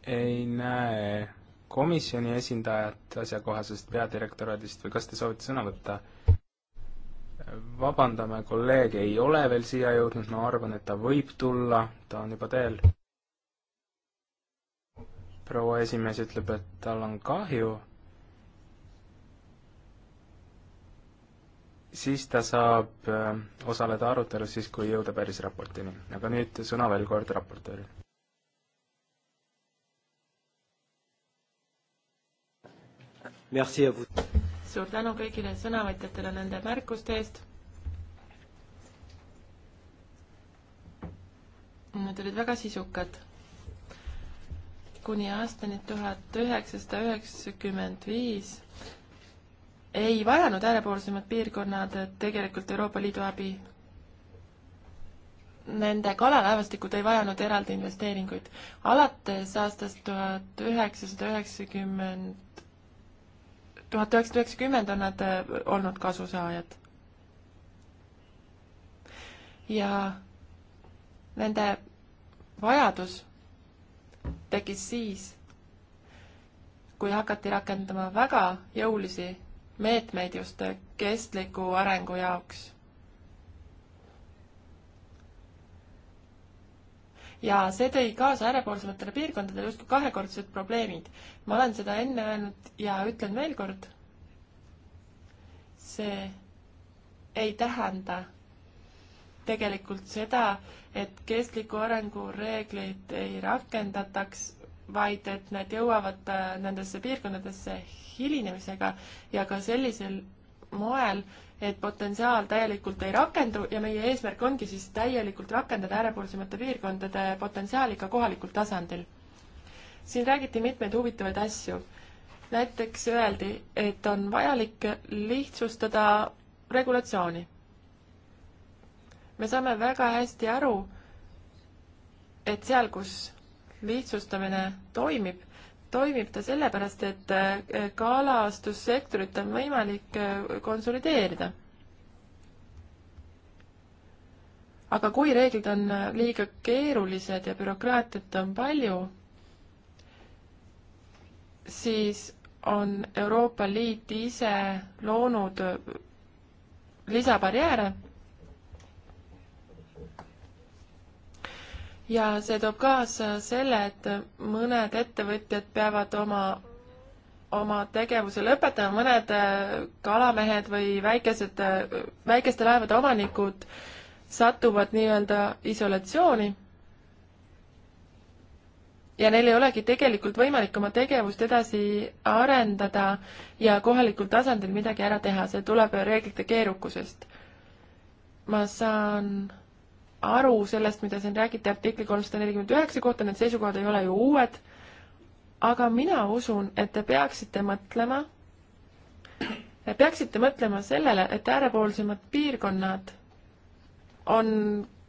ei näe komisjoni esindajat asjakohasest peadirektoraadist või kas te soovite sõna võtta? vabandame, kolleeg ei ole veel siia jõudnud, ma arvan, et ta võib tulla, ta on juba teel. proua esimees ütleb, et tal on kahju. siis ta saab äh, osaleda arutelus siis, kui jõuda päris raportini, aga nüüd sõna veel kord raportööril suur tänu kõigile sõnavõtjatele nende märkuste eest. Need olid väga sisukad. kuni aastani tuhat üheksasada üheksakümmend viis ei vajanud äärepoolsemad piirkonnad tegelikult Euroopa Liidu abi. Nende kalalaevastikud ei vajanud eraldi investeeringuid. alates aastast tuhat üheksasada üheksakümmend tuhat üheksasada üheksakümmend on nad äh, olnud kasusaajad. ja nende vajadus tekkis siis, kui hakati rakendama väga jõulisi meetmeid just äh, kestliku arengu jaoks ja see tõi kaasa äärepoolsematele piirkondadele justkui kahekordsed probleemid. ma olen seda enne öelnud ja ütlen veel kord, see ei tähenda tegelikult seda, et kestliku arengu reegleid ei rakendataks, vaid et need jõuavad äh, nendesse piirkondadesse hilinemisega ja ka sellisel moel, et potentsiaal täielikult ei rakendu ja meie eesmärk ongi siis täielikult rakendada äärepoolsemate piirkondade potentsiaali ka kohalikul tasandil. siin räägiti mitmeid huvitavaid asju. näiteks öeldi, et on vajalik lihtsustada regulatsiooni. me saame väga hästi aru, et seal, kus lihtsustamine toimib, toimib ta sellepärast, et äh, kalastussektorit on võimalik äh, konsolideerida. aga kui reeglid on äh, liiga keerulised ja bürokraatiat on palju, siis on Euroopa Liit ise loonud lisabarjääre ja see toob kaasa selle, et mõned ettevõtjad peavad oma, oma tegevuse lõpetama, mõned äh, kalamehed või väikesed, äh, väikeste laevade omanikud satuvad nii-öelda isolatsiooni ja neil ei olegi tegelikult võimalik oma tegevust edasi arendada ja kohalikul tasandil midagi ära teha, see tuleb reeglite keerukusest. ma saan aru sellest, mida siin räägiti artikli kolmsada nelikümmend üheksa kohta, need seisukohad ei ole ju uued, aga mina usun, et te peaksite mõtlema, peaksite mõtlema sellele, et äärepoolsemad piirkonnad on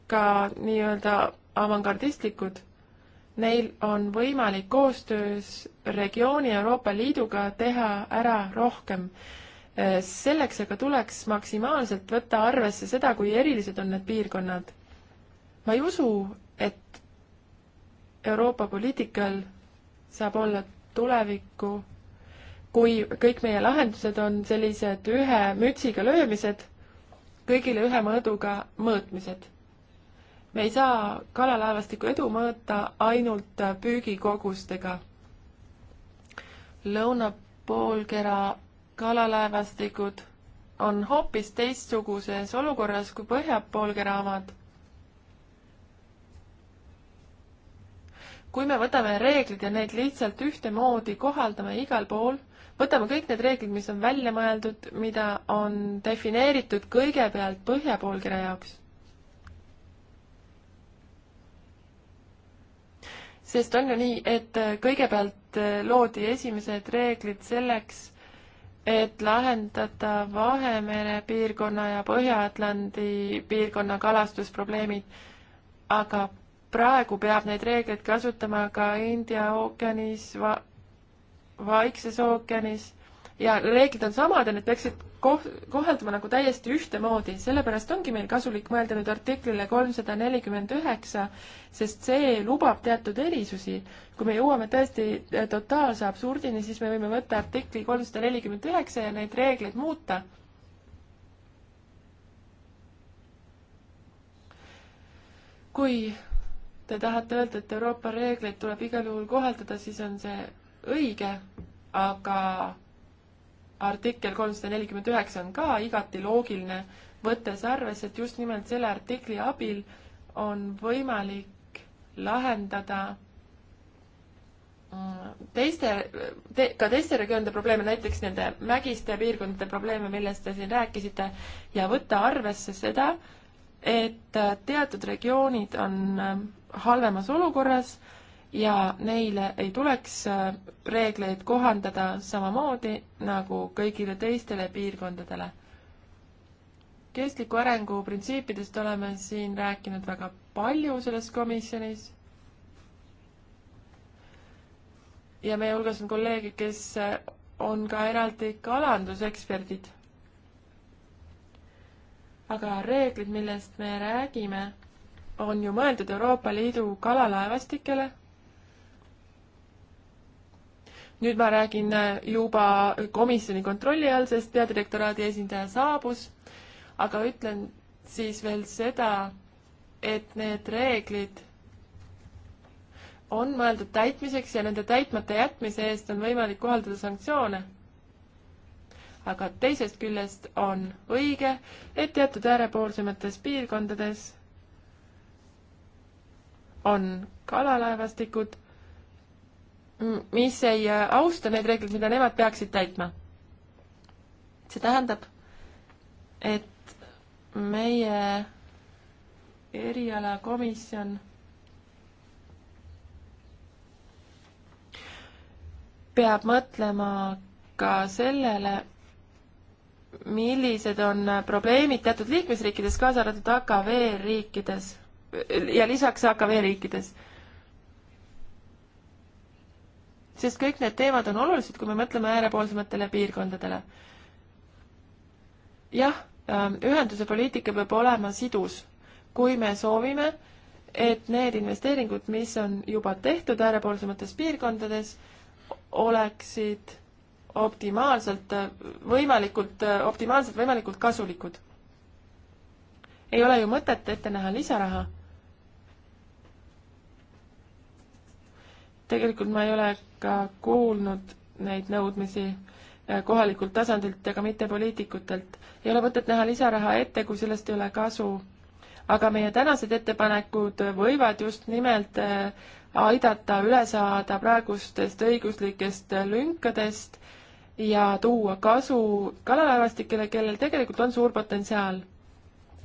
ka nii-öelda avangardistlikud, neil on võimalik koostöös regiooni Euroopa Liiduga teha ära rohkem selleks aga tuleks maksimaalselt võtta arvesse seda, kui erilised on need piirkonnad ma ei usu, et Euroopa poliitikal saab olla tulevikku, kui kõik meie lahendused on sellised ühe mütsiga löömised, kõigile ühe mõõduga mõõtmised. me ei saa kalalaevastiku edu mõõta ainult püügikogustega. lõunapoolkera kalalaevastikud on hoopis teistsuguses olukorras kui põhjapoolkera omad kui me võtame reeglid ja neid lihtsalt ühtemoodi kohaldame igal pool, võtame kõik need reeglid, mis on välja mõeldud, mida on defineeritud kõigepealt põhja poolkirja jaoks. sest on ju nii, et kõigepealt loodi esimesed reeglid selleks, et lahendada Vahemere piirkonna ja Põhja-Atlandi piirkonna kalastusprobleemid, aga praegu peab neid reegleid kasutama ka India ookeanis va, Vaikses ookeanis ja reeglid on samad ja need peaksid koh-, kohelduma nagu täiesti ühtemoodi, sellepärast ongi meil kasulik mõelda nüüd artiklile kolmsada nelikümmend üheksa, sest see lubab teatud erisusi. kui me jõuame tõesti äh, totaalse absurdini, siis me võime võtta artikli kolmsada nelikümmend üheksa ja neid reegleid muuta. kui te tahate öelda, et Euroopa reegleid tuleb igal juhul kohaldada, siis on see õige, aga artikkel kolmsada nelikümmend üheksa on ka igati loogiline, võttes arvesse, et just nimelt selle artikli abil on võimalik lahendada mm, teiste te,, ka teiste regioonide probleeme, näiteks nende mägiste piirkondade probleeme, millest te siin rääkisite, ja võtta arvesse seda, et teatud regioonid on halvemas olukorras ja neile ei tuleks äh, reegleid kohandada samamoodi nagu kõigile teistele piirkondadele. kestliku arengu printsiipidest oleme siin rääkinud väga palju selles komisjonis ja meie hulgas on kolleege, kes äh, on ka eraldi kalanduseksperdid. aga reeglid, millest me räägime, on ju mõeldud Euroopa Liidu kalalaevastikele. nüüd ma räägin juba komisjoni kontrolli all, sest peadirektoraadi esindaja saabus, aga ütlen siis veel seda, et need reeglid on mõeldud täitmiseks ja nende täitmata jätmise eest on võimalik kohaldada sanktsioone. aga teisest küljest on õige, et teatud äärepoolsemates piirkondades on kalalaevastikud, mis ei äh, austa neid reegleid, mida nemad peaksid täitma. see tähendab, et meie erialakomisjon peab mõtlema ka sellele, millised on probleemid teatud liikmesriikides, kaasa arvatud AKV riikides ja lisaks AKV riikides. sest kõik need teemad on olulised, kui me mõtleme äärepoolsematele piirkondadele. jah, ähm, ühenduse poliitika peab olema sidus, kui me soovime, et need investeeringud, mis on juba tehtud äärepoolsemates piirkondades, oleksid optimaalselt, võimalikult, optimaalselt võimalikult kasulikud. ei ole ju mõtet ette näha lisaraha tegelikult ma ei ole ka kuulnud neid nõudmisi eh, kohalikult tasandilt ega mitte poliitikutelt. ei ole mõtet näha lisaraha ette, kui sellest ei ole kasu. aga meie tänased ettepanekud võivad just nimelt eh, aidata üle saada praegustest õiguslikest lünkadest ja tuua kasu kalalaevastikele, kellel tegelikult on suur potentsiaal.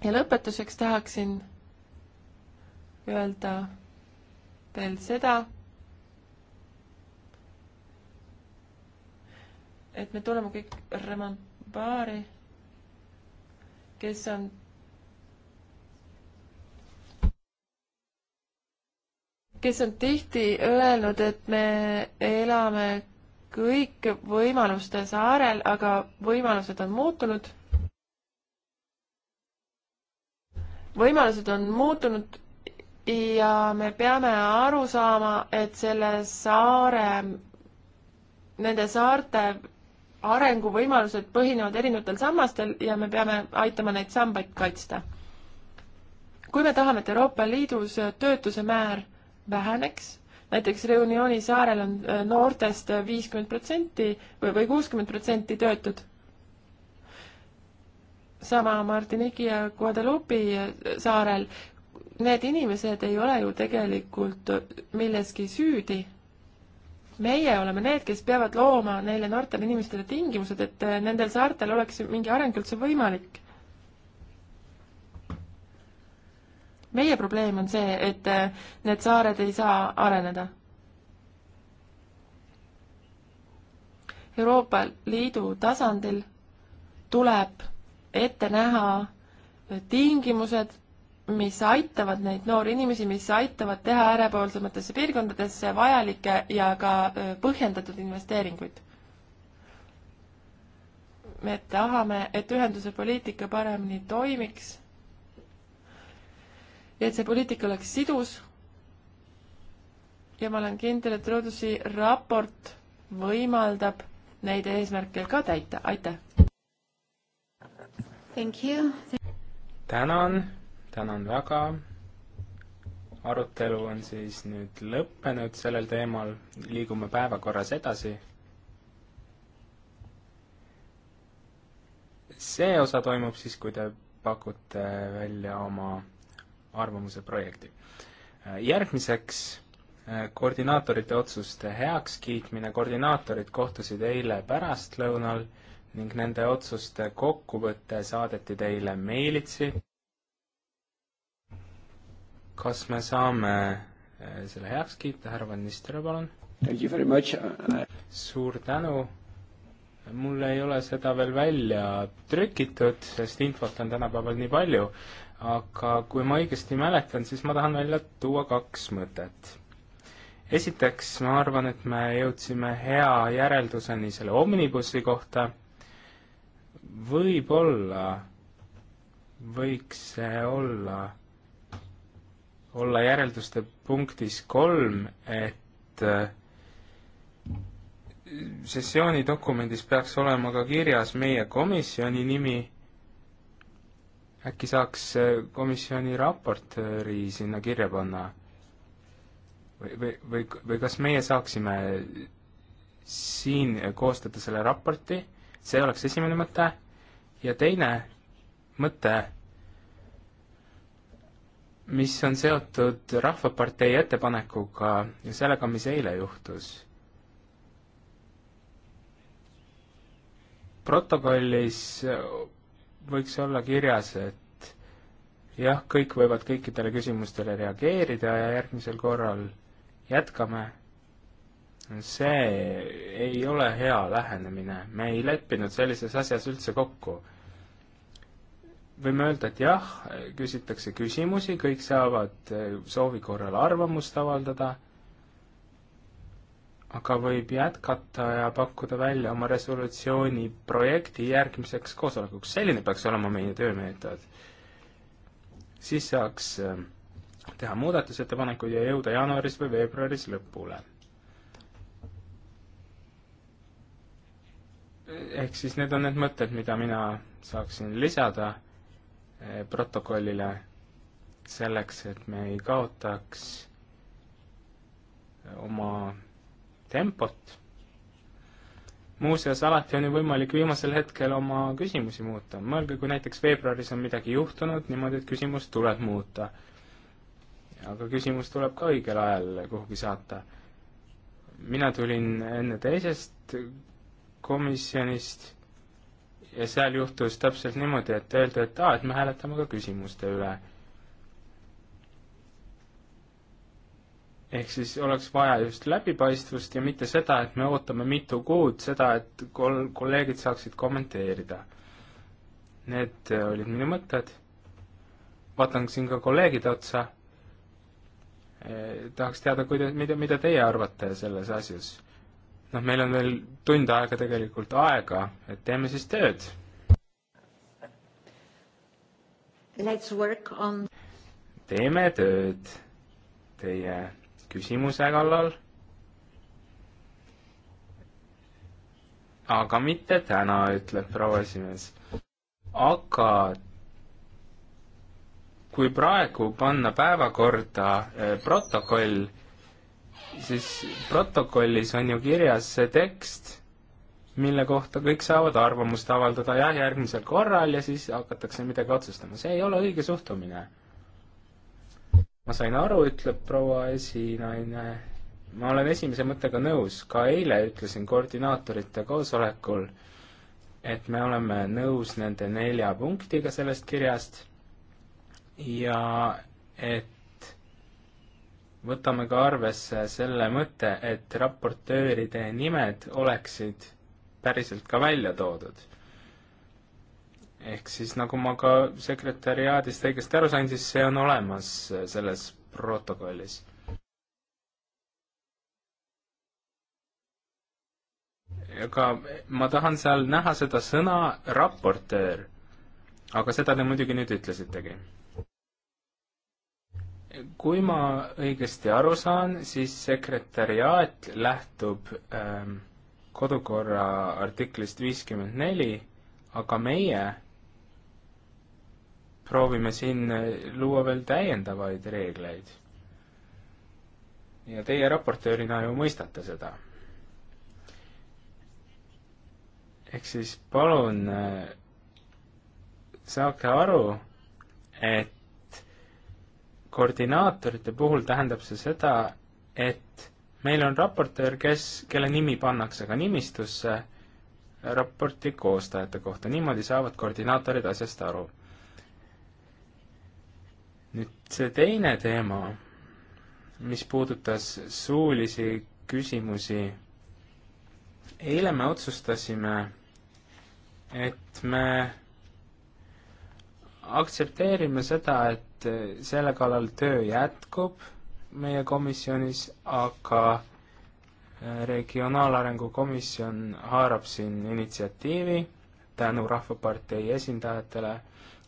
ja lõpetuseks tahaksin öelda veel seda, et me tuleme kõik Raman Baari, kes on kes on tihti öelnud, et me elame kõik võimaluste saarel, aga võimalused on muutunud. võimalused on muutunud ja me peame aru saama, et selle saare, nende saarte arenguvõimalused põhinevad erinevatel sammastel ja me peame aitama neid sambaid kaitsta. kui me tahame, et Euroopa Liidus töötuse määr väheneks, näiteks Reunioni saarel on äh, noortest viiskümmend protsenti või, või kuuskümmend protsenti töötud, sama Martinique ja Guadeloupe'i äh, saarel, need inimesed ei ole ju tegelikult milleski süüdi meie oleme need, kes peavad looma neile noortele inimestele tingimused, et äh, nendel saartel oleks mingi areng üldse võimalik. meie probleem on see, et äh, need saared ei saa areneda. Euroopa Liidu tasandil tuleb ette näha äh, tingimused mis aitavad neid noori inimesi, mis aitavad teha äärepoolsematesse piirkondadesse vajalikke ja ka põhjendatud investeeringuid. me tahame, et ühenduse poliitika paremini toimiks. et see poliitika oleks sidus. ja ma olen kindel, et Rootsi raport võimaldab neid eesmärke ka täita, aitäh! tänan! tänan väga. arutelu on siis nüüd lõppenud sellel teemal, liigume päevakorras edasi. see osa toimub siis, kui te pakute välja oma arvamuse projekti. järgmiseks eh, koordinaatorite otsuste heakskiitmine, koordinaatorid kohtusid eile pärastlõunal ning nende otsuste kokkuvõte saadeti teile meilitsi kas me saame eh, selle heaks kiita, härra Van Nistel, palun? suur tänu, mul ei ole seda veel välja trükitud, sest infot on tänapäeval nii palju, aga kui ma õigesti mäletan, siis ma tahan välja tuua kaks mõtet. esiteks, ma arvan, et me jõudsime hea järelduseni selle omnibussi kohta, võib-olla võiks see olla olla järelduste punktis kolm, et äh, sessiooni dokumendis peaks olema ka kirjas meie komisjoni nimi. äkki saaks äh, komisjoni raportööri sinna kirja panna? või, või, või, või kas meie saaksime siin koostada selle raporti, see oleks esimene mõte, ja teine mõte mis on seotud Rahvapartei ettepanekuga ja sellega, mis eile juhtus. protokollis võiks olla kirjas, et jah, kõik võivad kõikidele küsimustele reageerida ja järgmisel korral jätkame. see ei ole hea lähenemine, me ei leppinud sellises asjas üldse kokku võime öelda, et jah, küsitakse küsimusi, kõik saavad eh, soovi korral arvamust avaldada, aga võib jätkata ja pakkuda välja oma resolutsiooni projekti järgmiseks koosolekuks, selline peaks olema meie töömeetod. siis saaks eh, teha muudatusettepanekuid ja jõuda jaanuaris või veebruaris lõpule. ehk siis need on need mõtted, mida mina saaksin lisada Eh, protokollile selleks, et me ei kaotaks eh, oma tempot. muuseas, alati on ju võimalik viimasel hetkel oma küsimusi muuta. mõelge, kui näiteks veebruaris on midagi juhtunud niimoodi, et küsimust tuleb muuta. aga küsimus tuleb ka õigel ajal kuhugi saata. mina tulin enne teisest komisjonist ja seal juhtus täpselt niimoodi, et öeldi, et aa, et me hääletame ka küsimuste üle. ehk siis oleks vaja just läbipaistvust ja mitte seda, et me ootame mitu kuud seda, et kol-, kolleegid saaksid kommenteerida. Need olid minu mõtted. vaatan siin ka kolleegide otsa eh,. tahaks teada, kuidas, mida, mida teie arvate selles asjas noh, meil on veel tund aega tegelikult aega, et teeme siis tööd. Let's work on. teeme tööd teie küsimuse kallal. aga mitte täna, ütleb proua esimees. aga kui praegu panna päevakorda eh, protokoll siis protokollis on ju kirjas see tekst, mille kohta kõik saavad arvamust avaldada jah, järgmisel korral ja siis hakatakse midagi otsustama, see ei ole õige suhtumine. ma sain aru, ütleb proua esinaine, ma olen esimese mõttega nõus, ka eile ütlesin koordinaatorite koosolekul, et me oleme nõus nende nelja punktiga sellest kirjast ja et võtame ka arvesse selle mõtte, et raportööride nimed oleksid päriselt ka välja toodud. ehk siis, nagu ma ka sekretäriaadist õigesti aru sain, siis see on olemas selles protokollis. aga ma tahan seal näha seda sõna raportöör, aga seda te muidugi nüüd ütlesitegi kui ma õigesti aru saan, siis sekretäriaat lähtub ähm, kodukorra artiklist viiskümmend neli, aga meie proovime siin äh, luua veel täiendavaid reegleid. ja teie raportöörina ju mõistate seda. ehk siis palun äh, saage aru, et koordinaatorite puhul tähendab see seda, et meil on raportöör, kes, kelle nimi pannakse ka nimistusse raporti koostajate kohta, niimoodi saavad koordinaatorid asjast aru. nüüd see teine teema, mis puudutas suulisi küsimusi. eile me otsustasime, et me aktsepteerime seda, et et eh, selle kallal töö jätkub meie komisjonis, aga eh, Regionaalarengu Komisjon haarab siin initsiatiivi tänu Rahvapartei esindajatele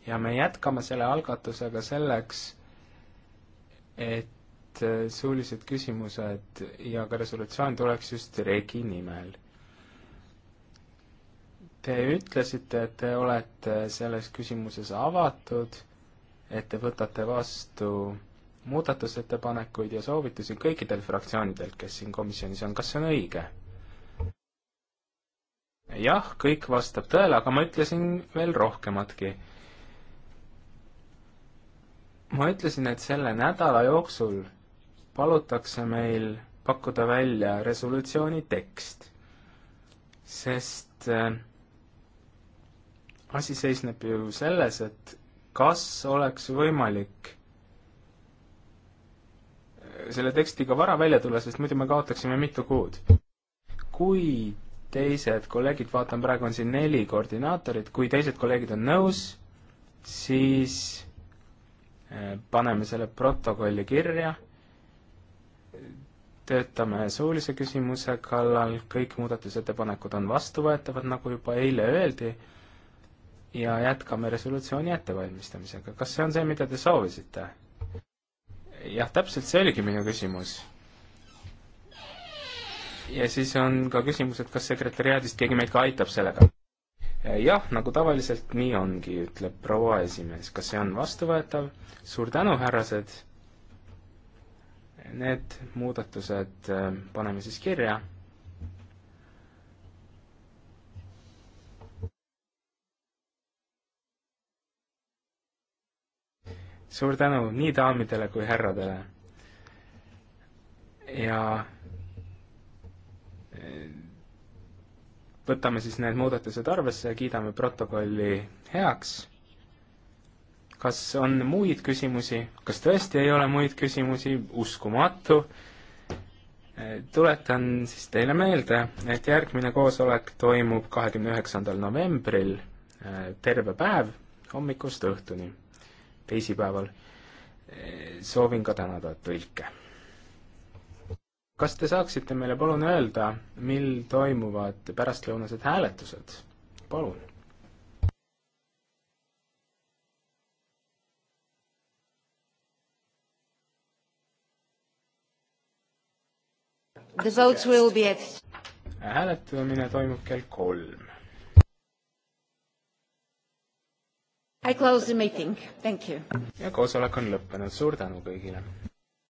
ja me jätkame selle algatusega selleks, et eh, suulised küsimused ja ka resolutsioon tuleks just Regi nimel. Te ütlesite, et te olete selles küsimuses avatud et te võtate vastu muudatusettepanekuid ja soovitusi kõikidel fraktsioonidel, kes siin komisjonis on, kas see on õige? jah, kõik vastab tõele, aga ma ütlesin veel rohkematki. ma ütlesin, et selle nädala jooksul palutakse meil pakkuda välja resolutsiooni tekst, sest äh, asi seisneb ju selles, et kas oleks võimalik selle tekstiga vara välja tulla, sest muidu me kaotaksime mitu kuud. kui teised kolleegid, vaatan praegu on siin neli koordinaatorit, kui teised kolleegid on nõus, siis eh, paneme selle protokolli kirja, töötame suulise küsimuse kallal, kõik muudatusettepanekud on vastuvõetavad, nagu juba eile öeldi ja jätkame resolutsiooni ettevalmistamisega. kas see on see, mida te soovisite? jah, täpselt see oligi minu küsimus. ja siis on ka küsimus, et kas sekretäriaadist keegi meid ka aitab sellega? jah, nagu tavaliselt nii ongi, ütleb proua esimees. kas see on vastuvõetav? suur tänu, härrased! Need muudatused äh, paneme siis kirja suur tänu nii daamidele kui härradele. ja eh, võtame siis need muudatused arvesse ja kiidame protokolli heaks. kas on muid küsimusi, kas tõesti ei ole muid küsimusi, uskumatu eh, tuletan siis teile meelde, et järgmine koosolek toimub kahekümne üheksandal novembril, eh, terve päev hommikust õhtuni teisipäeval. soovin ka tänada tõlke. kas te saaksite meile palun öelda, mil toimuvad pärastlõunased hääletused? palun The votes will be at hääletamine toimub kell kolm. I close the meeting, thank you. ja koosolek on lõppenud, suur tänu kõigile.